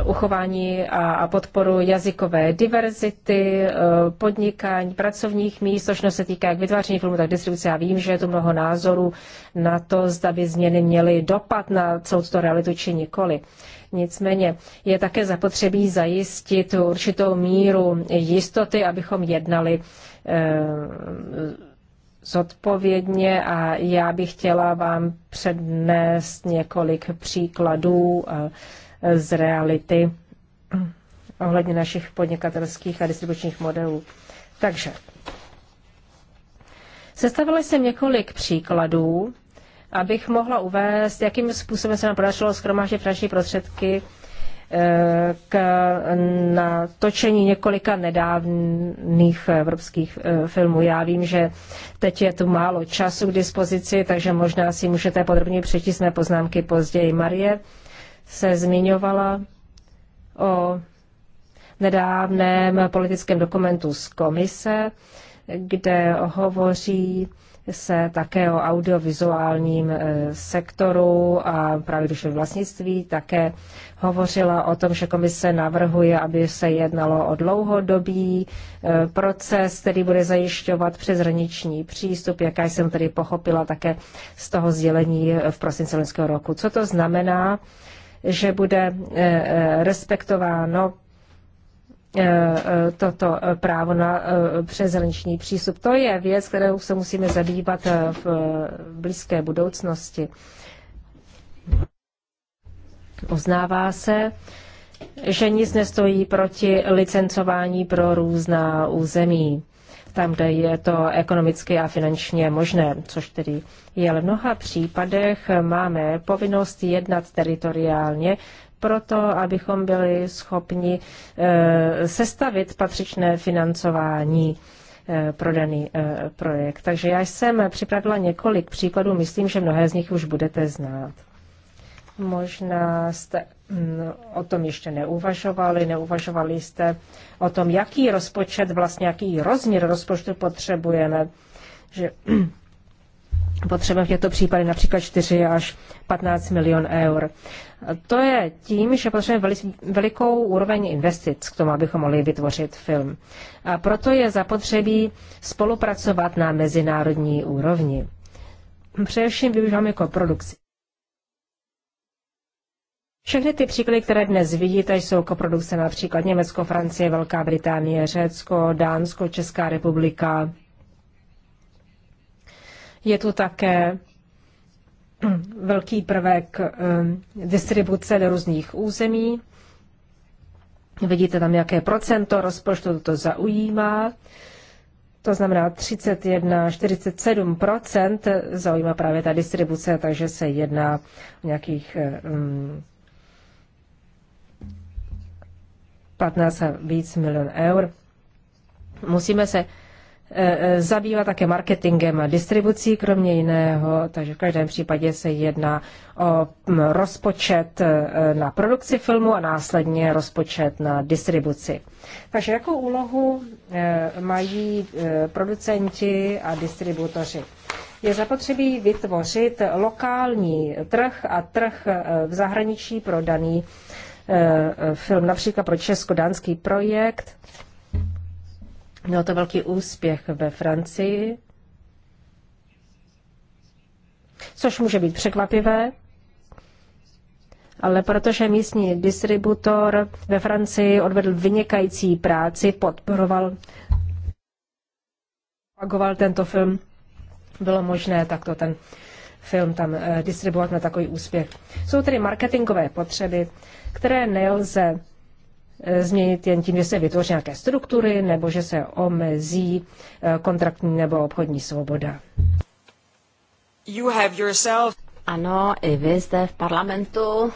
uchování a podporu jazykové diverzity, eh, podnikání, pracovních míst, což se týká jak vytváření filmu, tak distribuce. Já vím, že je tu mnoho názorů na to, zda by změny měly dopad na celou tuto realitu či nikoli. Nicméně je také zapotřebí zajistit určitou míru jistoty, abychom jednali eh, zodpovědně a já bych chtěla vám přednést několik příkladů eh, z reality ohledně našich podnikatelských a distribučních modelů. Takže sestavila jsem několik příkladů abych mohla uvést, jakým způsobem se nám podařilo schromáždit finanční prostředky eh, k natočení několika nedávných evropských eh, filmů. Já vím, že teď je tu málo času k dispozici, takže možná si můžete podrobně přečíst mé poznámky později. Marie se zmiňovala o nedávném politickém dokumentu z komise, kde hovoří se také o audiovizuálním e, sektoru a právě duše vlastnictví také hovořila o tom, že komise navrhuje, aby se jednalo o dlouhodobý e, proces, který bude zajišťovat přeshraniční přístup, jaká jsem tedy pochopila také z toho sdělení e, v prosinci loňského roku. Co to znamená? že bude respektováno Eh, eh, toto eh, právo na přezraniční přístup. To je věc, kterou se musíme zabývat v blízké budoucnosti. Oznává se, že nic nestojí proti licencování pro různá území, tam, kde je to ekonomicky a finančně možné, což tedy je. Ale v mnoha případech máme povinnost jednat teritoriálně proto, abychom byli schopni eh, sestavit patřičné financování eh, pro daný eh, projekt. Takže já jsem připravila několik příkladů, myslím, že mnohé z nich už budete znát. Možná jste mm, o tom ještě neuvažovali, neuvažovali jste o tom, jaký rozpočet, vlastně jaký rozměr rozpočtu potřebujeme, že potřeba v těchto případech například 4 až 15 milion eur. To je tím, že potřebujeme velikou úroveň investic k tomu, abychom mohli vytvořit film. A proto je zapotřebí spolupracovat na mezinárodní úrovni. Především využíváme jako produkci. Všechny ty příklady, které dnes vidíte, jsou koprodukce jako například Německo, Francie, Velká Británie, Řecko, Dánsko, Česká republika, je tu také velký prvek ehm, distribuce do různých území. Vidíte tam, jaké procento rozpočtu to zaujímá. To znamená 31-47% zaujímá právě ta distribuce, takže se jedná o nějakých 15 ehm, a víc milion eur. Musíme se Eh, eh, zabývá také marketingem a distribucí, kromě jiného, takže v každém případě se jedná o mm, rozpočet eh, na produkci filmu a následně rozpočet na distribuci. Takže jakou úlohu mají producenti a distributoři? Je zapotřebí vytvořit lokální trh a trh v zahraničí pro daný film, například pro česko-dánský projekt Měl to velký úspěch ve Francii, což může být překvapivé, ale protože místní distributor ve Francii odvedl vynikající práci, podporoval, propagoval tento film, bylo možné takto ten film tam eh, distribuovat na takový úspěch. Jsou tedy marketingové potřeby, které nelze Eh, změnit jen tím, že se vytvoří nějaké struktury nebo že se omezí eh, kontraktní nebo obchodní svoboda. You have yourself... Ano, i vy zde v parlamentu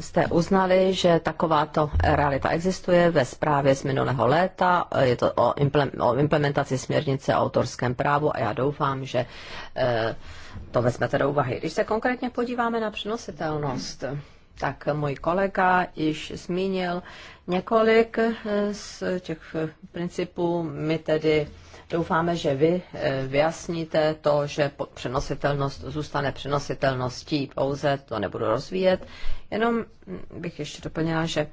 jste uznali, že takováto realita existuje ve zprávě z minulého léta. Je to o implementaci směrnice o autorském právu a já doufám, že eh, to vezmete do úvahy. Když se konkrétně podíváme na přenositelnost, tak můj kolega již zmínil, Několik eh, z těch eh, principů my tedy doufáme, že vy eh, vyjasníte to, že přenositelnost zůstane přenositelností, pouze to nebudu rozvíjet. Jenom hm, bych ještě doplnila, že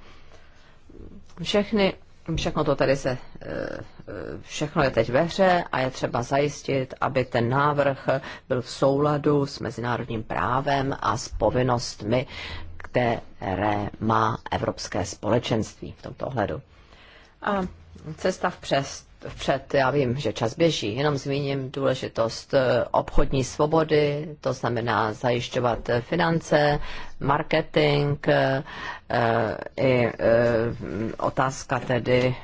všechny všechno to tady se, všechno je teď ve hře a je třeba zajistit, aby ten návrh byl v souladu s mezinárodním právem a s povinnostmi které má Evropské společenství v tomto ohledu. A cesta přes vpřed, já vím, že čas běží, jenom zmíním důležitost eh, obchodní svobody, to znamená zajišťovat eh, finance, marketing, eh, i otázka tedy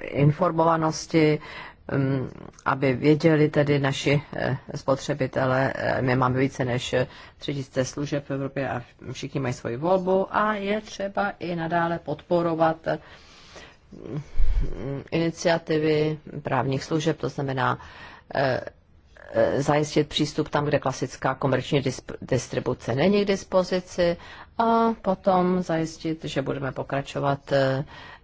informovanosti aby věděli tedy naši eh, spotřebitele, eh, my máme více než 3000 eh, služeb v Evropě a všichni mají svoji volbu a je třeba i nadále podporovat iniciativy právních služeb, to znamená zajistit přístup tam, kde klasická komerční distribuce není k dispozici a potom zajistit, že budeme pokračovat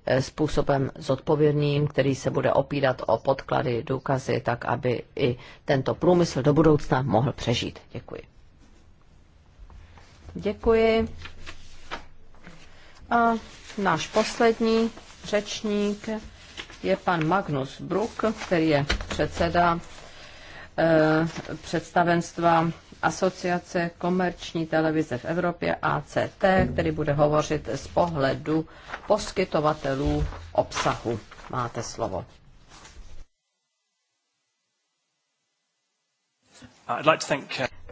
Eh, způsobem zodpovědným, který se bude opírat o podklady, důkazy, tak aby i tento průmysl do budoucna mohl přežít. Děkuji. Děkuji. A náš poslední řečník je pan Magnus Bruck, který je předseda eh, představenstva asociace komerční televize v Evropě ACT, který bude hovořit z pohledu poskytovatelů obsahu. Máte slovo. Uh,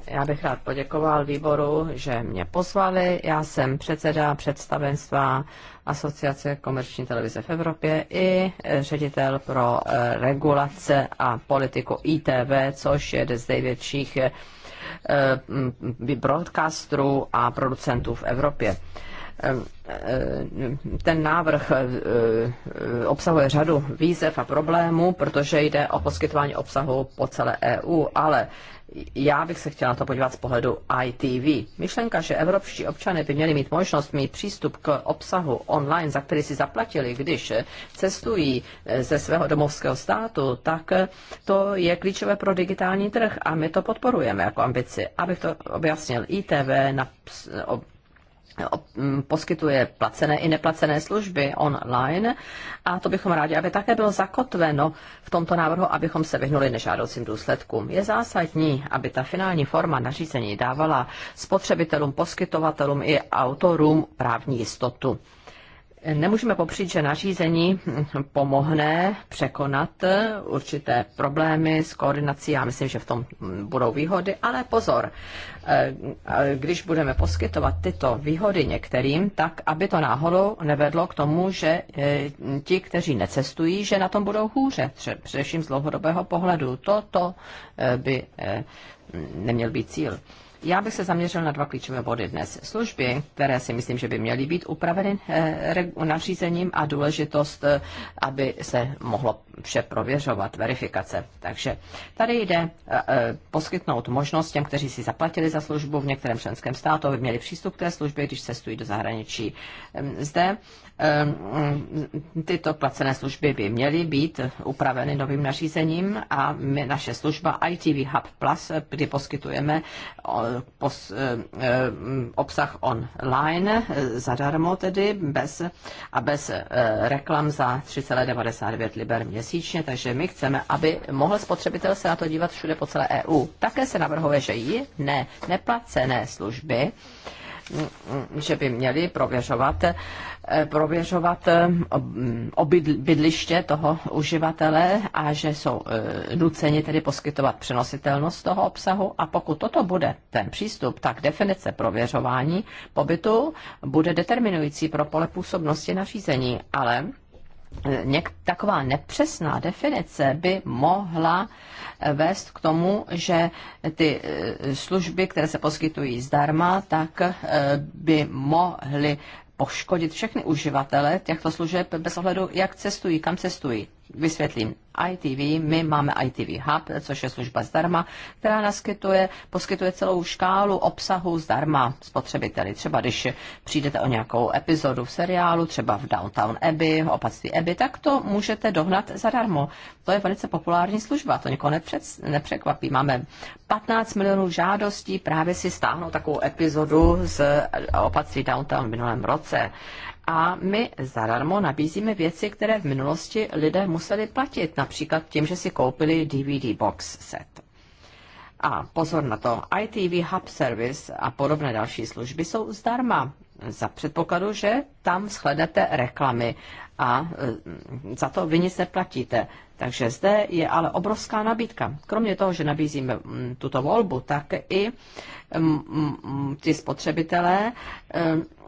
Já bych rád poděkoval výboru, že mě pozvali. Já jsem předseda představenstva Asociace komerční televize v Evropě i eh, ředitel pro eh, regulace a politiku ITV, což je jeden z největších eh, Eh, broadcasterů a producentů v Evropě ten návrh eh, eh, obsahuje řadu výzev a problémů, protože jde o poskytování obsahu po celé EU, ale já bych se chtěla to podívat z pohledu ITV. Myšlenka, že evropští občané by měli mít možnost mít přístup k obsahu online, za který si zaplatili, když cestují eh, ze svého domovského státu, tak to je klíčové pro digitální trh a my to podporujeme jako ambici. Abych to objasnil, ITV na Mm, poskytuje placené i neplacené služby online a to bychom rádi, aby také bylo zakotveno v tomto návrhu, abychom se vyhnuli nežádoucím důsledkům. Je zásadní, aby ta finální forma nařízení dávala spotřebitelům, poskytovatelům i autorům právní jistotu. Nemůžeme popřít, že nařízení pomohne překonat určité problémy s koordinací. Já myslím, že v tom budou výhody, ale pozor, eh, když budeme poskytovat tyto výhody některým, tak aby to náhodou nevedlo k tomu, že eh, ti, kteří necestují, že na tom budou hůře, především z dlouhodobého pohledu. Toto eh, by neměl být cíl. Já bych se zaměřil na dva klíčové body dnes. Služby, které si myslím, že by měly být upraveny eh, nařízením a důležitost, eh, aby se mohlo vše prověřovat, verifikace. Takže tady jde eh, poskytnout možnost těm, kteří si zaplatili za službu v některém členském státu, aby měli přístup k té službě, když cestují do zahraničí. Ehm, zde Ehm, tyto placené služby by měly být upraveny novým nařízením a my, naše služba ITV Hub Plus, kdy poskytujeme ehm, obsah online e, zadarmo tedy bez, a bez e, reklam za 3,99 liber měsíčně, takže my chceme, aby mohl spotřebitel se na to dívat všude po celé EU. Také se navrhuje, že ji ne, neplacené služby že by měli prověřovat Eh, prověřovat eh, mm, bydliště toho uživatele a že jsou eh, nuceni tedy poskytovat přenositelnost toho obsahu. A pokud toto bude ten přístup, tak definice prověřování pobytu bude determinující pro pole působnosti nařízení, ale taková nepřesná definice by mohla vést k tomu, že ty služby, které se poskytují zdarma, tak by mohly poškodit všechny uživatele těchto služeb bez ohledu, jak cestují, kam cestují vysvětlím. ITV, my máme ITV Hub, což je služba zdarma, která naskytuje, poskytuje celou škálu obsahu zdarma spotřebiteli. Třeba když přijdete o nějakou epizodu v seriálu, třeba v Downtown Abbey, v opatství Abbey, tak to můžete dohnat zadarmo. To je velice populární služba, to nikoho nepřed, nepřekvapí. Máme 15 milionů žádostí právě si stáhnout takovou epizodu z opatství Downtown v minulém roce a my zadarmo nabízíme věci, které v minulosti lidé museli platit, například tím, že si koupili DVD box set. A pozor na to, ITV Hub Service a podobné další služby jsou zdarma za předpokladu, že tam shlednete reklamy a mm, za to vy nic neplatíte. Takže zde je ale obrovská nabídka. Kromě toho, že nabízíme mm, tuto volbu, tak i mm, ty spotřebitelé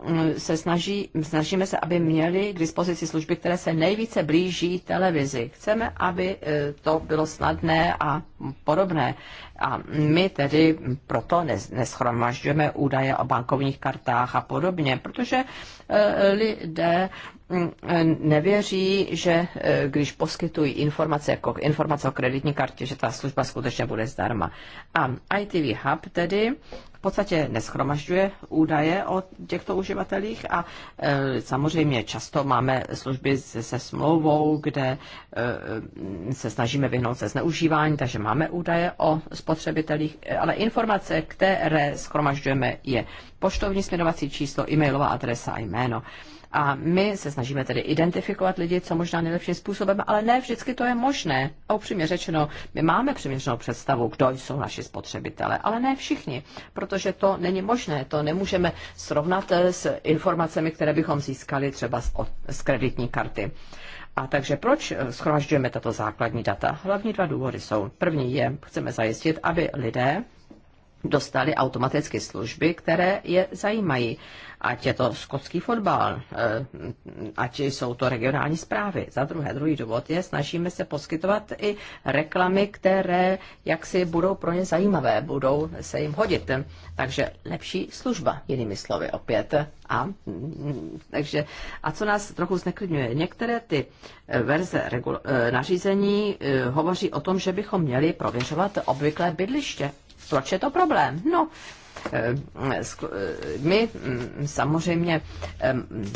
Mm, se snaží, snažíme se, aby měli k dispozici služby, které se nejvíce blíží televizi. Chceme, aby eh, to bylo snadné a podobné. A my tedy proto neschromažďujeme údaje o bankovních kartách a podobně, protože e, lidé e, nevěří, že e, když poskytují informace, jako informace o kreditní kartě, že ta služba skutečně bude zdarma. A ITV Hub tedy v podstatě neschromažďuje údaje o těchto uživatelích a e, samozřejmě často máme služby se, se smlouvou, kde e, se snažíme vyhnout se zneužívání, takže máme údaje o spotřebitelích spotřebitelích, ale informace, které schromažďujeme, je poštovní směrovací číslo, e-mailová adresa a jméno. A my se snažíme tedy identifikovat lidi co možná nejlepším způsobem, ale ne vždycky to je možné. A upřímně řečeno, my máme přiměřenou představu, kdo jsou naši spotřebitele, ale ne všichni, protože to není možné. To nemůžeme srovnat eh, s informacemi, které bychom získali třeba z, od, z kreditní karty. A takže proč eh, schromažďujeme tato základní data? Hlavní dva důvody jsou. První je, chceme zajistit, aby lidé dostali automaticky služby, které je zajímají. Ať je to skotský fotbal, eh, ať jsou to regionální zprávy. Za druhé, druhý důvod je, snažíme se poskytovat i reklamy, které jaksi budou pro ně zajímavé, budou se jim hodit. Takže lepší služba, jinými slovy opět. A, mm, takže, a co nás trochu zneklidňuje, některé ty eh, verze eh, nařízení hovoří o tom, že bychom měli prověřovat obvyklé bydliště proč je to problém? No, eh, eh, eh, my mm, samozřejmě mm,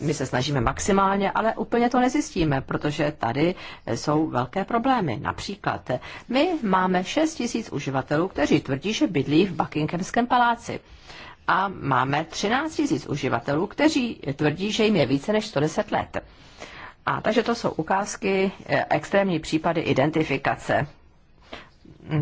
my se snažíme maximálně, ale úplně to nezjistíme, protože tady jsou velké problémy. Například my máme 6 tisíc uživatelů, kteří tvrdí, že bydlí v Buckinghamském paláci. A máme 13 tisíc uživatelů, kteří tvrdí, že jim je více než 110 let. A takže to jsou ukázky, extrémní případy identifikace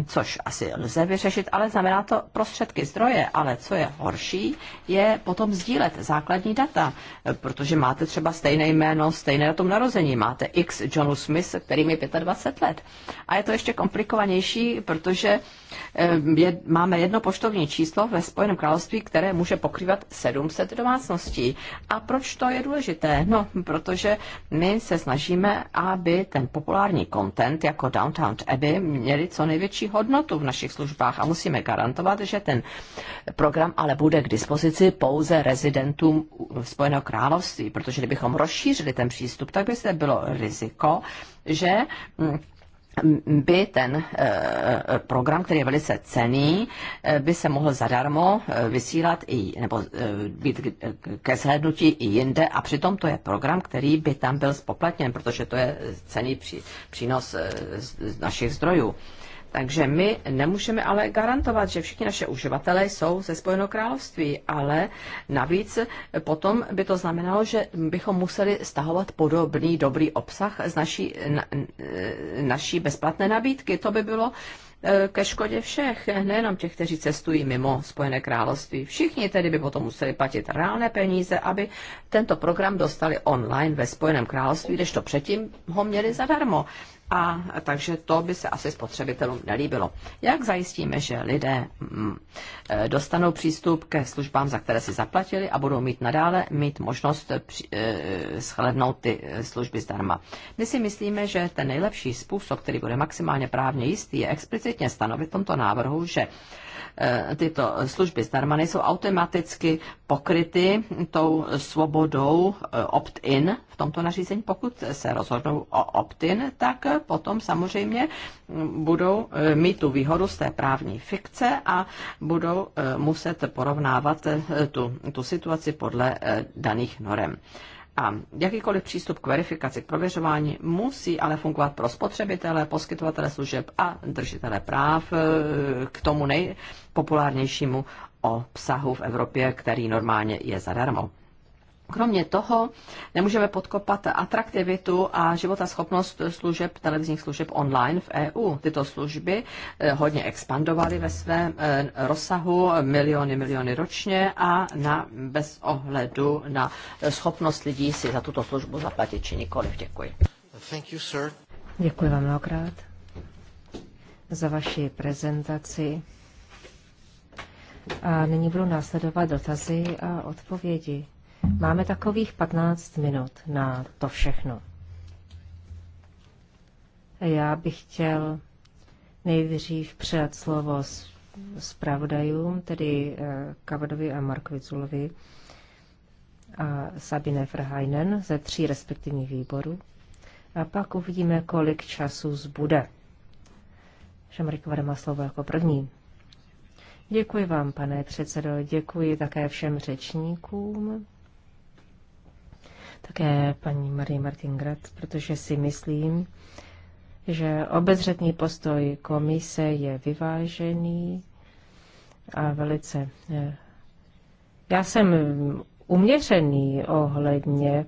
což asi lze vyřešit, ale znamená to prostředky, zdroje. Ale co je horší, je potom sdílet základní data, protože máte třeba stejné jméno, stejné datum narození. Máte X Johnu Smith, který je 25 let. A je to ještě komplikovanější, protože eh, je, máme jedno poštovní číslo ve Spojeném království, které může pokrývat 700 domácností. A proč to je důležité? No, protože my se snažíme, aby ten populární content jako Downtown Abbey měli co největší větší hodnotu v našich službách a musíme garantovat, že ten program ale bude k dispozici pouze rezidentům Spojeného království, protože kdybychom rozšířili ten přístup, tak by se bylo riziko, že by ten eh, program, který je velice cený, eh, by se mohl zadarmo eh, vysílat i, nebo být ke zhlédnutí i jinde a přitom to je program, který by tam byl spoplatněn, protože to je cený přínos z našich zdrojů. Takže my nemůžeme ale garantovat, že všichni naše uživatelé jsou ze Spojeného království, ale navíc potom by to znamenalo, že bychom museli stahovat podobný dobrý obsah z naší, na, e, naší bezplatné nabídky. To by bylo e, ke škodě všech, nejenom těch, kteří cestují mimo Spojené království. Všichni tedy by potom museli platit reálné peníze, aby tento program dostali online ve Spojeném království, kdežto předtím ho měli zadarmo a takže to by se asi spotřebitelům nelíbilo. Jak zajistíme, že lidé mm, e, dostanou přístup ke službám, za které si zaplatili a budou mít nadále mít možnost e, shlednout ty e, služby zdarma? My si myslíme, že ten nejlepší způsob, který bude maximálně právně jistý, je explicitně stanovit v tomto návrhu, že Eh, tyto služby zdarma nejsou automaticky pokryty tou svobodou eh, opt-in v tomto nařízení. Pokud se rozhodnou o opt-in, tak potom samozřejmě mm, budou eh, mít tu výhodu z té právní fikce a budou muset porovnávat tu, tu situaci podle daných norem. A jakýkoliv přístup k verifikaci, k prověřování musí ale fungovat pro spotřebitele, poskytovatele služeb a držitele práv e, k tomu nejpopulárnějšímu obsahu v Evropě, který normálně je zadarmo. Kromě toho nemůžeme podkopat atraktivitu a životaschopnost služeb, televizních služeb online v EU. Tyto služby eh, hodně expandovaly ve svém eh, rozsahu, miliony, miliony ročně a na, bez ohledu na eh, schopnost lidí si za tuto službu zaplatit či nikoliv. Děkuji. Thank you, sir. Děkuji vám mnohokrát za vaši prezentaci. A nyní budou následovat dotazy a odpovědi. Máme takových 15 minut na to všechno. Já bych chtěl nejdřív předat slovo zpravodajům, tedy eh, Kavadovi a Markovi Zulovi a Sabine Verheinen ze tří respektivních výborů. A pak uvidíme, kolik času zbude. Šamrikovada má slovo jako první. Děkuji vám, pane předsedo, děkuji také všem řečníkům také paní Marie Martingrad, protože si myslím, že obezřetný postoj komise je vyvážený a velice. Eh, já jsem uměřený ohledně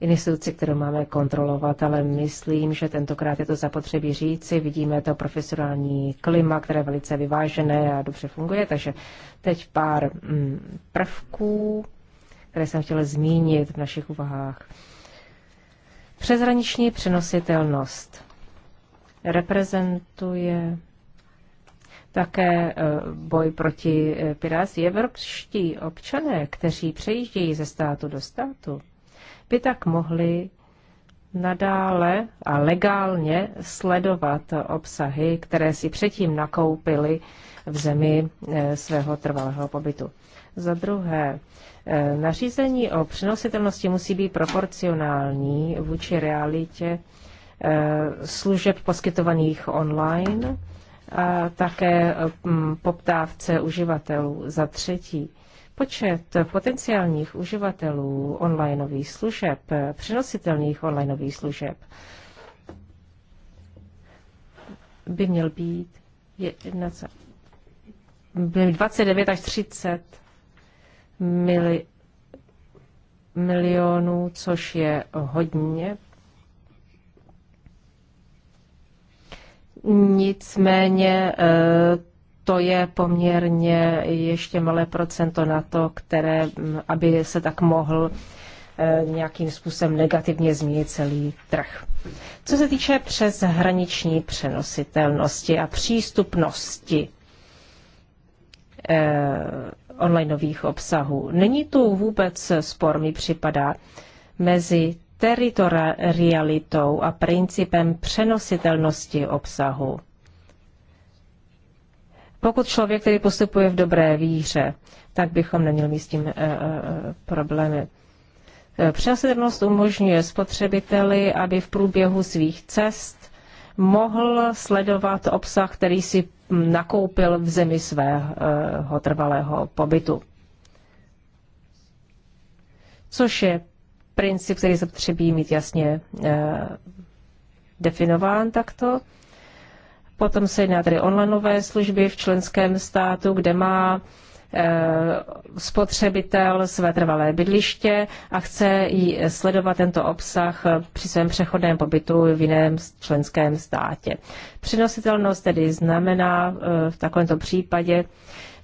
instituci, kterou máme kontrolovat, ale myslím, že tentokrát je to zapotřebí říci. Vidíme to profesionální klima, které je velice vyvážené a dobře funguje, takže teď pár mm, prvků které jsem chtěla zmínit v našich uvahách. Přezraniční přenositelnost reprezentuje také eh, boj proti eh, piráctví. Evropští občané, kteří přejíždějí ze státu do státu, by tak mohli nadále a legálně sledovat obsahy, které si předtím nakoupili v zemi eh, svého trvalého pobytu. Za druhé, Eh, nařízení o přenositelnosti musí být proporcionální vůči realitě eh, služeb poskytovaných online a také eh, poptávce uživatelů. Za třetí, počet potenciálních uživatelů onlineových služeb, přenositelných onlineových služeb, by měl být 29 až 30 mili, milionů, což je hodně. Nicméně eh, to je poměrně ještě malé procento na to, které, mm, aby se tak mohl eh, nějakým způsobem negativně změnit celý trh. Co se týče přeshraniční přenositelnosti a přístupnosti eh, onlineových obsahů. Není tu vůbec spor, mi připadá, mezi teritorialitou a principem přenositelnosti obsahu. Pokud člověk, který postupuje v dobré víře, tak bychom neměli mít s tím e, e, problémy. Eh, přenositelnost umožňuje spotřebiteli, aby v průběhu svých cest mohl sledovat obsah, který si nakoupil v zemi svého trvalého pobytu. Což je princip, který zapotřebí mít jasně eh, definován takto. Potom se jedná tedy onlineové služby v členském státu, kde má Eh, spotřebitel své trvalé bydliště a chce sledovat tento obsah při svém přechodném pobytu v jiném členském státě. Přenositelnost tedy znamená eh, v takovémto případě,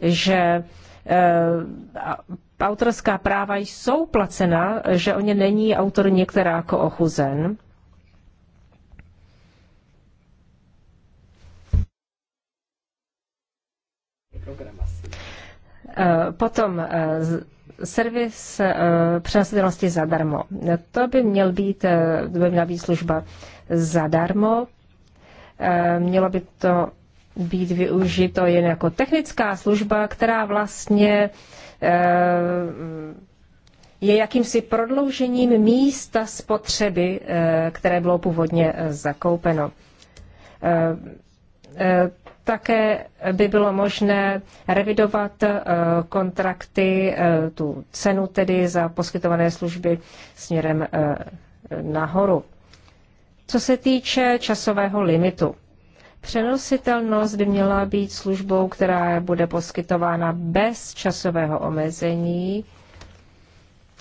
že eh, autorská práva jsou placena, že o ně není autor některá jako ochuzen Eh, potom eh, servis eh, přenositelnosti zadarmo. To by, měl být, to by měla být služba zadarmo. Mělo by to být využito jen jako technická služba, která vlastně je jakýmsi prodloužením místa spotřeby, které bylo původně zakoupeno. Také by bylo možné revidovat eh, kontrakty, eh, tu cenu tedy za poskytované služby směrem eh, nahoru. Co se týče časového limitu, přenositelnost by měla být službou, která bude poskytována bez časového omezení.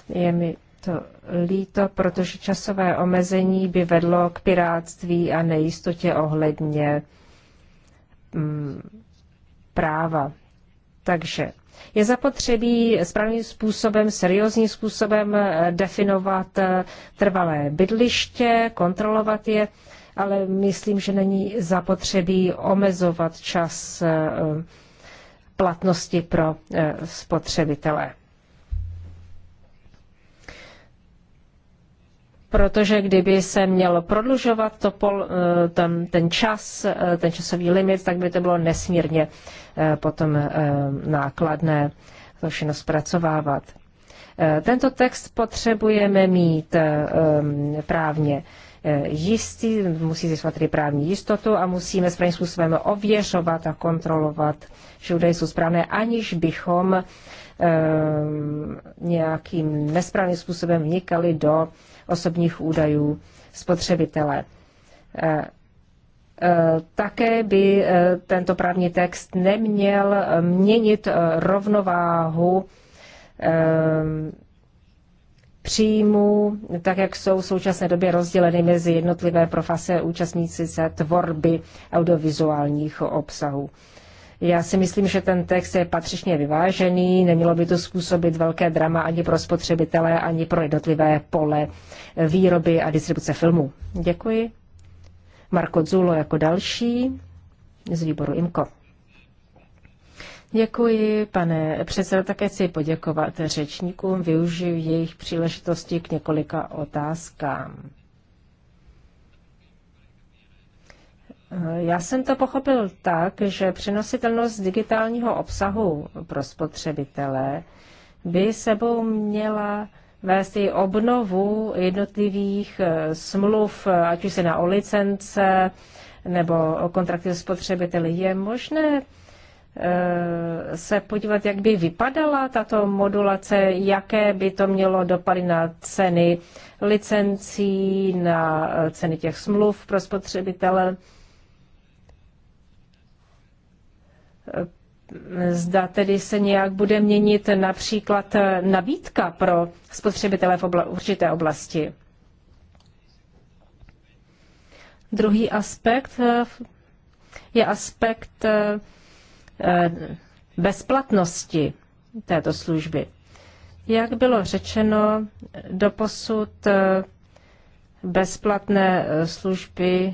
Je mi to líto, protože časové omezení by vedlo k pirátství a nejistotě ohledně Mm, práva. Takže je zapotřebí správným způsobem, seriózním způsobem eh, definovat eh, trvalé bydliště, kontrolovat je, ale myslím, že není zapotřebí omezovat čas eh, platnosti pro spotřebitele. protože kdyby se měl prodlužovat to pol, eh, ten, ten čas, eh, ten časový limit, tak by to bylo nesmírně eh, potom nákladné to všechno zpracovávat. Tento text potřebujeme mít právně jistý, musí získat tedy právní jistotu a musíme správným způsobem ověřovat a kontrolovat, že údaje jsou správné, aniž bychom nějakým nesprávným způsobem vnikali do osobních údajů spotřebitele. Eh, eh, také by eh, tento právní text neměl měnit rovnováhu příjmů, tak jak jsou v současné době rozděleny mezi jednotlivé profese účastníci se tvorby audiovizuálních obsahů. Já si myslím, že ten text je patřičně vyvážený, nemělo by to způsobit velké drama ani pro spotřebitele, ani pro jednotlivé pole výroby a distribuce filmů. Děkuji. Marko Zulo jako další z výboru IMCO. Děkuji, pane předsedo. Také chci poděkovat řečníkům. Využiju jejich příležitosti k několika otázkám. Já jsem to pochopil tak, že přenositelnost digitálního obsahu pro spotřebitele by sebou měla vést i obnovu jednotlivých eh, smluv, ať už se na o licence nebo o kontrakty s spotřebiteli. Je možné eh, se podívat, jak by vypadala tato modulace, jaké by to mělo dopady na ceny licencí, na eh, ceny těch smluv pro spotřebitele. Zda tedy se nějak bude měnit například nabídka pro spotřebitele v obla- určité oblasti. Druhý aspekt eh, je aspekt eh, eh, bezplatnosti této služby. Jak bylo řečeno, doposud bezplatné služby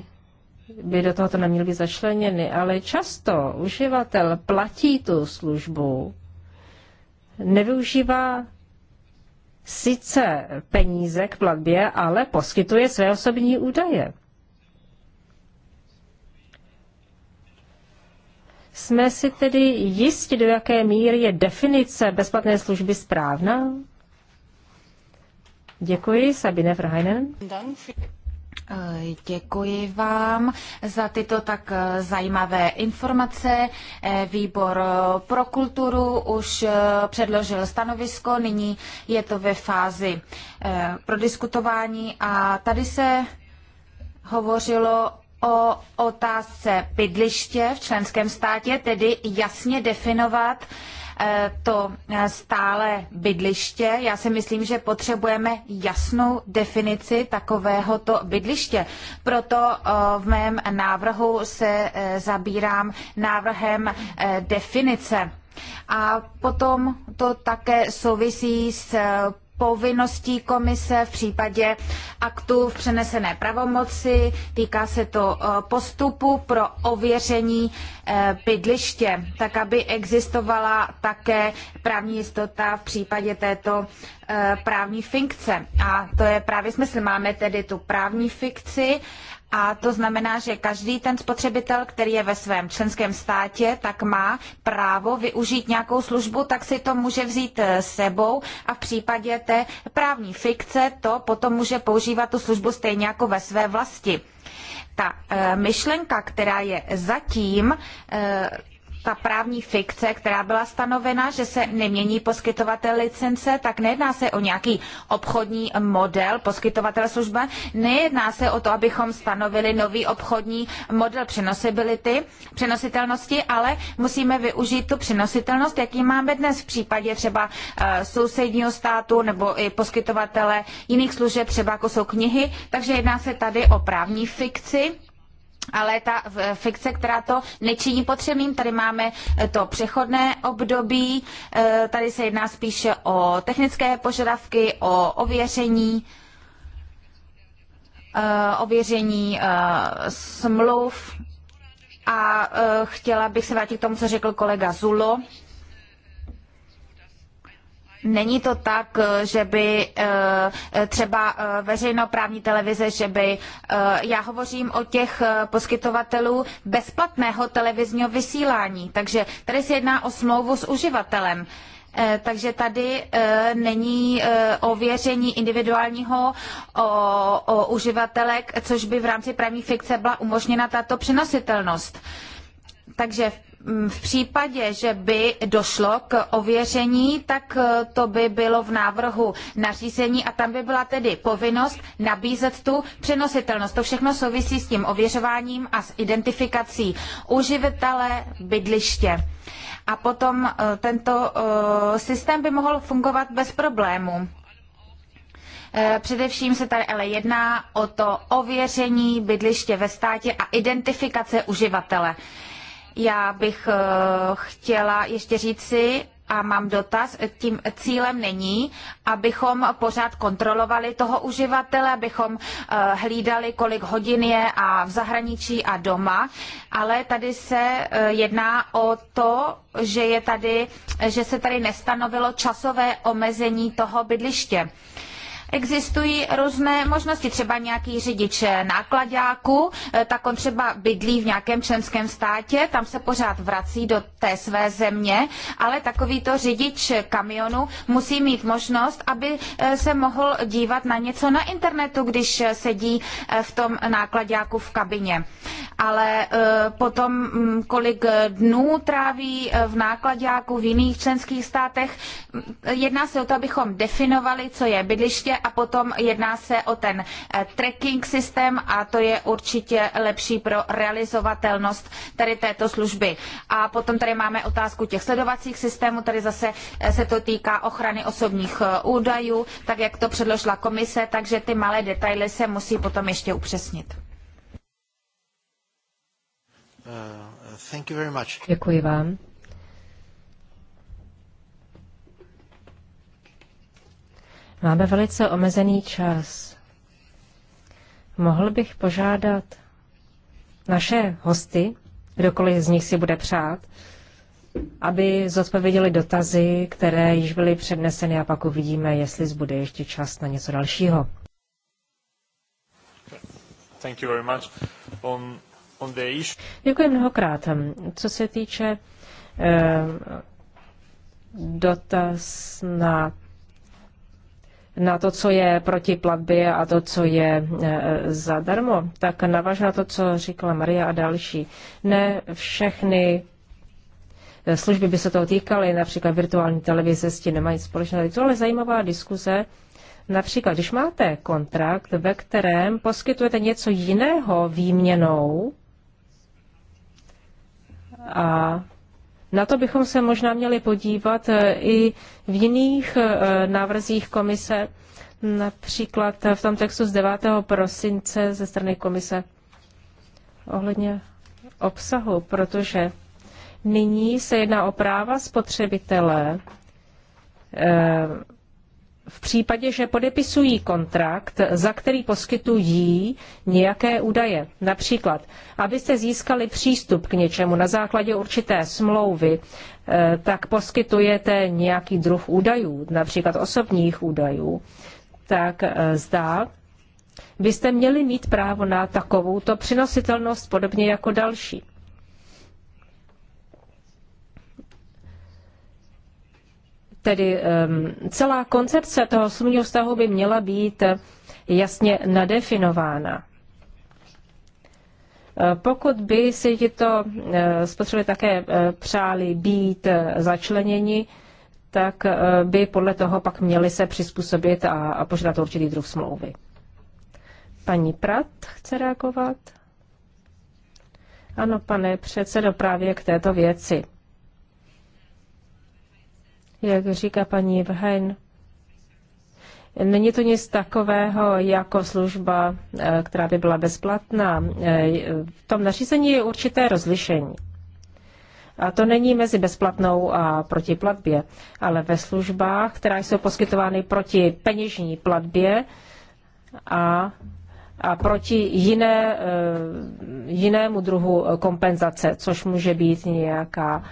by do tohoto neměl být začleněny, ale často uživatel platí tu službu, nevyužívá sice peníze k platbě, ale poskytuje své osobní údaje. Jsme si tedy jistí do jaké míry je definice bezplatné služby správná? Děkuji, Sabine Verheinen. Eh, děkuji vám za tyto tak eh, zajímavé informace. Eh, výbor pro kulturu už předložil stanovisko, nyní je to ve fázi prodiskutování a tady se hovořilo o otázce bydliště v členském státě, tedy jasně definovat Eh, to eh, stále bydliště. Já si myslím, že potřebujeme jasnou definici takovéhoto bydliště. Proto eh, v mém návrhu se zabírám návrhem definice. A potom to také souvisí s povinností komise v případě aktu v přenesené pravomoci. Týká se to eh, postupu pro ověření eh, bydliště, tak aby existovala také právní jistota v případě této eh, právní fikce. A to je právě smysl. Máme tedy tu právní fikci a to znamená, že každý ten spotřebitel, který je ve svém členském státě, tak má právo využít nějakou službu, tak si to může vzít eh, sebou a v případě té právní fikce to potom může používat tu službu stejně jako ve své vlasti. Ta eh, myšlenka, která je zatím, eh, ta právní fikce, která byla stanovena, že se nemění poskytovatel licence, tak nejedná se o nějaký obchodní model poskytovatel služby, nejedná se o to, abychom stanovili nový obchodní model přenosibility, přenositelnosti, ale musíme využít tu přenositelnost, jaký máme dnes v případě třeba eh, sousedního státu nebo i poskytovatele jiných služeb, třeba jako jsou knihy, takže jedná se tady o právní fikci ale ta fikce, která to nečiní potřebným, tady máme to přechodné období, e, tady se jedná spíše o technické požadavky, o ověření, e, ověření e, smluv a chtěla bych se vrátit k tomu, co řekl kolega Zulo. Není to tak, eh, že by eh, třeba eh, veřejnoprávní televize, že by, já hovořím o těch poskytovatelů bezplatného televizního vysílání, takže tady se jedná o smlouvu s uživatelem. Takže tady není ověření individuálního o, o uživatelek, což by v rámci právní fikce byla umožněna tato přenositelnost. Takže mm, v případě, že by došlo k ověření, tak eh, to by bylo v návrhu nařízení a tam by byla tedy povinnost nabízet tu přenositelnost. To všechno souvisí s tím ověřováním a s identifikací uživitele bydliště. A potom eh, tento eh, systém by mohl fungovat bez problémů. Především se tady ale jedná o to ověření bydliště ve státě a identifikace uživatele. Já bych eh, chtěla ještě říci, a mám dotaz, tím cílem není, abychom pořád kontrolovali toho uživatele, abychom eh, hlídali, kolik hodin je a v zahraničí a doma, ale tady se eh, jedná o to, že je tady, že se tady nestanovilo časové omezení toho bydliště existují různé možnosti. Třeba nějaký řidič nákladáku, eh, tak on třeba bydlí v nějakém členském státě, tam se pořád vrací do té své země, ale takovýto řidič kamionu musí mít možnost, aby eh, se mohl dívat na něco na internetu, když eh, sedí v tom nákladáku v kabině. Ale potom, mm, kolik dnů tráví v nákladáku v jiných členských státech, mm, jedná se o to, abychom definovali, co je bydliště a potom jedná se o ten eh, tracking systém a to je určitě lepší pro realizovatelnost tady této služby. A potom tady máme otázku těch sledovacích systémů, tady zase eh, se to týká ochrany osobních eh, údajů, tak jak to předložila komise, takže ty malé detaily se musí potom ještě upřesnit. Uh, Děkuji vám. Máme velice omezený čas. Mohl bych požádat naše hosty, kdokoliv z nich si bude přát, aby zodpověděli dotazy, které již byly předneseny a pak uvidíme, jestli zbude ještě čas na něco dalšího. Thank you very much. On, on the issue... Děkuji mnohokrát. Co se týče eh, dotaz na na to, co je proti platbě a to, co je e, zadarmo, tak navaž na to, co říkala Maria a další. Ne všechny e, služby by se toho týkaly, například virtuální televize s tím nemají společné. To ale zajímavá diskuze. Například, když máte kontrakt, ve kterém poskytujete něco jiného výměnou a na to bychom se možná měli podívat e, i v jiných e, návrzích komise, například v tom textu z 9. prosince ze strany komise ohledně obsahu, protože nyní se jedná o práva spotřebitele e, v případě, že podepisují kontrakt, za který poskytují nějaké údaje. Například, abyste získali přístup k něčemu na základě určité smlouvy, eh, tak poskytujete nějaký druh údajů, například osobních údajů, tak eh, zdá, byste měli mít právo na takovouto přenositelnost podobně jako další. Tedy celá koncepce toho smluvního vztahu by měla být jasně nadefinována. E, pokud by si tyto e, spotřeby také e, přáli být začleněni, tak by podle toho pak měli se přizpůsobit a, a požádat určitý druh smlouvy. Paní Prat chce reagovat? Ano, pane předsedo, právě k této věci jak říká paní Vhen, Není to nic takového jako služba, eh, která by byla bezplatná. Eh, v tom nařízení je určité rozlišení. A to není mezi bezplatnou a proti platbě, ale ve službách, které jsou poskytovány proti peněžní platbě a, a proti jiné, eh, jinému druhu kompenzace, což může být nějaká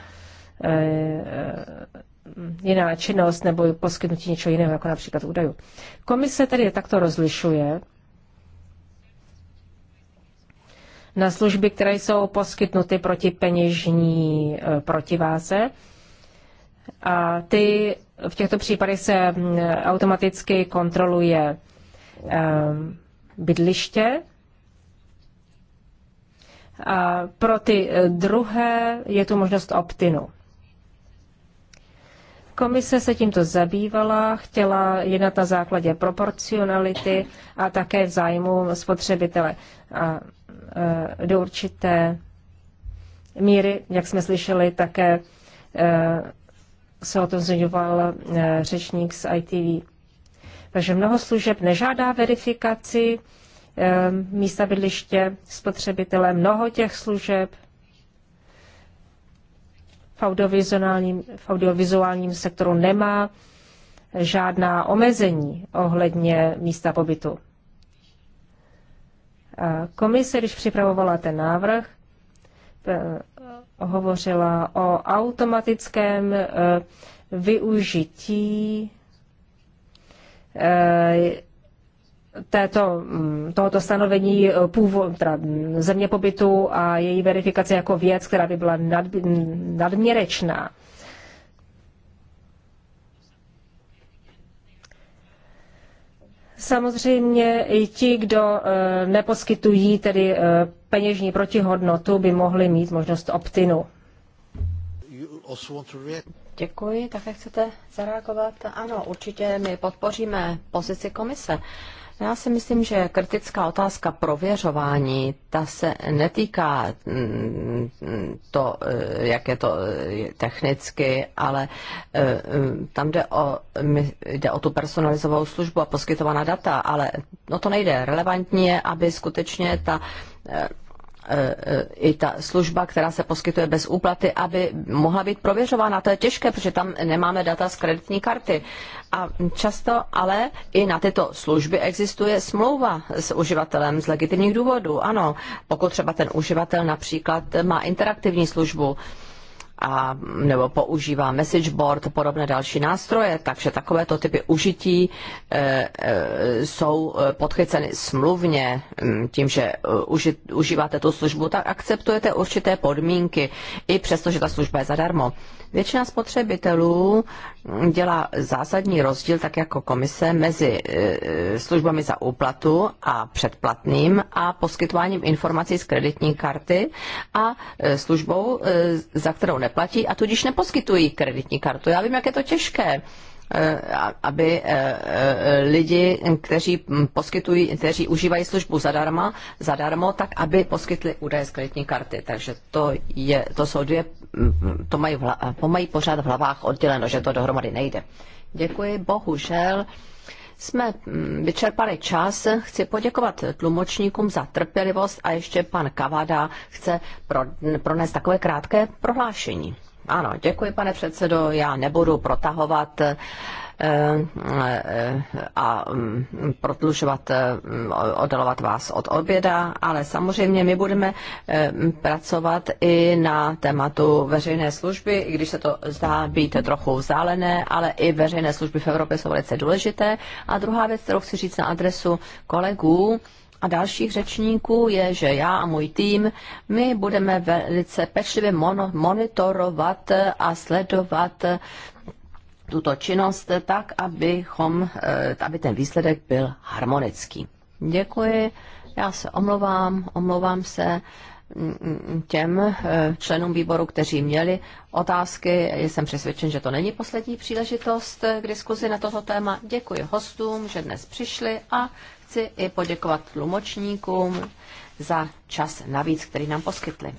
jiná činnost nebo poskytnutí něčeho jiného, jako například údajů. Komise tedy takto rozlišuje na služby, které jsou poskytnuty proti peněžní eh, protiváze. A ty v těchto případech se mm, automaticky kontroluje eh, bydliště. A pro ty eh, druhé je tu možnost optinu. Komise se tímto zabývala, chtěla jednat na základě proporcionality a také v zájmu spotřebitele. A e, do určité míry, jak jsme slyšeli, také e, se o tom zmiňoval e, řečník z ITV. Takže mnoho služeb nežádá verifikaci místa bydliště spotřebitele. Mnoho těch služeb v audiovizuálním, v audiovizuálním sektoru nemá žádná omezení ohledně místa pobytu. Komise, když připravovala ten návrh, eh, hovořila o automatickém eh, využití eh, této, tohoto stanovení eh, původ, teda země pobytu a její verifikace jako věc, která by byla nad, nadměrečná. Samozřejmě i ti, kdo eh, neposkytují tedy eh, peněžní protihodnotu, by mohli mít možnost optinu. Děkuji, také chcete zareagovat? Ano, určitě my podpoříme pozici komise. Já si myslím, že kritická otázka prověřování, ta se netýká mm, to, eh, jak je to eh, technicky, ale eh, tam jde o, jde o tu personalizovanou službu a poskytovaná data, ale no to nejde. Relevantní je, aby skutečně ta E, e, i ta služba, která se poskytuje bez úplaty, aby mohla být prověřována. To je těžké, protože tam nemáme data z kreditní karty. A často ale i na tyto služby existuje smlouva s uživatelem z legitimních důvodů. Ano, pokud třeba ten uživatel například má interaktivní službu, a, nebo používá message board, podobné další nástroje, takže takovéto typy užití e, e, jsou e, podchyceny smluvně tím, že e, uži, užíváte tu službu, tak akceptujete určité podmínky, i přesto, že ta služba je zadarmo. E, Většina spotřebitelů dělá zásadní rozdíl, tak jako komise, mezi eh, službami za úplatu a předplatným a poskytováním informací z kreditní karty a eh, službou, eh, za kterou neplatí a tudíž neposkytují kreditní kartu. Já vím, jak je to těžké Eh, aby eh, eh, lidi, kteří poskytují, kteří užívají službu zadarma, zadarmo, tak aby poskytli údaje z kreditní karty. Takže to, je, to jsou dvě, mm, mm, to mají, to mají pořád v hlavách odděleno, že to dohromady nejde. Děkuji, bohužel jsme mm, vyčerpali čas. Chci poděkovat tlumočníkům za trpělivost a ještě pan Kavada chce pronést takové krátké prohlášení. Ano, děkuji, pane předsedo. Já nebudu protahovat eh, eh, a mm, protlužovat, eh, oddalovat vás od oběda, ale samozřejmě my budeme pracovat i na tématu veřejné služby, i když se to zdá být trochu vzdálené, ale i veřejné služby v Evropě jsou velice důležité. A druhá věc, kterou chci říct na adresu kolegů, a dalších řečníků je, že já a můj tým, my budeme velice pečlivě monitorovat a sledovat tuto činnost tak, abychom, eh, aby ten výsledek byl harmonický. Děkuji, já se omlouvám, omlouvám se mm, mm, těm eh, členům výboru, kteří měli otázky. Jsem přesvědčen, že to není poslední příležitost eh, k diskuzi na toto téma. Děkuji hostům, že dnes přišli a chci i poděkovat tlumočníkům za čas navíc, který nám poskytli.